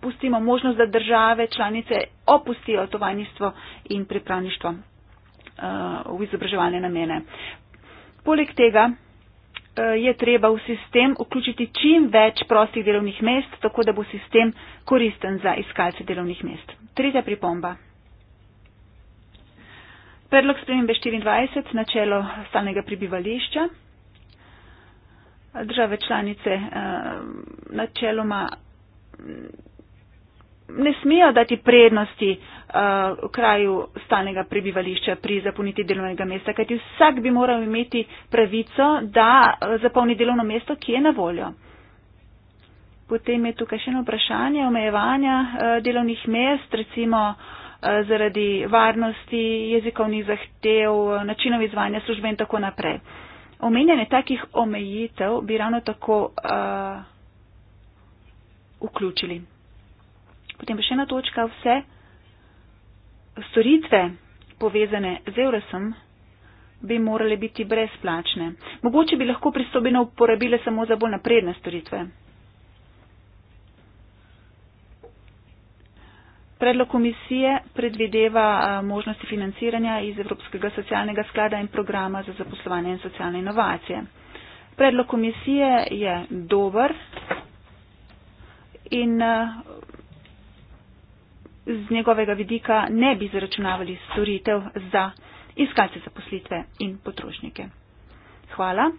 pustimo možnost, da države članice opustijo to vajništvo in pripravništvo. Uh, v izobraževalne namene. Poleg tega uh, je treba v sistem vključiti čim več prostih delovnih mest, tako da bo sistem koristen za iskalce delovnih mest. Tretja pripomba. Predlog spremembe 24 načelo stalnega prebivališča. Države članice uh, načeloma ne smijo dati prednosti uh, kraju stalnega prebivališča pri zapolniti delovnega mesta, kajti vsak bi moral imeti pravico, da eh, zapolni delovno mesto, ki je na voljo. Potem je tukaj še eno vprašanje omejevanja uh, delovnih mest, recimo zaradi varnosti, jezikovnih zahtev, načinov izvajanja službe in tako naprej. Omenjanje takih omejitev bi ravno tako uh, vključili. Potem še ena točka, vse storitve povezane z Eurasom bi morale biti brezplačne. Mogoče bi lahko pristobino uporabile samo za bolj napredne storitve. Predlog komisije predvideva možnosti financiranja iz Evropskega socialnega sklada in programa za zaposlovanje in socialne inovacije. Predlog komisije je dober in z njegovega vidika ne bi zaračunavali storitev za iskalce zaposlitve in potrošnike. Hvala.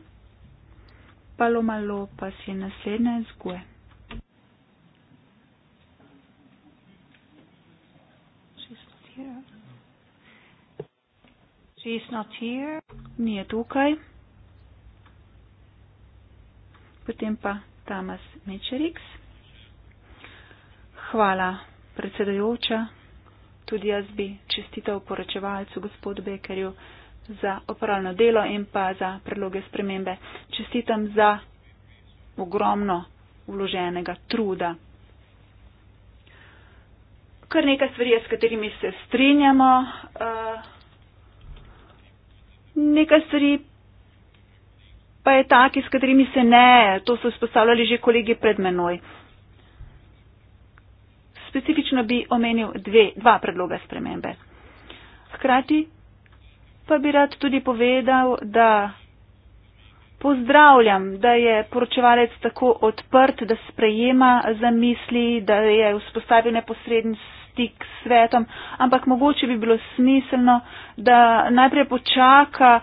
Paloma Lopas je naslednja iz Gue. Nije tukaj. Potem pa Tamas Mečeriks. Hvala predsedajoča, tudi jaz bi čestital poročevalcu gospodu Bekerju za opravljeno delo in pa za predloge spremembe. Čestitam za ogromno vloženega truda. Kar nekaj stvari, s katerimi se strinjamo, eh, nekaj stvari pa je taki, s katerimi se ne, to so izpostavljali že kolegi pred menoj specifično bi omenil dve, dva predloga spremembe. Hkrati pa bi rad tudi povedal, da pozdravljam, da je poročevalec tako odprt, da sprejema zamisli, da je vzpostavil neposreden stik s svetom, ampak mogoče bi bilo smiselno, da najprej počaka,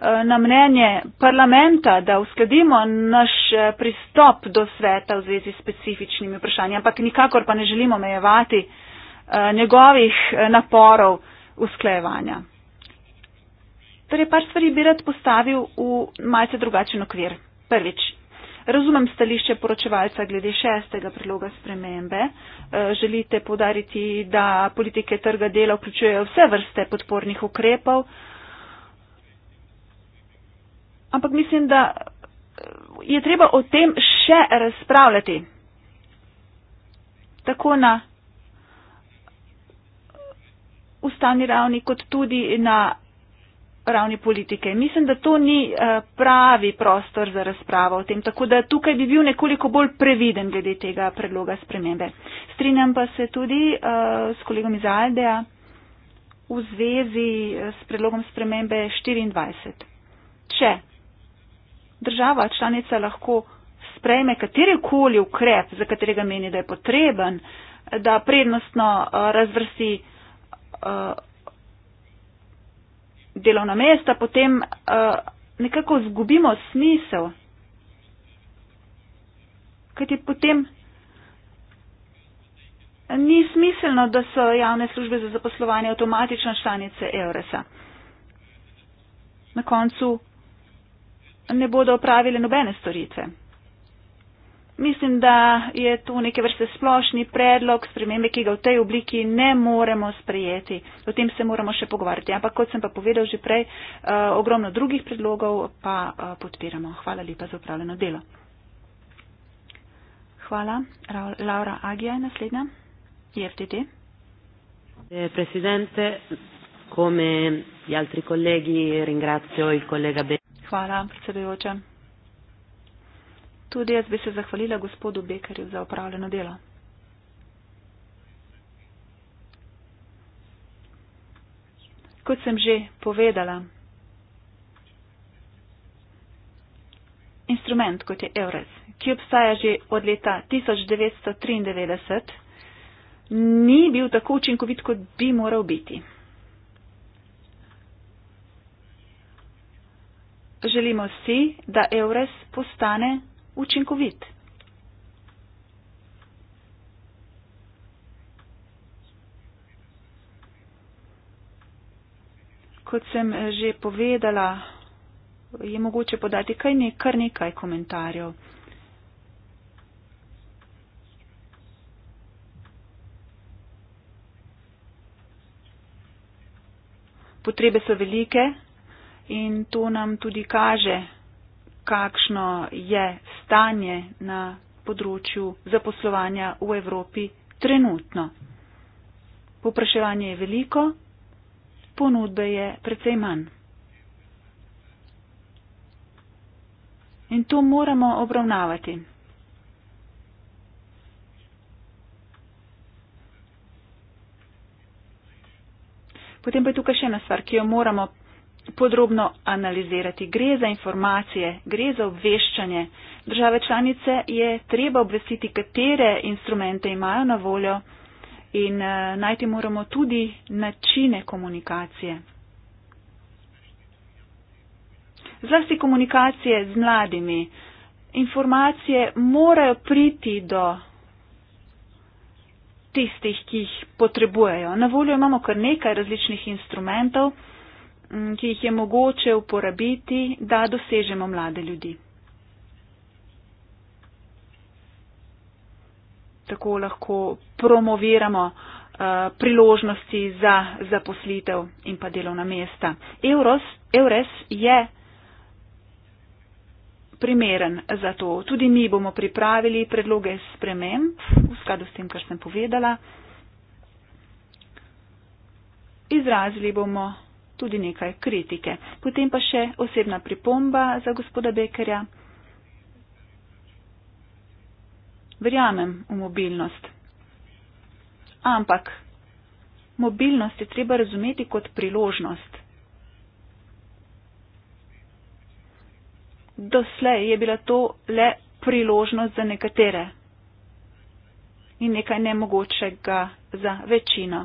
Eh, na mnenje parlamenta, da uskladimo naš eh, pristop do sveta v zvezi s specifičnimi vprašanji, ampak nikakor pa ne želimo omejevati eh, njegovih naporov usklajevanja. Torej, par stvari bi rad postavil v malce drugačen okvir. Prvič, razumem stališče poročevalca glede šestega priloga spremembe. Želite podariti, da politike trga dela vključujejo vse vrste podpornih ukrepov, ampak mislim, da eh, je treba o tem še razpravljati. Tako na ustani ravni, kot tudi na ravni politike. Mislim, da to ni eh, pravi prostor za razpravo o tem, tako da tukaj bi bil nekoliko bolj previden glede tega predloga spremembe. Strinjam pa se tudi uh, s kolegom iz Aldeja v zvezi s predlogom spremembe 24. Če država članica lahko sprejme katerikoli ukrep, za katerega meni, da je potreben, da prednostno eh, razvrsti eh, delovna mesta, potem eh, nekako zgubimo smisel. Kajti potem ni smiselno, da so javne službe za zaposlovanje avtomatično članice Euresa. Na koncu ne bodo opravile nobene storitve. Mislim, da je to neke vrste splošni predlog spremembe, ki ga v tej obliki ne moremo sprejeti. O tem se moramo še pogovarjati. Ampak, kot sem pa povedal že prej, eh, ogromno drugih predlogov pa eh, podpiramo. Hvala lepa za upravljeno delo. Hvala. Laura Agija je naslednja. IFTT. Eh, presidente, come gli altri colleghi, ringrazio il collega Bezzi. Hvala, predsedujoče. Tudi jaz bi se zahvalila gospodu Bekerju za upravljeno delo. Kot sem že povedala, instrument kot je EURES, ki obstaja že od leta 1993, ni bil tako učinkovit, kot bi moral biti. želimo si, da EURES postane učinkovit. Kot sem že povedala, je mogoče podati kar nekaj, kar nekaj komentarjev. Potrebe so velike, in to nam tudi kaže, kakšno je stanje na področju zaposlovanja v Evropi trenutno. Popraševanje je veliko, ponudbe je precej manj. In to moramo obravnavati. Potem pa je tukaj še ena stvar, ki jo moramo podrobno analizirati. Gre za informacije, gre za obveščanje. Države članice je treba obvestiti, katere instrumente imajo na voljo in uh, najti moramo tudi načine komunikacije. Zlasti komunikacije z mladimi. Informacije morajo priti do tistih, ki jih potrebujejo. Na voljo imamo kar nekaj različnih instrumentov ki jih je mogoče uporabiti, da dosežemo mlade ljudi. Tako lahko promoviramo uh, priložnosti za zaposlitev in pa delovna mesta. Euros, Eures je primeren za to. Tudi mi bomo pripravili predloge spremen v skladu s tem, kar sem povedala. Izrazili bomo tudi nekaj kritike. Potem pa še osebna pripomba za gospoda Bekerja. Verjamem v mobilnost. Ampak mobilnost je treba razumeti kot priložnost. Doslej je bila to le priložnost za nekatere in nekaj nemogočega za večino.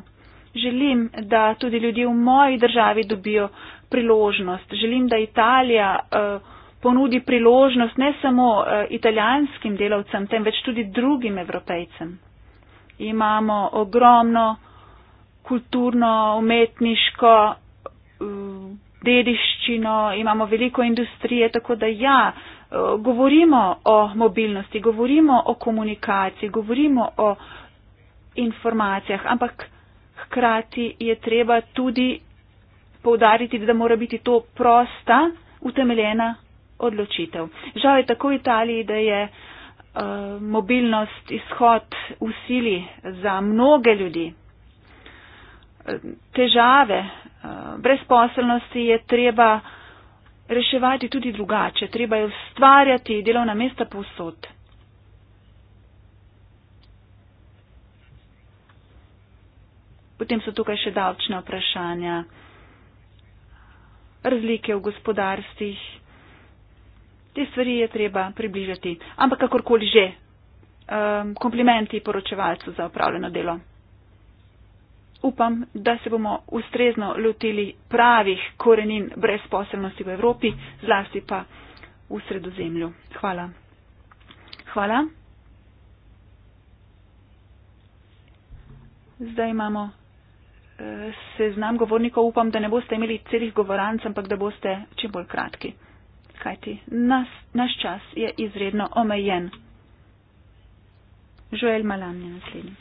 Želim, da tudi ljudje v moji državi dobijo priložnost. Želim, da Italija eh, ponudi priložnost ne samo eh, italijanskim delavcem, temveč tudi drugim evropejcem. Imamo ogromno kulturno, umetniško eh, dediščino, imamo veliko industrije, tako da ja, govorimo o mobilnosti, govorimo o komunikaciji, govorimo o informacijah, ampak hkrati je treba tudi povdariti, da mora biti to prosta, utemeljena odločitev. Žal je tako v Italiji, da je uh, mobilnost izhod v sili za mnoge ljudi. Eh, težave uh, brezposelnosti je treba reševati tudi drugače, treba je ustvarjati delovna mesta povsod. Po Potem so tukaj še davčna vprašanja, razlike v gospodarstvih. Te stvari je treba približati. Ampak kakorkoli že, um, komplimenti poročevalcu za upravljeno delo. Upam, da se bomo ustrezno lotili pravih korenin brezposelnosti v Evropi, zlasti pa v sredozemlju. Hvala. Hvala. Zdaj imamo seznam govornikov upam, da ne boste imeli celih govoranc, ampak da boste čim bolj kratki. Kajti nas, naš čas je izredno omejen. Joel Malam je naslednji.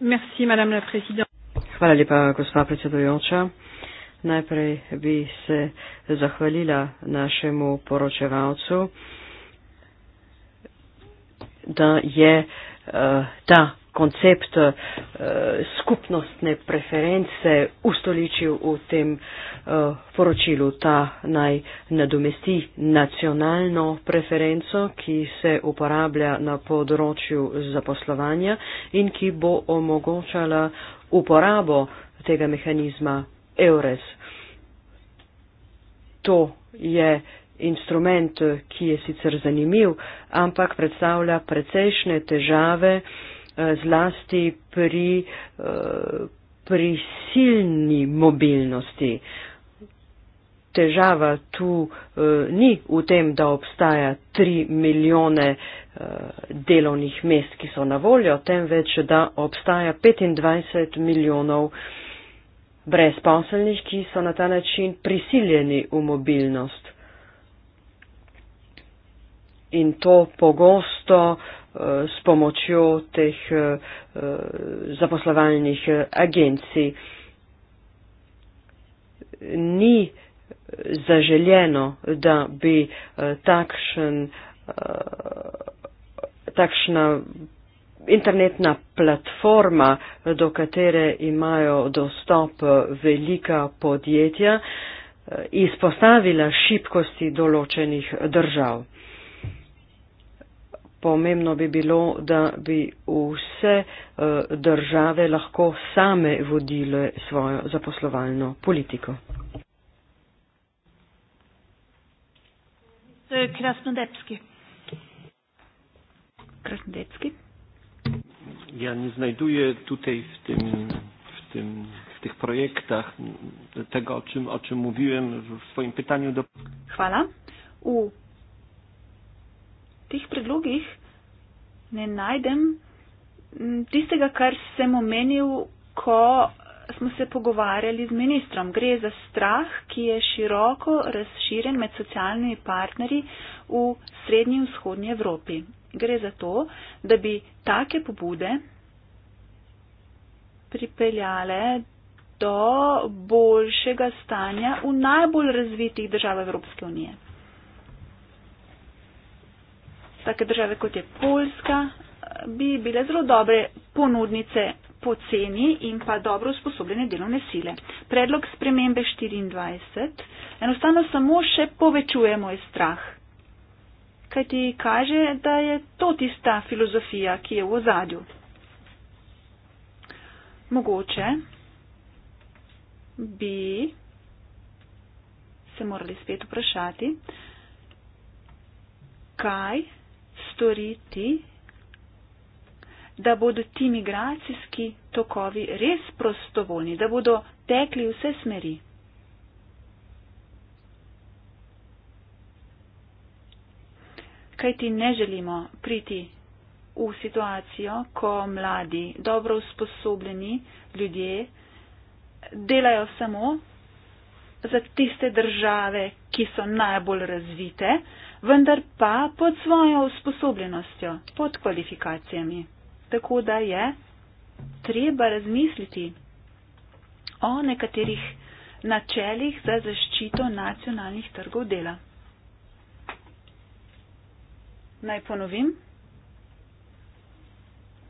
Merci, madame la présidente. Hvala lepa, gospa predsedujoča. Najprej bi se zahvalila našemu poročevalcu, da je uh, ta koncept uh, skupnostne preference ustoličil v tem uh, poročilu. Ta naj nadomesti nacionalno preferenco, ki se uporablja na področju zaposlovanja in ki bo omogočala uporabo tega mehanizma EURES. To je instrument, ki je sicer zanimiv, ampak predstavlja precejšnje težave, uh, Eh, zlasti pri eh, prisilni mobilnosti. Težava tu eh, ni v tem, da obstaja tri milijone delovnih mest, ki so na voljo, temveč, da obstaja 25 milijonov brezposelnih, ki so na ta način prisiljeni v mobilnost in to pogosto eh, s pomočjo teh eh, zaposlovalnih eh, agencij. Ni zaželjeno, da bi takšen, takšna internetna platforma, do katere imajo dostop velika podjetja, izpostavila šibkosti določenih držav pomembno bi bilo, da bi vse eh, države lahko same vodile svojo zaposlovalno politiko. Krasnodepski. Krasnodepski. Ja, ne znajduje tukaj v tem. V teh projektah, tega, o čem, o čem mówiłem v svojem pitanju. Do... Hvala. V teh predlogih ne najdem tistega, kar sem omenil, ko smo se pogovarjali z ministrom. Gre za strah, ki je široko razširjen med socialnimi partnerji v srednji in vzhodnji Evropi. Gre za to, da bi take pobude pripeljale do boljšega stanja v najbolj razvitih državah Evropske unije take države kot je Poljska, bi bile zelo dobre ponudnice poceni in pa dobro usposobljene delovne sile. Predlog spremembe 24 enostavno samo še povečuje moj strah. Kaj ti kaže, da je to tista filozofija, ki je v ozadju? Mogoče bi se morali spet vprašati, kaj storiti, da bodo ti migracijski tokovi res prostovoljni, da bodo tekli vse smeri. Kaj ti ne želimo priti v situacijo, ko mladi, dobro usposobljeni ljudje delajo samo za tiste države, ki so najbolj razvite, vendar pa pod svojo usposobljenostjo, pod kvalifikacijami. Tako da je treba razmisliti o nekaterih načelih za zaščito nacionalnih trgov dela. Naj ponovim.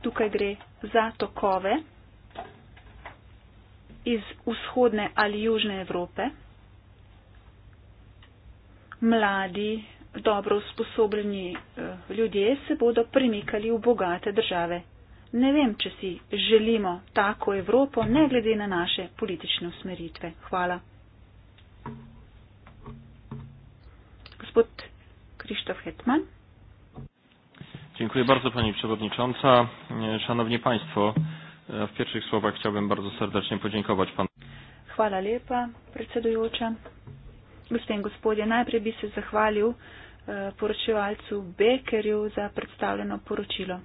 Tukaj gre za tokove iz vzhodne ali južne Evrope. Mladi dobro usposobljeni eh, ljudje se bodo premikali v bogate države. Ne vem, če si želimo tako Evropo, ne glede na naše politične usmeritve. Hvala. Gospod Krištof Hetman. Dziękuję bardzo Pani Przewodnicząca. Szanowni Państwo, e, w pierwszych słowach chciałbym bardzo serdecznie podziękować Panu. Chwala lepa, Przewodnicząca. Gospodzie, najpierw by się zachwalił. Eh, poročevalcu Bekerju za predstavljeno poročilo.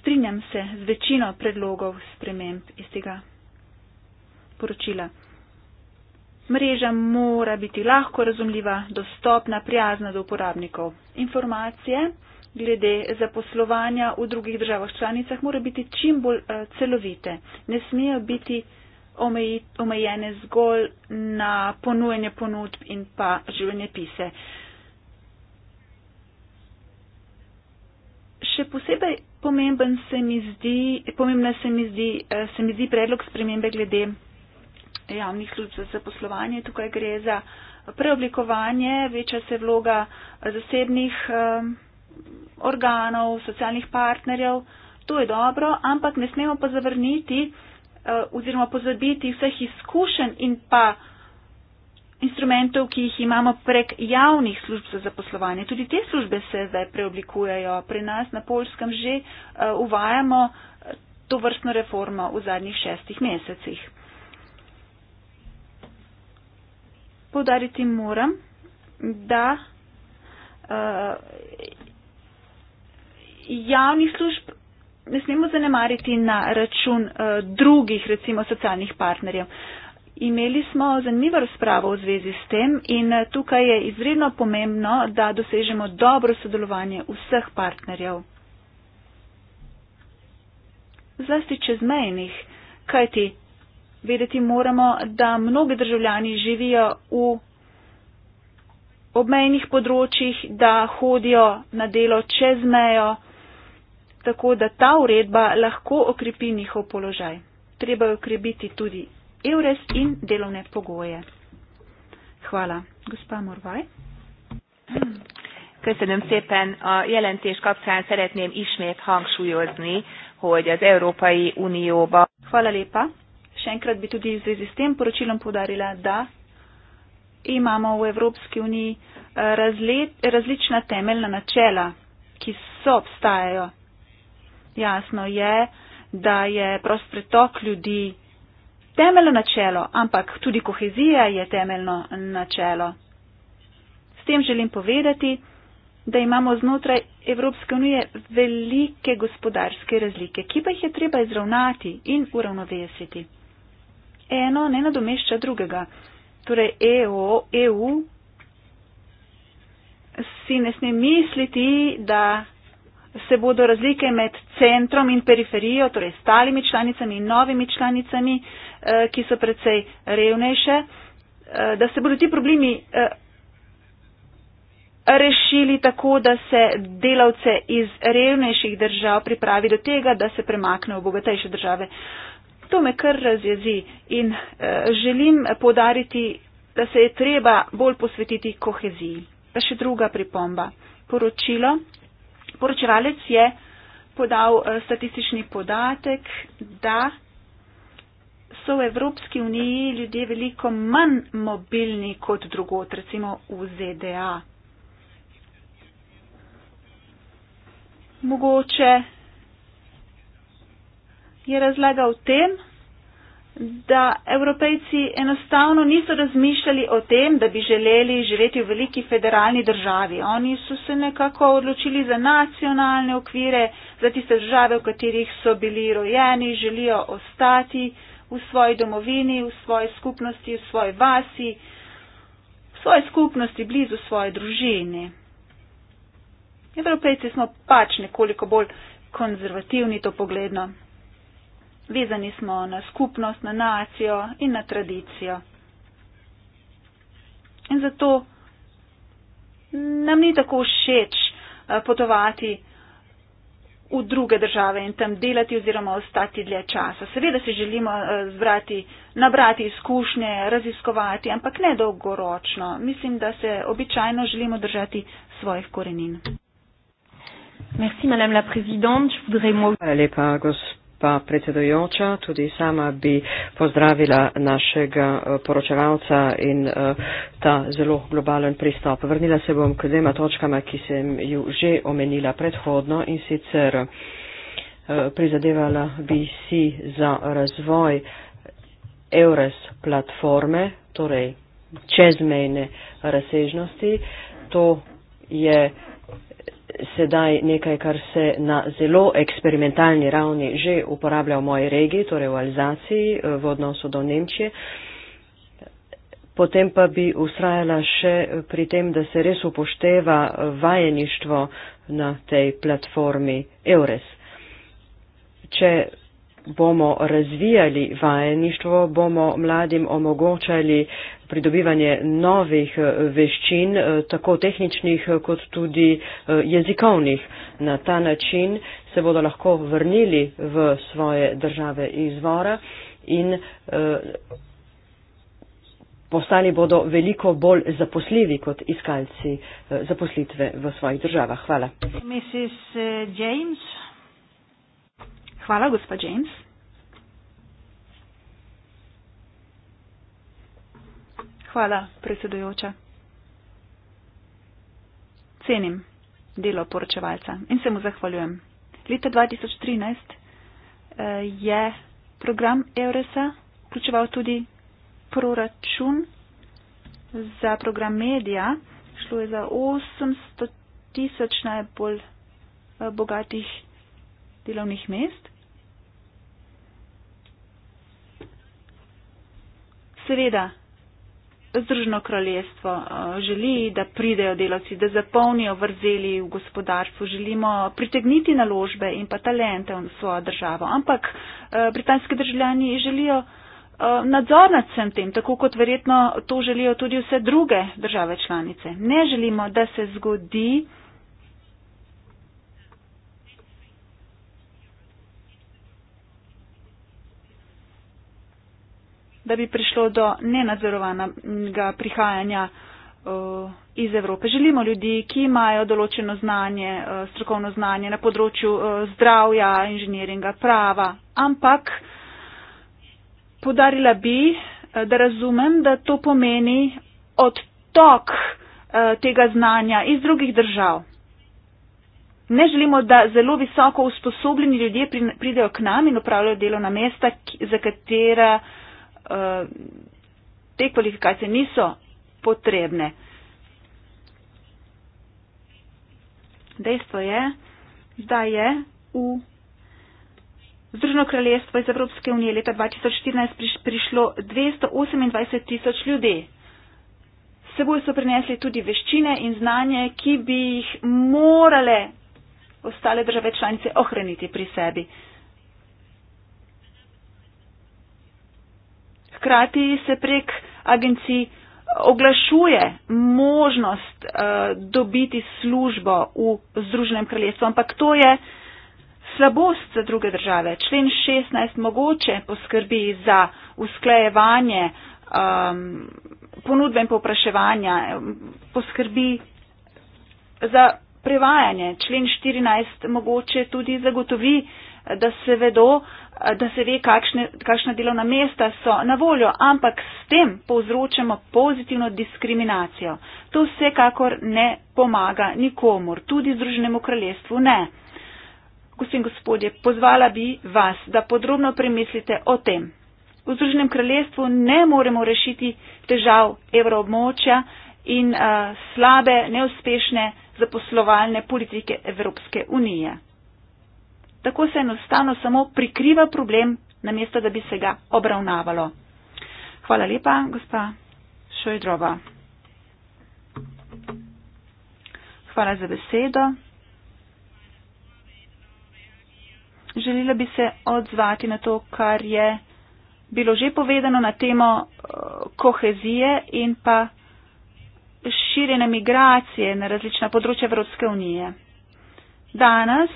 Strinjam se z večino predlogov sprememb iz tega poročila. Mreža mora biti lahko razumljiva, dostopna, prijazna do uporabnikov. Informacije glede zaposlovanja v drugih državah članicah mora biti čim bolj eh, celovite. Ne smejo biti omejene zgolj na ponujanje ponudb in pa življenje pise. še posebej pomemben se mi zdi, pomembna se mi zdi, eh, se mi zdi predlog spremembe glede javnih služb za zaposlovanje. Tukaj gre za preoblikovanje, veča se vloga zasebnih eh, organov, socialnih partnerjev. To je dobro, ampak ne smemo pa zavrniti eh, oziroma pozabiti vseh izkušenj in pa instrumentov, ki jih imamo prek javnih služb za zaposlovanje. Tudi te službe se zdaj preoblikujejo. Pri nas na Polskem že eh, uvajamo eh, to vrstno reformo v zadnjih šestih mesecih. Povdariti moram, da uh, javnih služb ne smemo zanemariti na račun uh, drugih, recimo socialnih partnerjev. Uh, Imeli smo zanimivo razpravo v zvezi s tem in eh, tukaj je izredno pomembno, da dosežemo dobro sodelovanje vseh partnerjev. Zlasti čezmejnih, kajti vedeti moramo, da mnogi državljani živijo v obmejnih področjih, da hodijo na delo čez mejo, tako da ta uredba lahko okrepi njihov položaj. Treba jo okrepiti tudi EURES in delovne pogoje. Hvala. Gospa Morvaj. Köszönöm szépen. A jelentés kapcsán szeretném ismét hangsúlyozni, hogy az Európai Unióban. Hvala lepa. Senkrat bi tudi v zvezi s tem poročilom podarila, da imamo v Evropski uniji eh, razlet, različna temeljna načela, ki so obstajajo. Jasno je, da je prost pretok ljudi temeljno načelo, ampak tudi kohezija je temeljno načelo. S tem želim povedati, da imamo znotraj Evropske unije velike gospodarske razlike, ki pa jih je treba izravnati in uravnovesiti. Eno ne nadomešča drugega. Torej EO, EU si ne sme misliti, da se bodo razlike med centrom in periferijo, torej stalimi članicami in novimi članicami, eh, Eh, ki so predvsej revnejše, eh, da se bodo ti problemi eh, rešili tako, da se delavce iz revnejših držav pripravi do tega, da se premaknejo v bogatejše države. To me kar razjezi in želim podariti, da se je treba bolj posvetiti koheziji. Pa še druga pripomba. Poročilo. Poročevalec je podal statistični podatek, da so v Evropski uniji ljudje veliko manj mobilni kot drugot, recimo v ZDA. Mogoče je razlaga v tem, da evropejci enostavno niso razmišljali o tem, da bi želeli živeti v veliki federalni državi. Oni so se nekako odločili za nacionalne okvire, za tiste države, v katerih so bili rojeni, želijo ostati v svoji domovini, v svoji skupnosti, v svoji vasi, v svoji skupnosti, blizu svoje družine. Evropejci smo pač nekoliko bolj konzervativni to pogledno. Vezani smo na skupnost, na nacijo in na tradicijo. In zato nam ni tako všeč eh, potovati v druge države in tam delati oziroma ostati dlje časa. Seveda si želimo eh, zbrati, nabrati izkušnje, raziskovati, ampak ne dolgoročno. Mislim, da se običajno želimo držati svojih korenin. Merci, madame la présidente. Je voudrais moi. Hvala lepa, gospod pa predsedojoča, tudi sama bi pozdravila našega eh, poročevalca in eh, ta zelo globalen pristop. Vrnila se bom k dvema točkama, ki sem ju že omenila predhodno in sicer eh, prizadevala bi si za razvoj EURES platforme, torej čezmejne razsežnosti. To je sedaj nekaj, kar se na zelo eksperimentalni ravni že uporablja v moji regiji, torej v Alzaciji, eh, v odnosu do Nemčije. Potem pa bi ustrajala še pri tem, da se res upošteva vajeništvo na tej platformi EURES. Če bomo razvijali vajeništvo, bomo mladim omogočali eh, pridobivanje novih eh, veščin, eh, tako tehničnih eh, kot tudi jezikovnih. Na ta način se bodo lahko vrnili v svoje države izvora in postali bodo veliko bolj zaposljivi kot iskalci zaposlitve v svojih državah. Hvala. Hvala, gospod James. Hvala, predsedujoča. Cenim delo poročevalca in se mu zahvaljujem. Leta 2013 eh, je program Euresa vključeval tudi proračun za program medija. Šlo je za 800 tisoč najbolj eh, bogatih delovnih mest. Seveda, Združeno kraljestvo eh, želi, da pridejo delavci, da zapolnijo vrzeli v gospodarstvu, želimo pritegniti naložbe in pa talente v svojo državo, ampak eh, britanski državljani želijo eh, nadzor nad vsem tem, tako kot verjetno to želijo tudi vse druge države članice. Ne želimo, da se zgodi, da bi prišlo do nenadzorovanega prihajanja uh, iz Evrope. Želimo ljudi, ki imajo določeno znanje, uh, strokovno znanje na področju uh, zdravja, inženiringa, prava, ampak podarila bi, da razumem, da to pomeni odtok tega znanja iz drugih držav. Ne želimo, da zelo visoko usposobljeni ljudje pridejo k nam in upravljajo delovna mesta, za katera Eh, te kvalifikacije niso potrebne. Dejstvo je, da je v Združeno kraljestvo iz Evropske unije leta 2014 prišlo 228 tisoč ljudi. Seboj so prinesli tudi veščine in znanje, ki bi jih morale ostale države članice ohraniti pri sebi. hkrati se prek agencij oglašuje možnost uh, dobiti službo v Združenem kraljestvu, ampak to je slabost za druge države. Člen 16 mogoče poskrbi za usklajevanje um, ponudbe in popraševanja, ehm, poskrbi za prevajanje. Člen 14 mogoče tudi zagotovi uh, da se vedo, da se ve, kakšne, kakšna delovna mesta so na voljo, ampak s tem povzročamo pozitivno diskriminacijo. To vsekakor ne pomaga nikomor, tudi Združenemu kraljestvu ne. Gospod in gospodje, pozvala bi vas, da podrobno premislite o tem. V Združenem kraljestvu ne moremo rešiti težav evroobmočja in uh, slabe, neuspešne zaposlovalne politike Evropske unije. Tako se enostavno samo prikriva problem, namesto da bi se ga obravnavalo. Hvala lepa, gospa Šojdrova. Hvala za besedo. Želela bi se odzvati na to, kar je bilo že povedano na temo eh, kohezije in pa širjene migracije na različna področja Evropske unije. Danes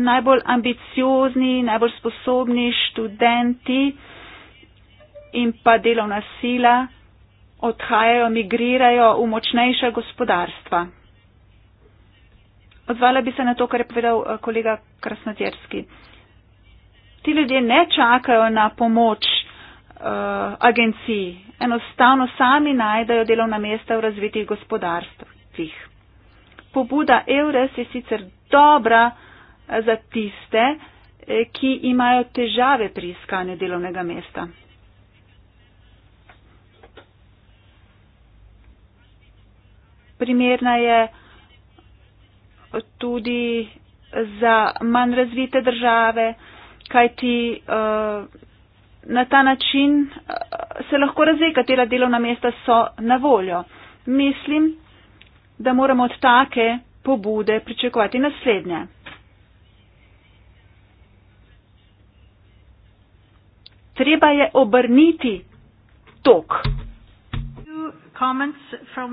najbolj ambiciozni, najbolj sposobni študenti in pa delovna sila odhajajo, migrirajo v močnejša gospodarstva. Odzvala bi se na to, kar je povedal eh, kolega Krasnodjerski. Ti ljudje ne čakajo na pomoč uh, agenciji, enostavno sami najdejo delovna mesta v razvitih gospodarstvih. Pobuda EURES je sicer dobra, za tiste, eh, ki imajo težave pri iskanju delovnega mesta. Primerna je tudi za manj razvite države, kajti eh, na ta način eh, se lahko razve, katera delovna mesta so na voljo. Mislim, da moramo od take pobude pričakovati naslednje. treba je obrniti tok. Uh,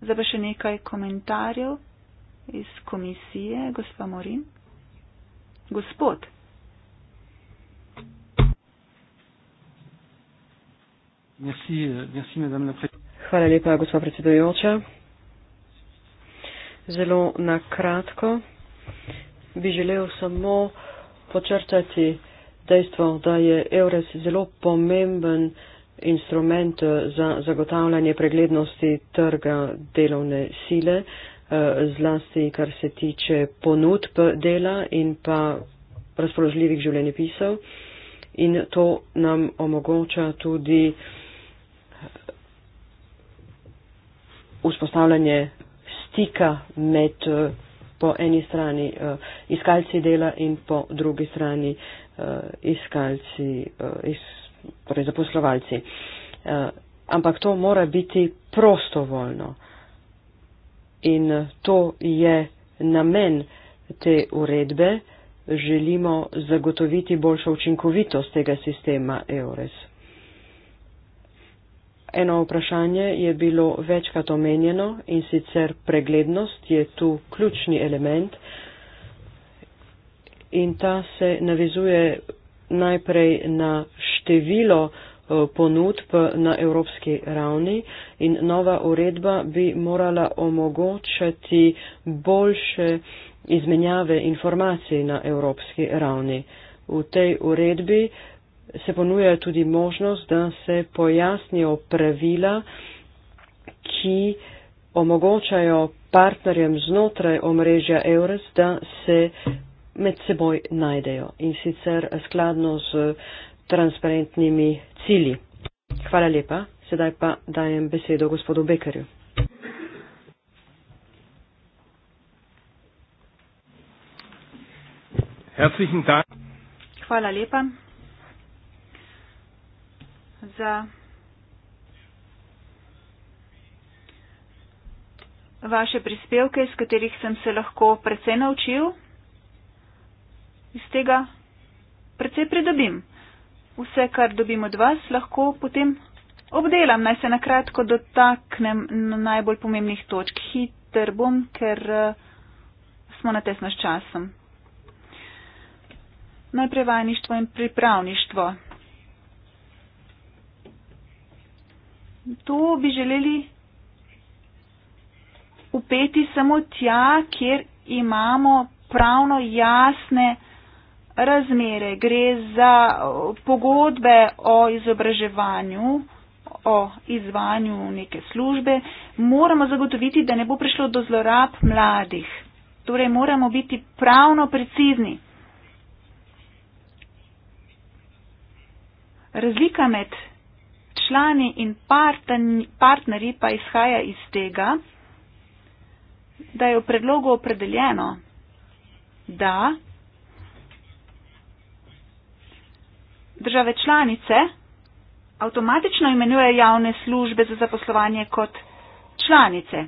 Zdaj pa še nekaj komentarjev iz komisije, gospa Morin. Gospod. Merci, euh, merci, Hvala lepa, gospa predsedojoča. Zelo nakratko bi želel samo počrtati dejstvo, da je EURES zelo pomemben instrument za zagotavljanje preglednosti trga delovne sile, eh, zlasti kar se tiče ponudb dela in pa razpoložljivih življenjepisov. In to nam omogoča tudi eh, vzpostavljanje stika med eh, po eni strani iskalci dela in po drugi strani Eh, iskalci, eh, is, torej zaposlovalci. Eh, ampak to mora biti prostovoljno. In to je namen te uredbe. Želimo zagotoviti boljšo učinkovitost tega sistema EURES. Eno vprašanje je bilo večkrat omenjeno in sicer preglednost je tu ključni element. Uh, in ta se navezuje najprej na število eh, ponudb na evropski ravni in nova uredba bi morala omogočati boljše izmenjave informacij na evropski ravni. V tej uredbi se ponuja tudi možnost, da se pojasnijo pravila, ki omogočajo partnerjem znotraj omrežja EURES, da se med seboj najdejo in sicer skladno z transparentnimi cilji. Hvala lepa. Sedaj pa dajem besedo gospodu Bekerju. Hvala lepa za vaše prispevke, iz katerih sem se lahko precej naučil iz tega precej pridobim. Vse, kar dobim od vas, lahko potem obdelam. Naj se na kratko dotaknem na najbolj pomembnih točk. Hiter bom, ker eh, smo na tesno s časom. Najprej vajništvo in pripravništvo. To bi želeli upeti samo tja, kjer imamo pravno jasne razmere, gre za pogodbe o izobraževanju, o izvanju neke službe, moramo zagotoviti, da ne bo prišlo do zlorab mladih. Torej moramo biti pravno precizni. Razlika med člani in partnerji pa izhaja iz tega, da je v predlogu opredeljeno, da države članice avtomatično imenujejo javne službe za zaposlovanje kot članice.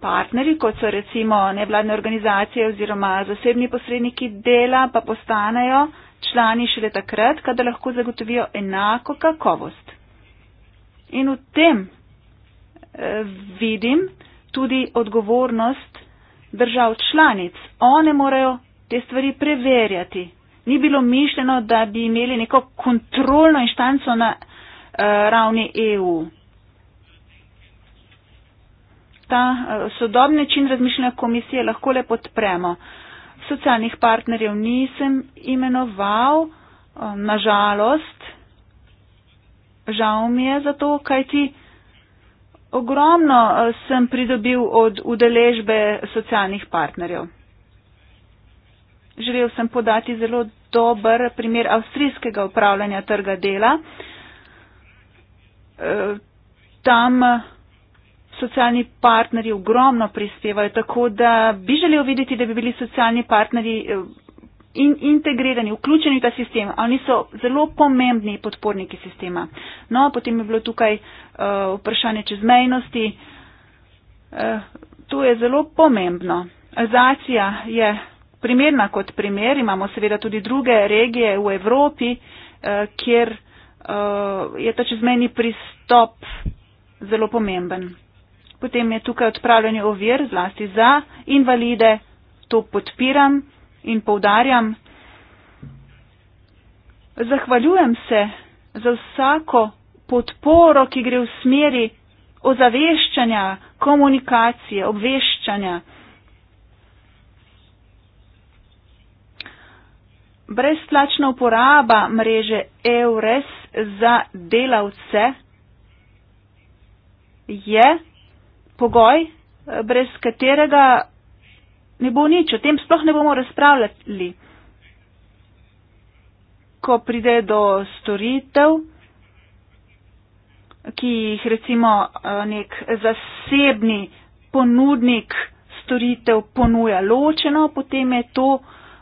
Partneri, kot so recimo nevladne organizacije oziroma zasebni posredniki dela, pa postanejo člani šele takrat, kadar lahko zagotovijo enako kakovost. In v tem eh, vidim tudi odgovornost držav članic. One morajo te stvari preverjati, ni bilo mišljeno, da bi imeli neko kontrolno inštanco na uh, ravni EU. Ta uh, sodobni način razmišljanja komisije lahko le podpremo. Socialnih partnerjev nisem imenoval, um, eh, nažalost, žal mi je za to, kaj ti ogromno uh, sem pridobil od udeležbe socialnih partnerjev želel sem podati zelo dober primer avstrijskega upravljanja trga dela. E, tam socialni partnerji ogromno prispevajo, tako da bi želel videti, da bi bili socialni partnerji e, in integrirani, vključeni v ta sistem. Oni so zelo pomembni podporniki sistema. No, potem je bilo tukaj uh, vprašanje čezmejnosti. Uh, to je zelo pomembno. Azacija je primerna kot primer. Imamo seveda tudi druge regije v Evropi, eh, kjer eh, je ta čezmeni pristop zelo pomemben. Potem je tukaj odpravljanje ovir, zlasti za invalide, to podpiram in poudarjam. Zahvaljujem se za vsako podporo, ki gre v smeri ozaveščanja, komunikacije, obveščanja. brezplačna uporaba mreže EURES za delavce je pogoj, eh, brez katerega ne bo nič. O tem sploh ne bomo razpravljali. Ko pride do storitev, ki jih recimo eh, nek zasebni ponudnik storitev ponuja ločeno, potem je to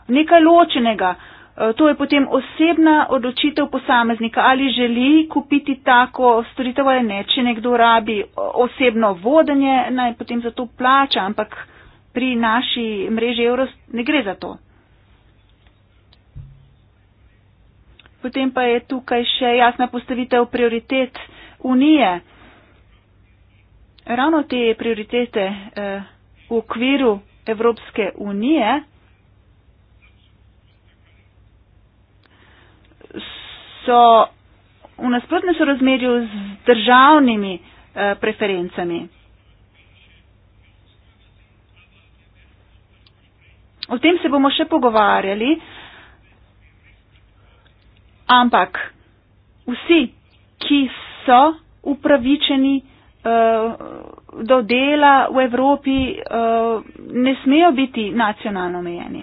nekaj ločenega. Eh, to je potem osebna odločitev posameznika, ali želi kupiti tako storitev ali ne. Če nekdo rabi eh, osebno vodenje, naj potem za to plača, ampak pri naši mreži Euros ne gre za to. Potem pa je tukaj še jasna postavitev prioritet Unije. Ravno te prioritete eh, v okviru Evropske unije. so v nasprotnem sorazmerju z državnimi eh, preferencami. O tem se bomo še pogovarjali, ampak vsi, ki so upravičeni uh, do dela v Evropi, uh, ne smejo biti nacionalno omejeni.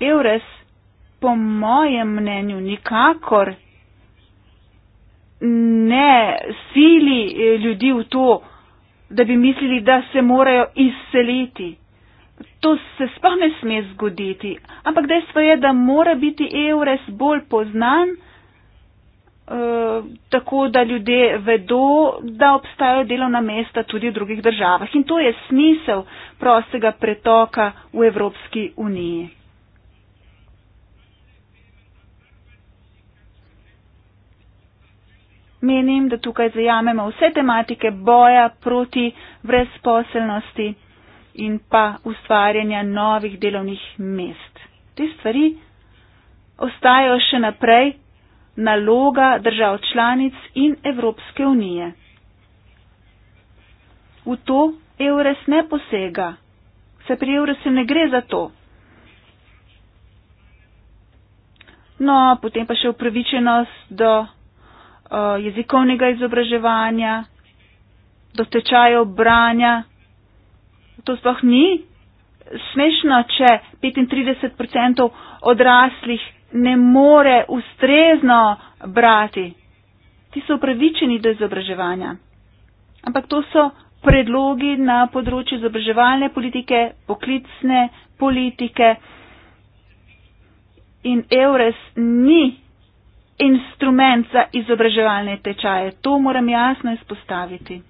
Eures po mojem mnenju nikakor ne sili eh, ljudi v to, da bi mislili, da se morajo izseliti. To se sploh ne sme zgoditi, ampak dejstvo je, da mora biti Eures bolj poznan, eh, tako da ljudje vedo, da obstajajo delovna mesta tudi v drugih državah. In to je smisel prostega pretoka v Evropski uniji. Menim, da tukaj zajamemo vse tematike boja proti brezposelnosti in pa ustvarjanja novih delovnih mest. Te stvari ostajajo še naprej naloga držav članic in Evropske unije. V to EURES ne posega, se pri EURES-u ne gre za to. No, potem pa še upravičenost do Uh, jezikovnega izobraževanja, do tečajev branja. To sploh ni smešno, če 35% odraslih ne more ustrezno brati. Ti so upravičeni do izobraževanja. Ampak to so predlogi na področju izobraževalne politike, poklicne politike. In EURES ni instrument za izobraževalne tečaje. To moram jasno izpostaviti.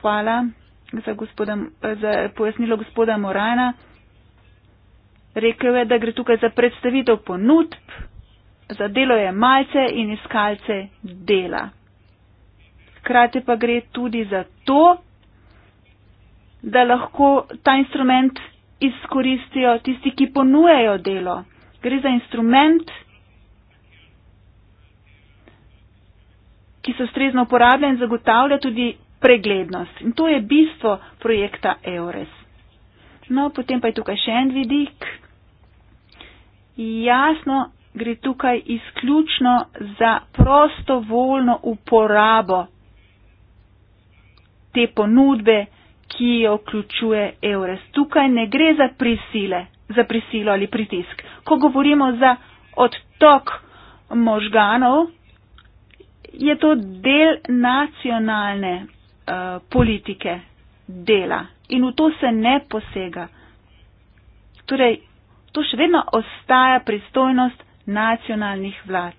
Hvala za, gospoda, za pojasnilo gospoda Morana. Rekel je, da gre tukaj za predstavitev ponudb, za delo je malce in iskalce dela. Hkrati pa gre tudi za to, da lahko ta instrument izkoristijo tisti, ki ponujejo delo. Gre za instrument, ki se ustrezno uporablja in zagotavlja tudi preglednost. In to je bistvo projekta EORES. No, potem pa je tukaj še en vidik. Jasno, gre tukaj izključno za prostovoljno uporabo te ponudbe, ki jo vključuje EURES. Tukaj ne gre za prisile, za prisilo ali pritisk. Ko govorimo za odtok možganov, je to del nacionalne uh, politike dela in v to se ne posega. Torej, to še vedno ostaja pristojnost nacionalnih vlad.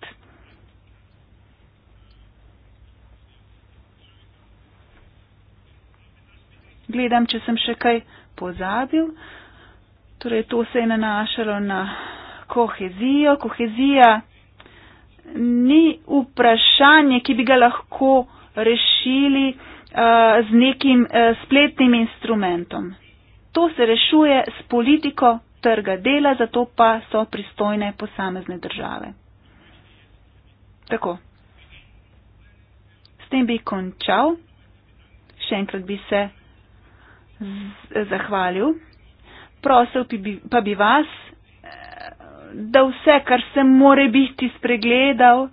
Gledam, če sem še kaj pozabil. Torej, to se je nanašalo na kohezijo. Kohezija ni vprašanje, ki bi ga lahko rešili uh, z nekim uh, spletnim instrumentom. To se rešuje s politiko trga dela, zato pa so pristojne posamezne države. Tako. S tem bi končal. Še enkrat bi se zahvalil. Prosil bi, pa bi vas, da vse, kar sem more biti spregledal,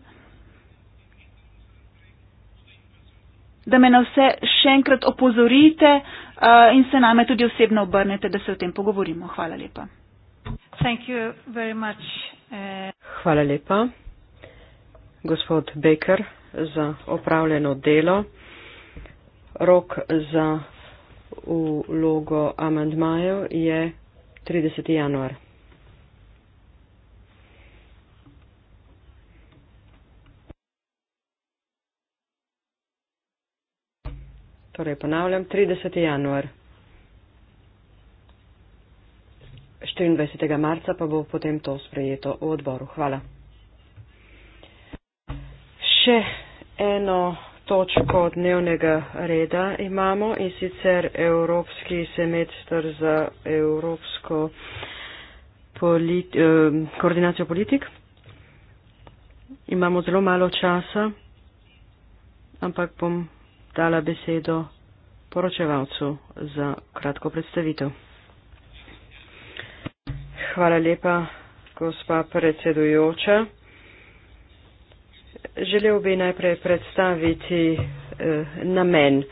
da me na vse še enkrat opozorite uh, in se name tudi osebno obrnete, da se o tem pogovorimo. Hvala lepa. Much, uh... Hvala lepa, gospod Baker, za opravljeno delo. Rok za vlogo amandmajev je 30. januar. torej ponavljam, 30. januar. 24. marca pa bo potem to sprejeto v odboru. Hvala. Še eno točko dnevnega reda imamo in sicer Evropski semester za Evropsko politi eh, koordinacijo politik. Imamo zelo malo časa, ampak bom dala besedo poročevalcu za kratko predstavitev. Hvala lepa, gospa predsedujoča. Želel bi najprej predstaviti eh, namen.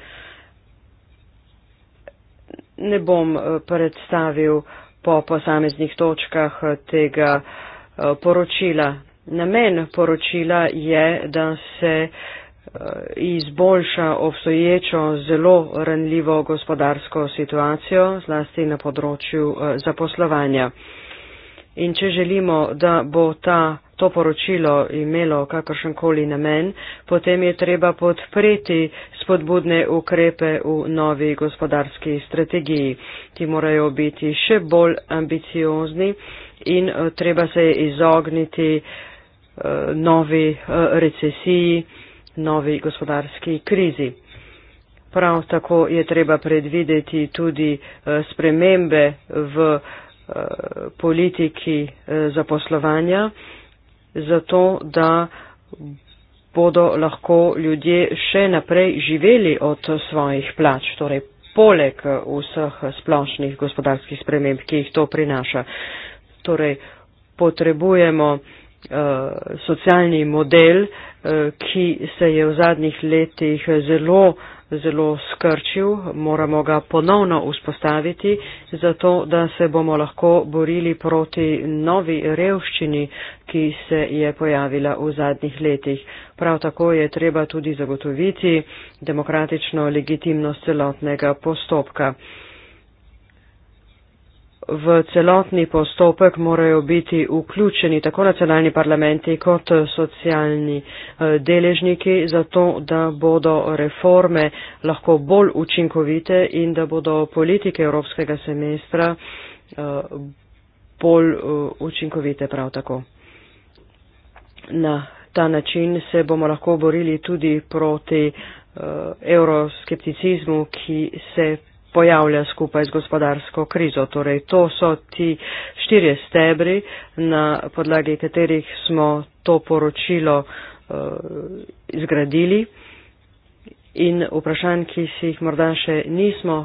Ne bom eh, predstavil po posameznih točkah eh, tega eh, poročila. Namen poročila je, da se eh, Eh, izboljša obstoječo zelo renljivo gospodarsko situacijo, zlasti na področju eh, zaposlovanja. In če želimo, da bo ta, to poročilo imelo kakršenkoli namen, potem je treba podpreti spodbudne ukrepe v novi gospodarski strategiji. Ti morajo biti še bolj ambiciozni in eh, treba se je izogniti novi recesiji novi gospodarski krizi. Prav tako je treba predvideti tudi eh, spremembe v eh, politiki eh, zaposlovanja, zato da bodo lahko ljudje še naprej živeli od svojih plač, torej poleg vseh splošnih gospodarskih sprememb, ki jih to prinaša. Torej, potrebujemo uh, Eh, socialni model, eh, ki se je v zadnjih letih zelo, zelo skrčil, moramo ga ponovno vzpostaviti, zato da se bomo lahko borili proti novi revščini, ki se je pojavila v zadnjih letih. Prav tako je treba tudi zagotoviti demokratično legitimnost celotnega postopka v celotni postopek morajo biti vključeni tako nacionalni parlamenti kot socialni eh, deležniki, zato da bodo reforme lahko bolj učinkovite in da bodo politike evropskega semestra eh, bolj eh, učinkovite prav tako. Na ta način se bomo lahko borili tudi proti uh, euroskepticizmu, ki se pojavlja skupaj z gospodarsko krizo. Torej, to so ti štirje stebri, na podlagi katerih smo to poročilo uh, eh, izgradili in vprašanj, ki si jih morda še nismo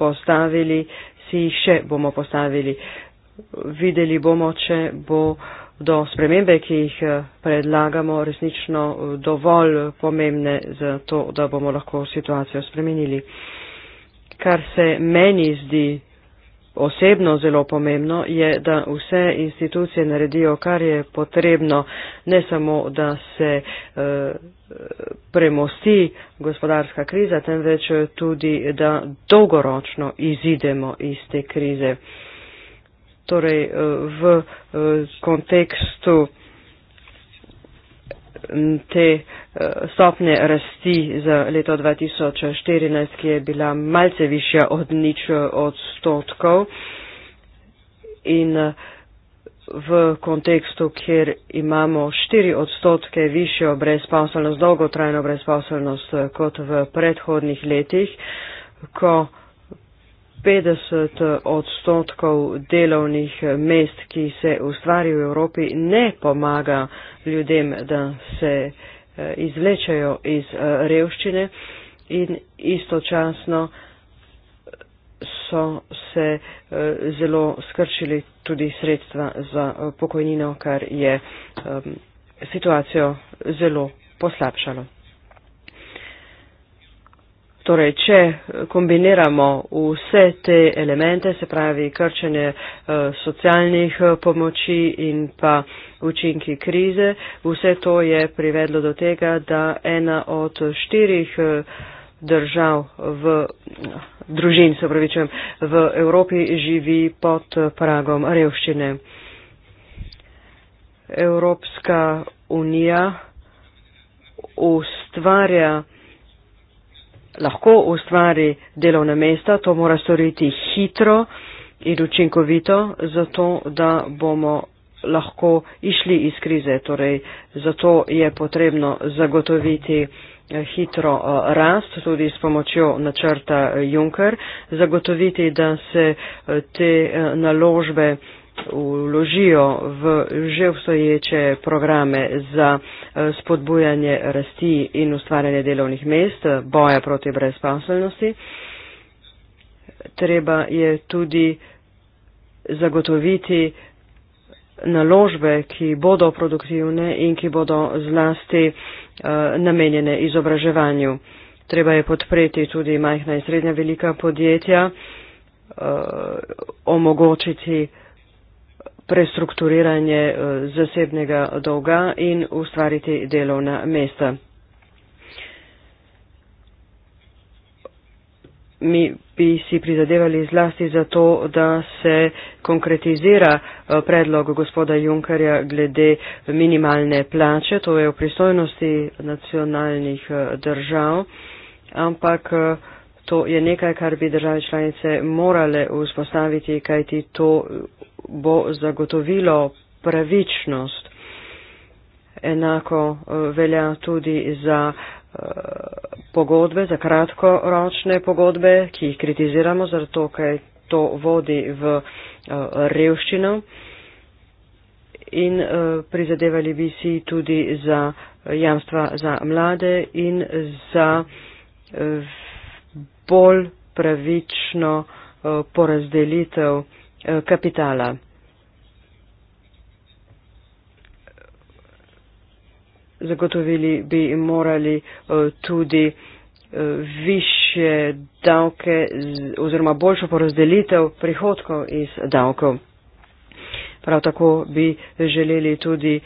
postavili, si jih še bomo postavili. Videli bomo, če bo do spremembe, ki jih eh, predlagamo, resnično eh, dovolj pomembne za to, da bomo lahko situacijo spremenili kar se meni zdi osebno zelo pomembno, je, da vse institucije naredijo, kar je potrebno, ne samo, da se eh, premosti gospodarska kriza, temveč tudi, da dolgoročno izidemo iz te krize. Torej, eh, v eh, kontekstu te eh, stopnje rasti za leto 2014, ki je bila malce višja od nič eh, odstotkov in eh, v kontekstu, kjer imamo 4 odstotke višjo brezposelnost, dolgotrajno brezposelnost kot v predhodnih letih, ko 50 odstotkov delovnih mest, ki se ustvari v Evropi, ne pomaga ljudem, da se eh, izvlečajo iz eh, revščine in istočasno eh, so se zelo skrčili tudi sredstva za pokojnino, kar je situacijo zelo poslabšalo. Torej, če eh, kombiniramo vse te elemente, se pravi krčenje eh, socialnih eh, pomoči in pa učinki krize, vse to je privedlo do tega, da ena od štirih držav v družin, se pravi, čem, v Evropi živi pod pragom revščine. Evropska unija ustvarja lahko ustvari delovna mesta, to mora storiti hitro in učinkovito, zato da bomo lahko išli iz krize. Torej, zato je potrebno zagotoviti eh, hitro eh, rast, tudi s pomočjo načrta eh, Juncker, zagotoviti, da se te naložbe vložijo v že obstoječe programe za eh, spodbujanje rasti in ustvarjanje delovnih mest, boja proti brezposelnosti. Treba je tudi zagotoviti naložbe, ki bodo produktivne in ki bodo zlasti eh, namenjene izobraževanju. Treba je podpreti tudi majhna in srednja velika podjetja, eh, omogočiti prestrukturiranje eh, zasebnega dolga in ustvariti delovna mesta. Mi bi si prizadevali zlasti za to, da se konkretizira eh, predlog gospoda Junkarja glede minimalne plače, to je v pristojnosti nacionalnih eh, držav, ampak To je nekaj, kar bi države članice morale vzpostaviti, kajti to bo zagotovilo pravičnost. Enako eh, velja tudi za eh, pogodbe, za kratkoročne pogodbe, ki jih kritiziramo, zato ker to vodi v eh, revščino. In prizadevali bi si tudi za jamstva za mlade in za bolj pravično eh, porazdelitev eh, kapitala. Zagotovili bi morali eh, tudi više davke oziroma boljšo porazdelitev prihodkov iz davkov. Prav tako bi želeli tudi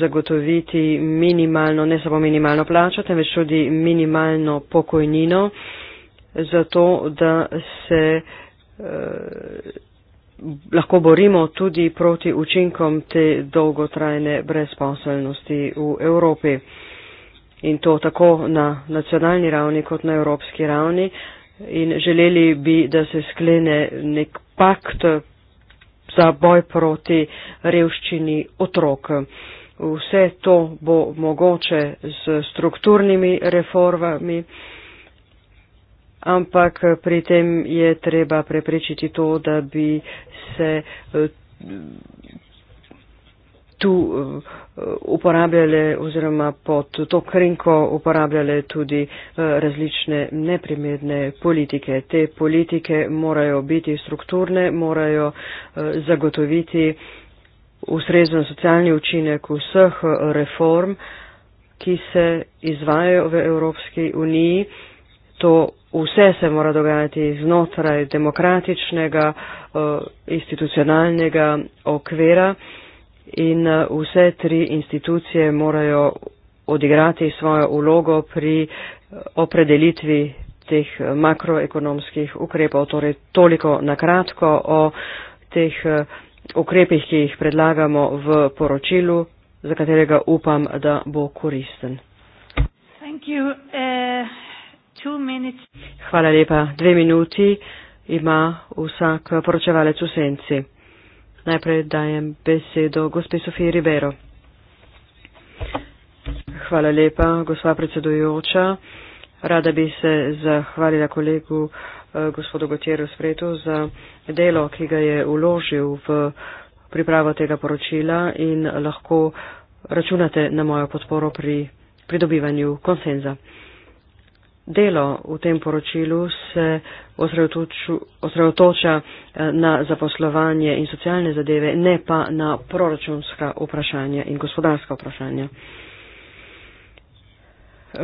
zagotoviti minimalno, ne samo minimalno plačo, temveč tudi minimalno pokojnino zato, da se eh, lahko borimo tudi proti učinkom te dolgotrajne brezposelnosti v Evropi. In to tako na nacionalni ravni kot na evropski ravni. In želeli bi, da se sklene nek pakt za boj proti revščini otrok. Vse to bo mogoče s strukturnimi reformami ampak eh, pri tem je treba preprečiti to, da bi se eh, tu eh, uporabljale oziroma pod to krinko uporabljale tudi različne neprimerne politike. Te politike morajo biti strukturne, morajo zagotoviti ustrezen socialni učinek vseh reform, ki se izvajajo v Evropski uniji to vse se mora dogajati znotraj demokratičnega, eh, institucionalnega okvira in eh, vse tri institucije morajo odigrati svojo ulogo pri eh, opredelitvi teh makroekonomskih ukrepov. Torej toliko na kratko o teh ukrepih, ki jih predlagamo v poročilu, za katerega upam, da bo koristen. Thank you. Uh... Hvala lepa. Dve minuti ima vsak poročevalec v senci. Najprej dajem besedo gospe Sofiji Ribero. Hvala lepa, gospa predsedujoča. Rada bi se zahvalila kolegu eh, gospodu Gotjeru Spretu za delo, ki ga je uložil v pripravo tega poročila in lahko računate na mojo podporo pri pridobivanju konsenza. Delo v tem poročilu se osredotoča eh, na zaposlovanje in socialne zadeve, ne pa na proračunska vprašanja in gospodarska vprašanja.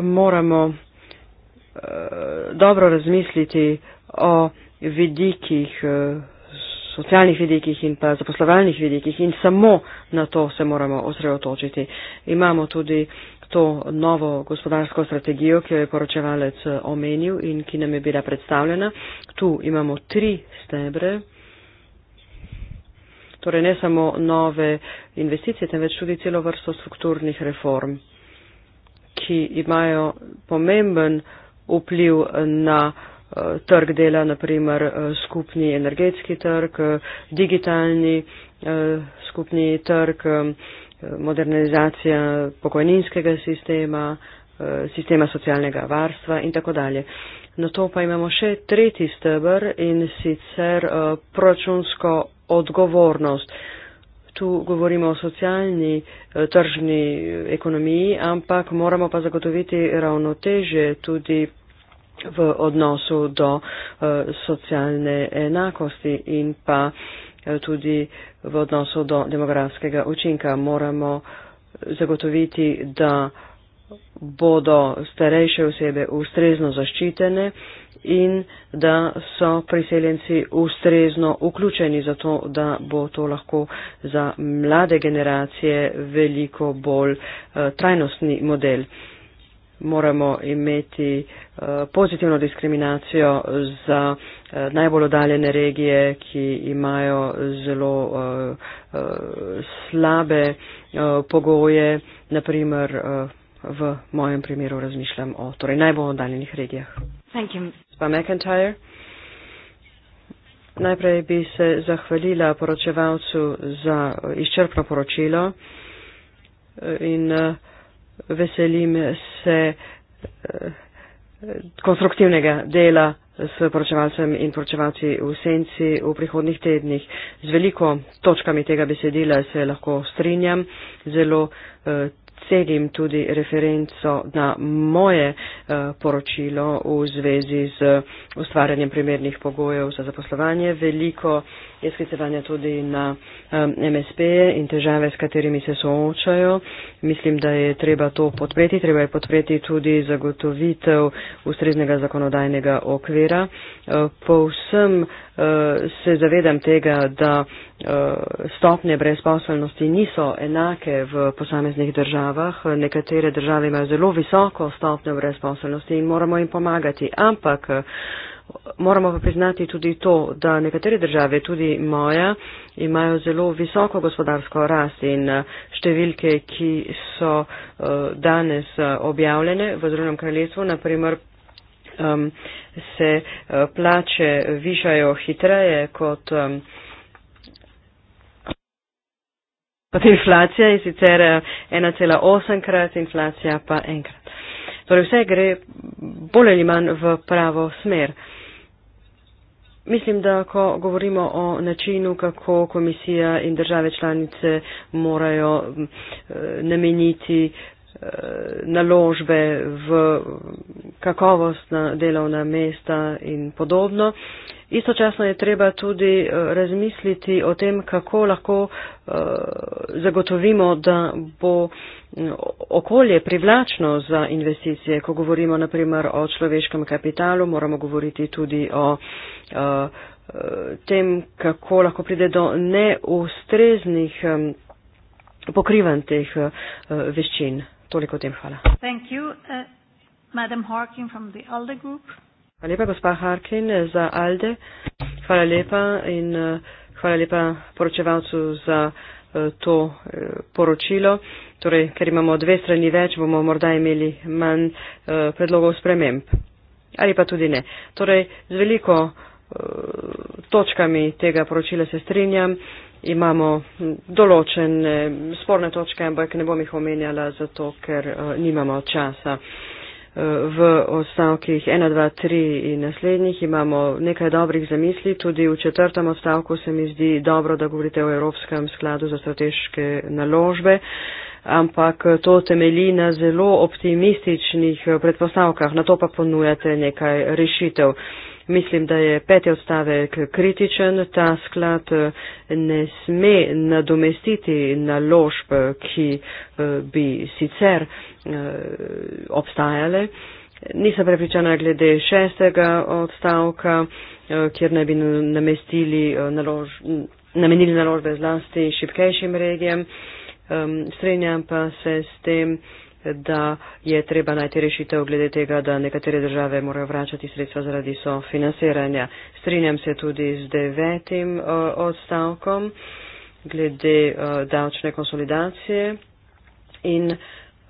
Moramo eh, dobro razmisliti o vidikih, eh, socialnih vidikih in pa zaposlovalnih vidikih in samo na to se moramo osredotočiti. Imamo tudi to novo gospodarsko strategijo, ki jo je poročevalec omenil in ki nam je bila predstavljena. Tu imamo tri stebre. Torej ne samo nove investicije, temveč tudi celo vrsto strukturnih reform, ki imajo pomemben vpliv na eh, trg dela, naprimer eh, skupni energetski trg, eh, digitalni skupni trg, modernizacija pokojninskega sistema, eh, sistema socialnega varstva in tako dalje. Na to pa imamo še tretji stebr in sicer eh, proračunsko odgovornost. Tu govorimo o socialni eh, tržni ekonomiji, ampak moramo pa zagotoviti ravnoteže tudi v odnosu do socialne enakosti in pa Eh, tudi v odnosu do demografskega učinka. Moramo zagotoviti, da bodo starejše osebe ustrezno zaščitene in da so priseljenci ustrezno vključeni, zato da bo to lahko za mlade generacije veliko bolj eh, trajnostni model moramo imeti eh, pozitivno diskriminacijo za eh, najbolj odaljene regije, ki imajo zelo eh, slabe pogoje, naprimer v mojem primeru razmišljam o torej, najbolj odaljenih regijah. Gospa McIntyre. Najprej bi se zahvalila poročevalcu za izčrpno poročilo in uh, veselim se eh, konstruktivnega dela s poročevalcem in poročevalci v senci v prihodnih tednih. Z veliko točkami tega besedila se lahko strinjam, zelo eh, cenim tudi referenco na moje eh, poročilo v zvezi z ustvarjanjem primernih pogojev za zaposlovanje. Veliko je sklicevanje tudi na MSP-je in težave, s katerimi se soočajo. Mislim, da je treba to podpreti. Treba je podpreti tudi zagotovitev ustreznega zakonodajnega okvira. E, povsem e, se zavedam tega, da e, stopne brezposelnosti niso enake v posameznih državah. Nekatere države imajo zelo visoko stopne brezposelnosti in moramo jim pomagati. Ampak Moramo pa priznati tudi to, da nekatere države, tudi moja, imajo zelo visoko gospodarsko rast in eh, številke, ki so eh, danes eh, objavljene v Združenem kraljestvu, naprimer se plače višajo hitreje kot inflacija in sicer 1,8 krat, inflacija pa enkrat. Torej vse gre bolj ali manj v pravo smer. Mislim, da ko govorimo o načinu, kako komisija in države članice morajo mm, eh, nameniti eh, Eh, naložbe v kakovostna delovna mesta in podobno. Istočasno je treba tudi eh, razmisliti o tem, kako lahko eh, zagotovimo, da bo okolje privlačno za investicije. Ko govorimo naprimer o človeškem kapitalu, moramo govoriti tudi o tem, kako lahko pride do neustreznih pokrivanj teh veščin. Toliko o tem, hvala. Thank you. Uh, Madam Harkin from the ALDE Group. Hvala lepa, gospa Harkin eh, za ALDE. Hvala lepa in eh, hvala lepa poročevalcu za eh, to poročilo. Torej, ker imamo dve strani več, bomo morda imeli manj predlogov sprememb. Ali pa tudi ne. Torej, z veliko točkami tega poročila se strinjam imamo določene sporne točke, ampak ne bom jih omenjala zato, ker eh, nimamo časa. Eh, v odstavkih 1, 2, 3 in naslednjih imamo nekaj dobrih zamisli, tudi v četrtem odstavku se mi zdi dobro, da govorite o Evropskem skladu za strateške naložbe, ampak to temelji na zelo optimističnih eh, predpostavkah, na to pa ponujate nekaj rešitev. Mislim, da je peti odstavek kritičen. Ta sklad eh, ne sme nadomestiti naložb, ki eh, bi sicer eh, obstajale. Nisem prepričana glede šestega odstavka, kjer ne bi namestili nalož, namenili naložbe zlasti šipkejšim regijam. Ehm, Strenjam pa se s tem, da je treba najti rešitev glede tega, da nekatere države morajo vračati sredstva zaradi sofinansiranja. Strinjam se tudi z devetim eh, odstavkom glede eh, davčne konsolidacije in eh,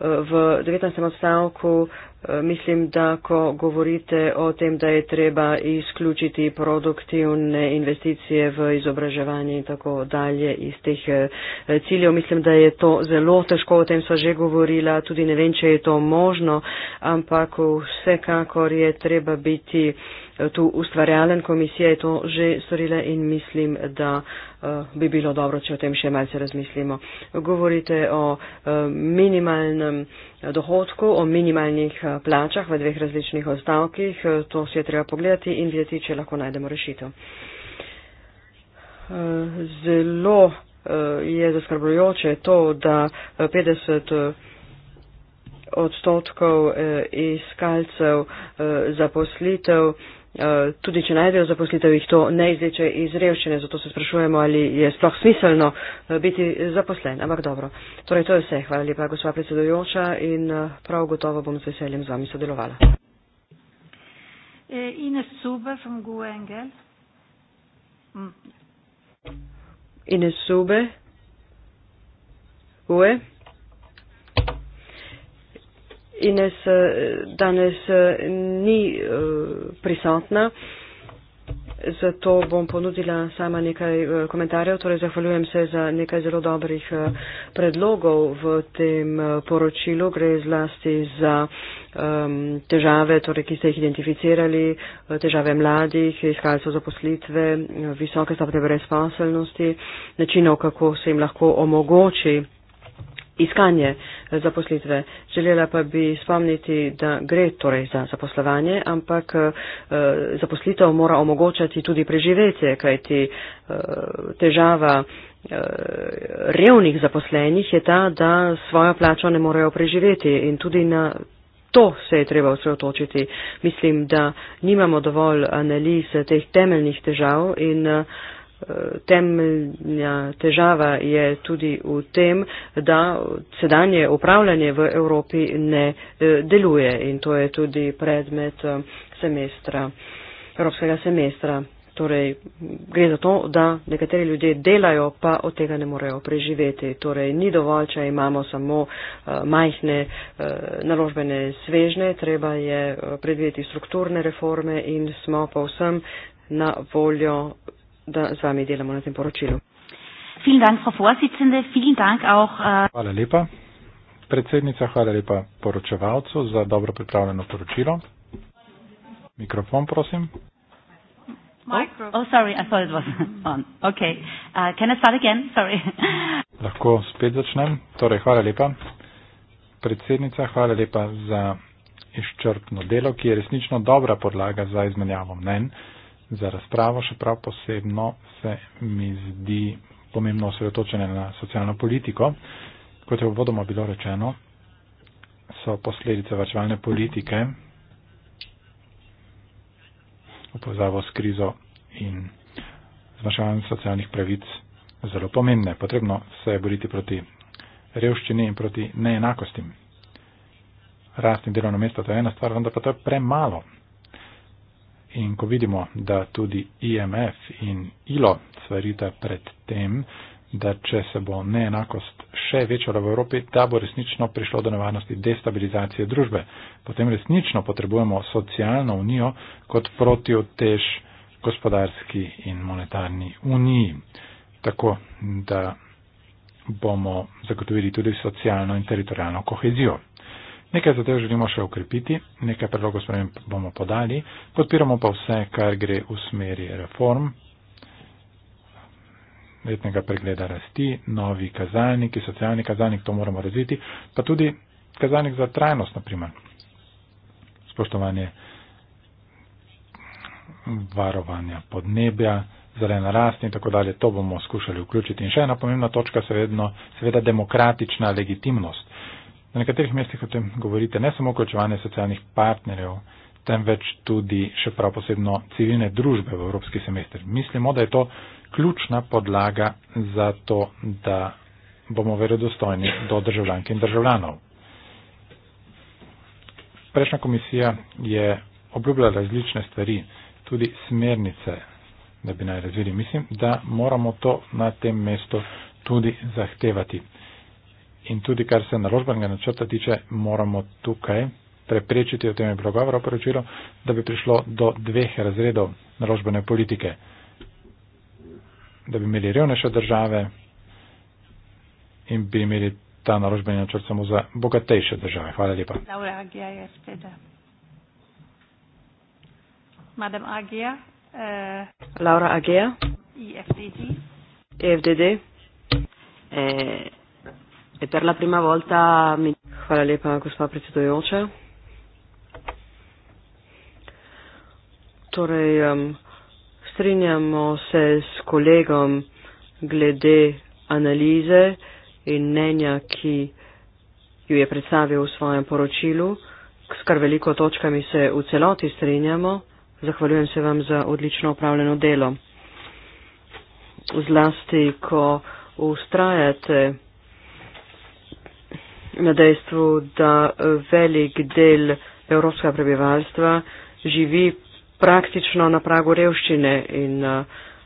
v devetnastem odstavku Mislim, da ko govorite o tem, da je treba izključiti produktivne investicije v izobraževanje in tako dalje iz teh eh, ciljev, mislim, da je to zelo težko, o tem so že govorila, tudi ne vem, če je to možno, ampak vsekakor je treba biti eh, tu ustvarjalen, komisija je to že storila in mislim, da eh, bi bilo dobro, če o tem še malce razmislimo. Govorite o minimalnem dohodkov, o minimalnih eh, plačah v dveh različnih ostavkih. Eh, to si je treba pogledati in videti, če lahko najdemo rešitev. Eh, zelo je zaskrbljujoče to, da 50 odstotkov iskalcev zaposlitev Eh, tudi če najdejo zaposlitev, jih to ne izleče iz revščine, zato se sprašujemo, ali je sploh smiselno eh, biti zaposlen. Ampak dobro, torej to je vse. Hvala lepa, gospa predsedujoča in eh, prav gotovo bom z veseljem z vami sodelovala. Ines Sube from Guengel. Mm. Ines Sube. Ue. Ines eh, danes eh, ni eh, prisotna, zato bom ponudila sama nekaj komentarjev. Torej, zahvaljujem se za nekaj zelo dobrih predlogov v tem poročilu. Gre zlasti za ehm, težave, torej, ki ste jih identificirali, težave mladih, iskalcev zaposlitve, visoke stopne brezposelnosti, načinov, kako se jim lahko omogoči iskanje zaposlitve. Želela pa bi spomniti, da gre torej za zaposlovanje, ampak eh, zaposlitev mora omogočati tudi preživetje, kajti eh, težava eh, revnih zaposlenih je ta, da svojo plačo ne morejo preživeti in tudi na. To se je treba osredotočiti. Mislim, da nimamo dovolj analiz teh temeljnih težav in uh, temeljna težava je tudi v tem, da sedanje upravljanje v Evropi ne eh, deluje in to je tudi predmet eh, semestra, evropskega semestra. Torej, gre za to, da nekateri ljudje delajo, pa od tega ne morejo preživeti. Torej, ni dovolj, če imamo samo eh, majhne naložbene svežne, treba je predvideti strukturne reforme in smo povsem na voljo da z vami delamo na tem poročilu. Äh, hvala lepa, predsednica, hvala lepa poročevalcu za dobro pripravljeno poročilo. Mikrofon, prosim. Oh, oh, uh, Lahko spet začnem. Torej, hvala lepa, predsednica, hvala lepa za izčrpno delo, ki je resnično dobra podlaga za izmenjavo mnen za razpravo, še prav posebno se mi zdi pomembno osredotočenje na socialno politiko. Kot je v vodoma bilo rečeno, so posledice vrčevalne politike v povezavo s krizo in zmanjševanjem socialnih pravic zelo pomembne. Potrebno se je boriti proti revščini in proti neenakostim. Rastni delovno mesto to je ena stvar, vendar pa to je premalo. In ko vidimo, da tudi IMF in ILO svarita pred tem, da če se bo neenakost še večala v Evropi, da bo resnično prišlo do nevarnosti destabilizacije družbe, potem resnično potrebujemo socialno unijo kot protiotež gospodarski in monetarni uniji. Tako da bomo zagotovili tudi socialno in teritorijalno kohezijo. Nekaj zadev želimo še ukrepiti, nekaj predlogov sprememb bomo podali, podpiramo pa vse, kar gre v smeri reform, letnega pregleda rasti, novi kazalniki, socialni kazalnik, to moramo razviti, pa tudi kazalnik za trajnost, naprimer. Spoštovanje varovanja podnebja, zelena rast in tako dalje, to bomo skušali vključiti. In še ena pomembna točka, seveda, seveda demokratična legitimnost. Na nekaterih mestih o tem govorite ne samo vključevanje socialnih partnerjev, temveč tudi še prav posebno civilne družbe v evropski semester. Mislimo, da je to ključna podlaga za to, da bomo verodostojni do državljank in državljanov. Prejšnja komisija je obljubila različne stvari, tudi smernice, da bi naj razvili. Mislim, da moramo to na tem mestu tudi zahtevati in tudi kar se naložbenega načrta tiče, moramo tukaj preprečiti, o tem je bilo govora v poročilu, da bi prišlo do dveh razredov naložbene politike. Da bi imeli revnejše države in bi imeli ta naložbeni načrt samo za bogatejše države. Hvala lepa. Laura Agija. Uh, eh, Laura Agija. EFDD. EFDD. Uh, E per la prima volta mi... Hvala lepa, gospa predsedujoča. Torej, um, strinjamo se s kolegom glede analize in mnenja, ki jo je predstavil v svojem poročilu. S kar veliko točkami se v celoti strinjamo. Zahvaljujem se vam za odlično upravljeno delo. Zlasti, ko ustrajate na dejstvu, da velik del evropskega prebivalstva živi praktično na pragu revščine in eh,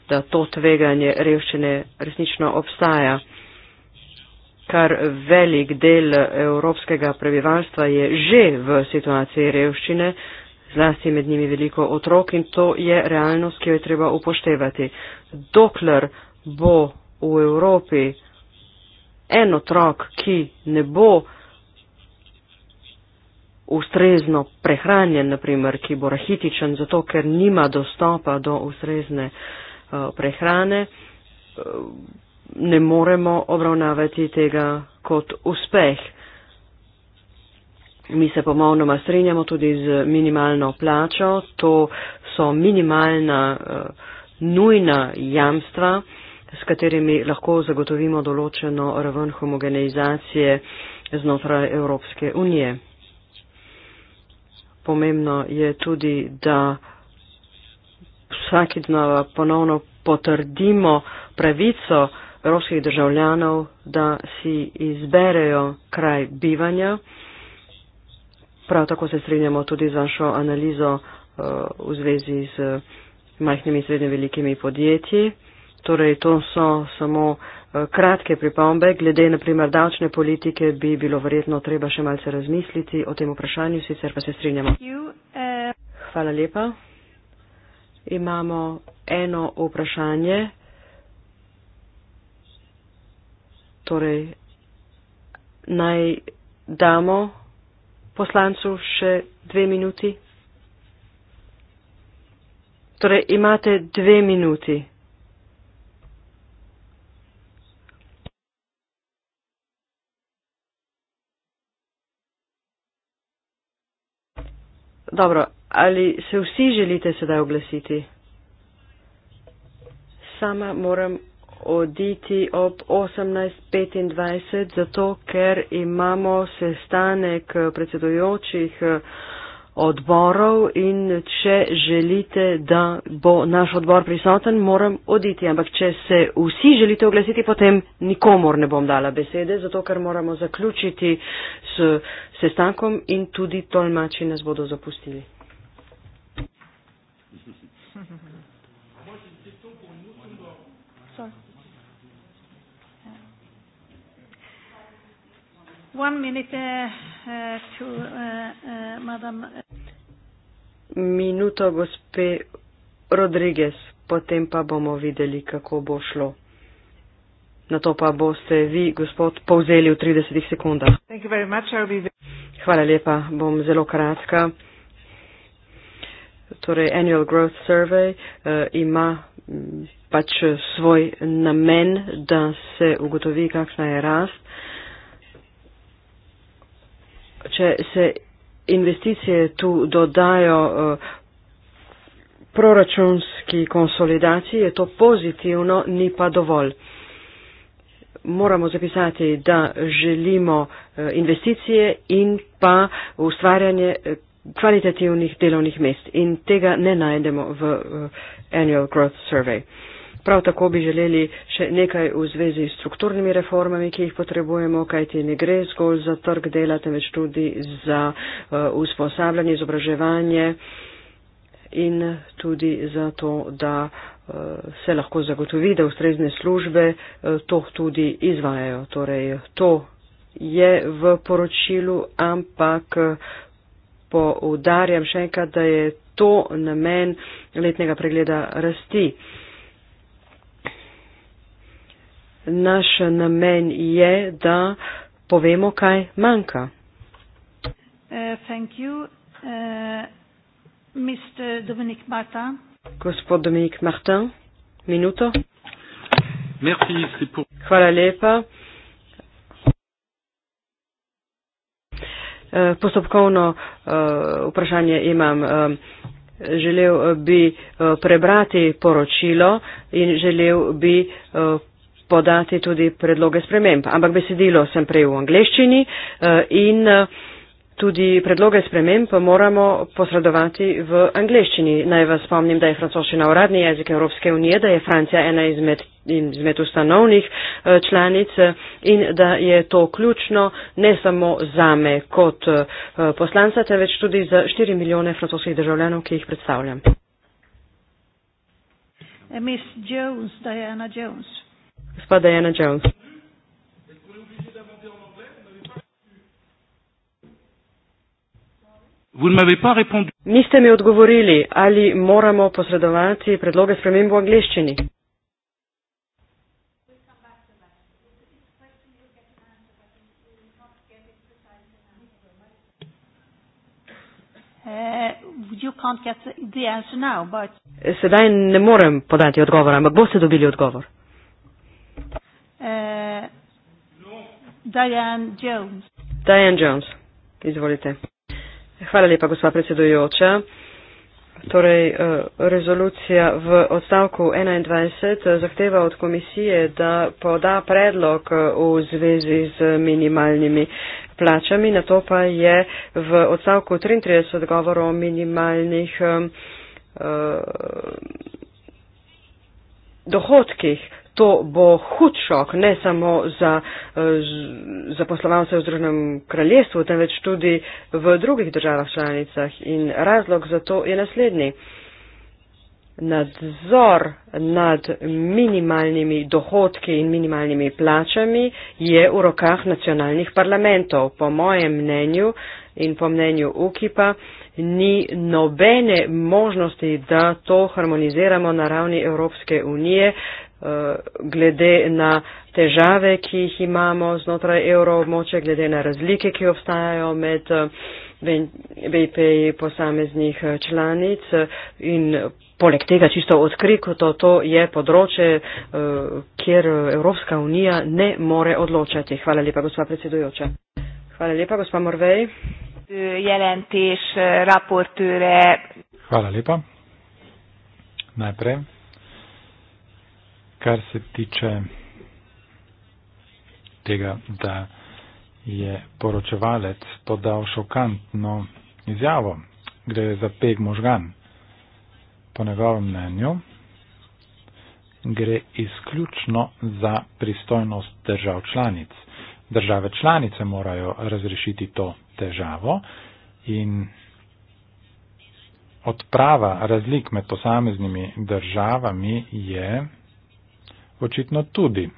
da to tveganje revščine resnično obstaja. Kar velik del evropskega prebivalstva je že v situaciji revščine, zlasti med njimi veliko otrok in to je realnost, ki jo je treba upoštevati. Dokler bo v Evropi en otrok, ki ne bo ustrezno prehranjen, naprimer, ki bo rahitičen, zato ker nima dostopa do ustrezne uh, prehrane, eh, ne moremo obravnavati tega kot uspeh. Mi se pomovnoma strinjamo tudi z minimalno plačo, to so minimalna, uh, nujna jamstva. Uh, s katerimi lahko zagotovimo določeno raven homogeneizacije znotraj Evropske unije. Pomembno je tudi, da vsaki dnava ponovno potrdimo pravico evropskih državljanov, da si izberejo kraj bivanja. Prav tako se strinjamo tudi z vašo analizo uh, v zvezi z majhnimi in srednje velikimi podjetji. Torej, to so samo eh, kratke pripombe. Glede na primer davčne politike bi bilo verjetno treba še malce razmisliti o tem vprašanju, sicer pa se strinjamo. Eh. Hvala lepa. Imamo eno vprašanje. Torej, naj damo poslancu še dve minuti. Torej, imate dve minuti. Dobro, ali se vsi želite sedaj oglasiti? Sama moram oditi ob 18.25, zato ker imamo sestanek eh, predsedujočih. Eh, odborov in če želite, da bo naš odbor prisoten, moram oditi. Ampak če se vsi želite oglasiti, potem nikomor ne bom dala besede, zato ker moramo zaključiti s sestankom in tudi tolmači nas bodo zapustili. One minute uh, uh, to uh, uh, Madam minuto gospe Rodriguez, potem pa bomo videli, kako bo šlo. Na to pa boste vi, gospod, povzeli v 30 sekundah. Hvala lepa, bom zelo kratka. Torej, Annual Growth Survey uh, ima mm, pač svoj namen, da se ugotovi, kakšna je rast. Če se investicije tu dodajo eh, proračunski konsolidaciji, je to pozitivno, ni pa dovolj. Moramo zapisati, da želimo eh, investicije in pa ustvarjanje eh, kvalitativnih delovnih mest in tega ne najdemo v Annual Growth Survey. Prav tako bi želeli še nekaj v zvezi s strukturnimi reformami, ki jih potrebujemo, kajti ne gre zgolj za trg dela, temveč tudi za eh, usposabljanje, izobraževanje in tudi za to, da eh, se lahko zagotovi, da ustrezne službe eh, to tudi izvajajo. Torej, to je v poročilu, ampak poudarjam še enkrat, da je to namen letnega pregleda rasti naš namen je, da povemo, kaj manjka. Eh, eh, Gospod Dominik Martin, minuto. Hvala lepa. Eh, postopkovno vprašanje imam. Želel bi prebrati poročilo in želel bi podati tudi predloge sprememb. Ampak besedilo sem prej v angleščini eh, in eh, tudi predloge sprememb moramo posredovati v angleščini. Naj vas spomnim, da je francoščina uradni jezik Evropske unije, da je Francija ena izmed in izmed ustanovnih eh, članic in da je to ključno ne samo za me kot poslanca, temveč tudi za 4 milijone francoskih državljanov, ki jih predstavljam. Miss Jones, Diana Jones. Gospa Diana Jones. Niste mi odgovorili, ali moramo posredovati predloge spremembo v angliščini. Uh, Sedaj ne morem podati odgovora, ampak boste dobili odgovor. Uh, Diane Jones. Diane Jones, izvolite. Hvala lepa, gospa predsedujoča. Torej, uh, rezolucija v odstavku 21 uh, zahteva od komisije, da poda predlog v zvezi z minimalnimi plačami, na to pa je v odstavku 33 govor o minimalnih um, uh, dohodkih to bo hud šok ne samo za eh, zaposlovalce v Združenem kraljestvu, temveč tudi v drugih državah članicah. In razlog za to je naslednji. Nadzor nad minimalnimi dohodki in minimalnimi plačami je v rokah nacionalnih parlamentov. Po mojem mnenju in po mnenju UKIP-a ni nobene možnosti, da to harmoniziramo na ravni Evropske unije, Eh, glede na težave, ki jih imamo znotraj evroobmoče, glede na razlike, ki obstajajo med BPI eh, posameznih eh, članic in poleg tega čisto odkriko, to, to je področje, kjer Evropska unija ne more odločati. Hvala lepa, gospa predsedujoča. Hvala lepa, gospa Morvej. Jelentiš, raportüre. Hvala lepa. Najprej kar se tiče tega, da je poročevalec podal šokantno izjavo, gre za peg možgan. Po njegovem mnenju gre izključno za pristojnost držav članic. Države članice morajo razrešiti to težavo in odprava razlik med posameznimi državami je očitno tudi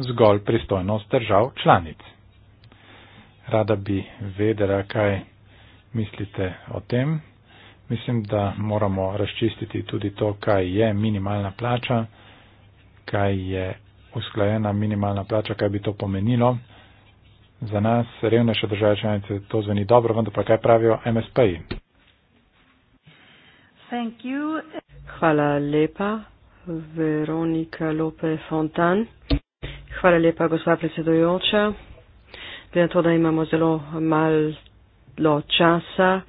zgolj pristojnost držav članic. Rada bi vedela, kaj mislite o tem. Mislim, da moramo razčistiti tudi to, kaj je minimalna plača, kaj je usklajena minimalna plača, kaj bi to pomenilo. Za nas, revnejše države članice, to zveni dobro, vendar pa kaj pravijo MSP-ji. Hvala lepa. Veronika Lope Fontan. Hvala lepa, gospa predsedujoča. Glede na to, da imamo zelo malo časa,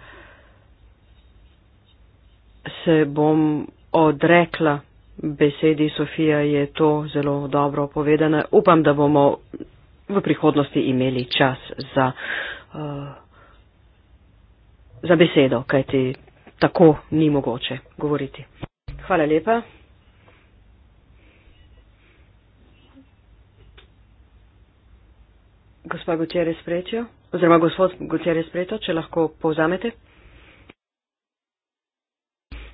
se bom odrekla besedi. Sofija je to zelo dobro povedana. Upam, da bomo v prihodnosti imeli čas za, uh, za besedo, kajti tako ni mogoče govoriti. Hvala lepa. gospa Gutierrez Sprečo, oziroma gospod Gutierrez Sprečo, če lahko povzamete.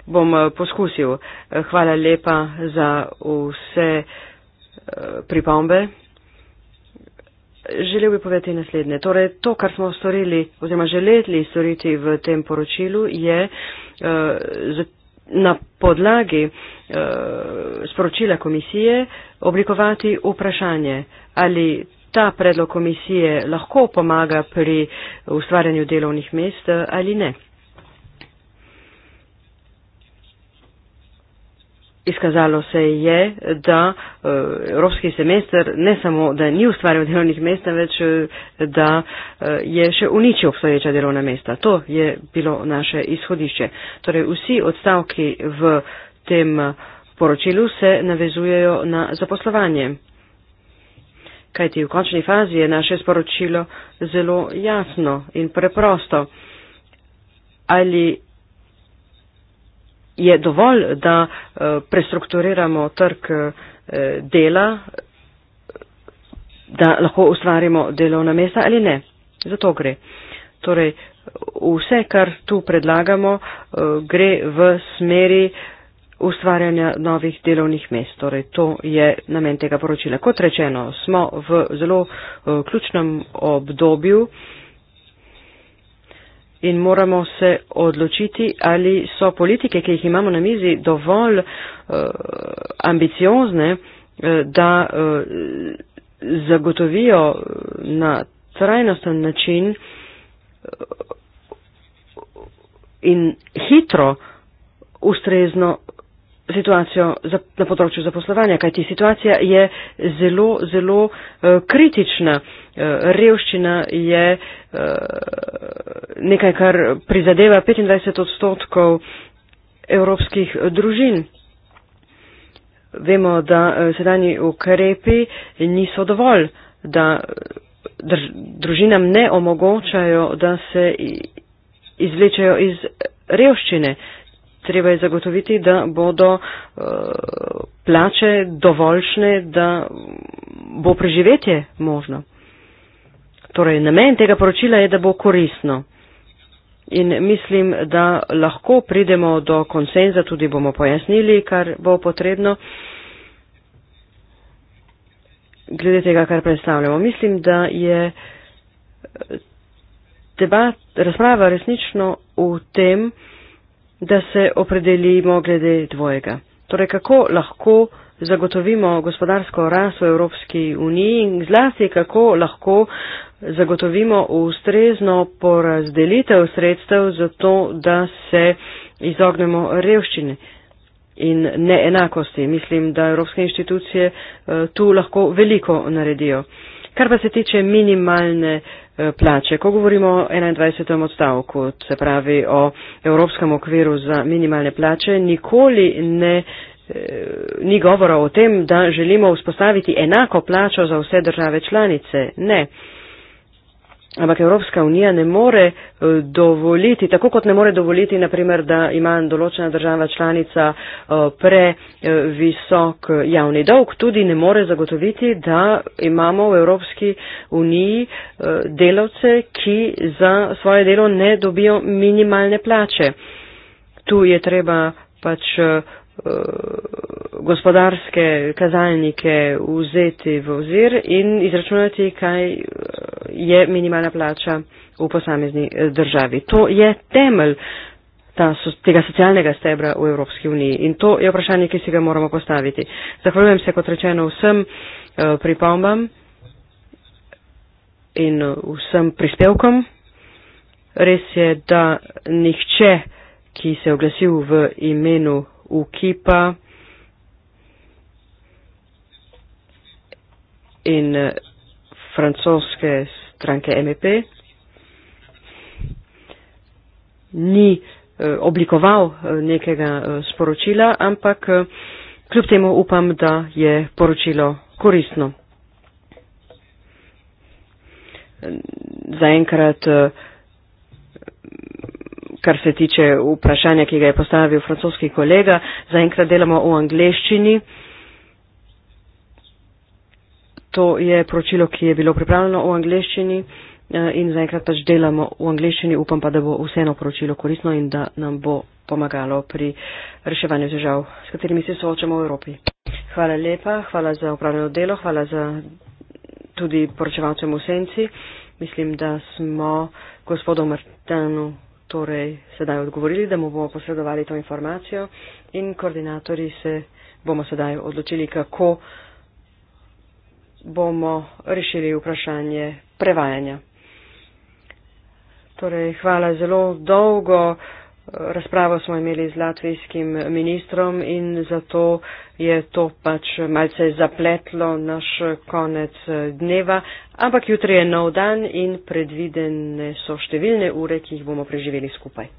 Bom eh, poskusil. Eh, hvala lepa za vse eh, pripombe. Želel bi povedati naslednje. Torej, to, kar smo storili oziroma želeli storiti v tem poročilu, je uh, na podlagi uh, sporočila komisije oblikovati vprašanje, ali ta predlog komisije lahko pomaga pri ustvarjanju delovnih mest eh, ali ne. Izkazalo se je, da eh, evropski semester ne samo, da ni ustvaril delovnih mest, ampak eh, da je še uničil obstoječa delovna mesta. To je bilo naše izhodišče. Torej, vsi odstavki v tem poročilu se navezujejo na zaposlovanje kajti v končni fazi je naše sporočilo zelo jasno in preprosto. Ali je dovolj, da eh, prestrukturiramo trg eh, dela, da lahko ustvarimo delovna mesta ali ne? Zato gre. Torej, vse, kar tu predlagamo, eh, gre v smeri uh, ustvarjanja novih delovnih mest. Torej, to je namen tega poročila. Kot rečeno, smo v zelo uh, ključnem obdobju in moramo se odločiti, ali so politike, ki jih imamo na mizi, dovolj uh, ambiciozne, uh, da uh, zagotovijo na trajnosten način in hitro ustrezno situacijo za, na področju zaposlovanja, kajti situacija je zelo, zelo uh, kritična. Uh, revščina je uh, nekaj, kar prizadeva 25 odstotkov evropskih družin. Vemo, da uh, sedajni ukrepi niso dovolj, da drž, družinam ne omogočajo, da se izvlečejo iz revščine. Uh, treba je zagotoviti, da bodo eh, plače dovoljšne, da bo preživetje možno. Torej, namen tega poročila je, da bo korisno. In mislim, da lahko pridemo do konsenza, tudi bomo pojasnili, kar bo potrebno. Glede tega, kar predstavljamo, mislim, da je eh, debat, razprava resnično v tem, da se opredelimo glede dvojega. Torej, kako lahko zagotovimo gospodarsko rast v Evropski uniji in zlasti, kako lahko zagotovimo ustrezno porazdelitev sredstev za to, da se izognemo revščini in neenakosti. Mislim, da evropske inštitucije eh, tu lahko veliko naredijo. Kar pa se tiče minimalne uh, Eh, plače. Ko govorimo o 21. odstavku, se pravi o evropskem okviru za minimalne plače, nikoli ne, eh, ni govora o tem, da želimo vzpostaviti enako plačo za vse države članice. Ne. Ampak Evropska unija ne more eh, dovoliti, tako kot ne more dovoliti, naprimer, da ima določena država članica eh, previsok eh, javni dolg, tudi ne more zagotoviti, da imamo v Evropski uniji delavce, ki za svoje delo ne dobijo minimalne plače. Tu je treba pač Eh, gospodarske kazalnike vzeti v ozir in izračunati, kaj eh, je minimalna plača v posamezni eh, državi. To je temelj ta, tega socialnega stebra v Evropski uniji in to je vprašanje, ki si ga moramo postaviti. Zahvaljujem se, kot rečeno, vsem pripombam in vsem prispevkom. Res je, da nihče, ki se je oglasil v imenu ukipa in eh, francoske stranke MEP. Ni eh, oblikoval eh, nekega sporočila, ampak kljub temu upam, da je poročilo koristno. Zaenkrat kar se tiče vprašanja, ki ga je postavil francoski kolega. Zaenkrat delamo v angleščini. To je poročilo, ki je bilo pripravljeno v angleščini eh, in zaenkrat pač delamo v angleščini. Upam pa, da bo vseeno poročilo korisno in da nam bo pomagalo pri reševanju težav, s katerimi se soočamo v Evropi. Hvala lepa, hvala za upravljeno delo, hvala za tudi poročevalcem v senci. Mislim, da smo gospodu Martanu torej sedaj odgovorili, da mu bomo posredovali to informacijo in koordinatori se bomo sedaj odločili, kako bomo rešili vprašanje prevajanja. Torej, hvala zelo dolgo. Razpravo smo imeli z latvijskim ministrom in zato je to pač malce zapletlo naš konec dneva, ampak jutri je nov dan in predvidene so številne ure, ki jih bomo preživeli skupaj.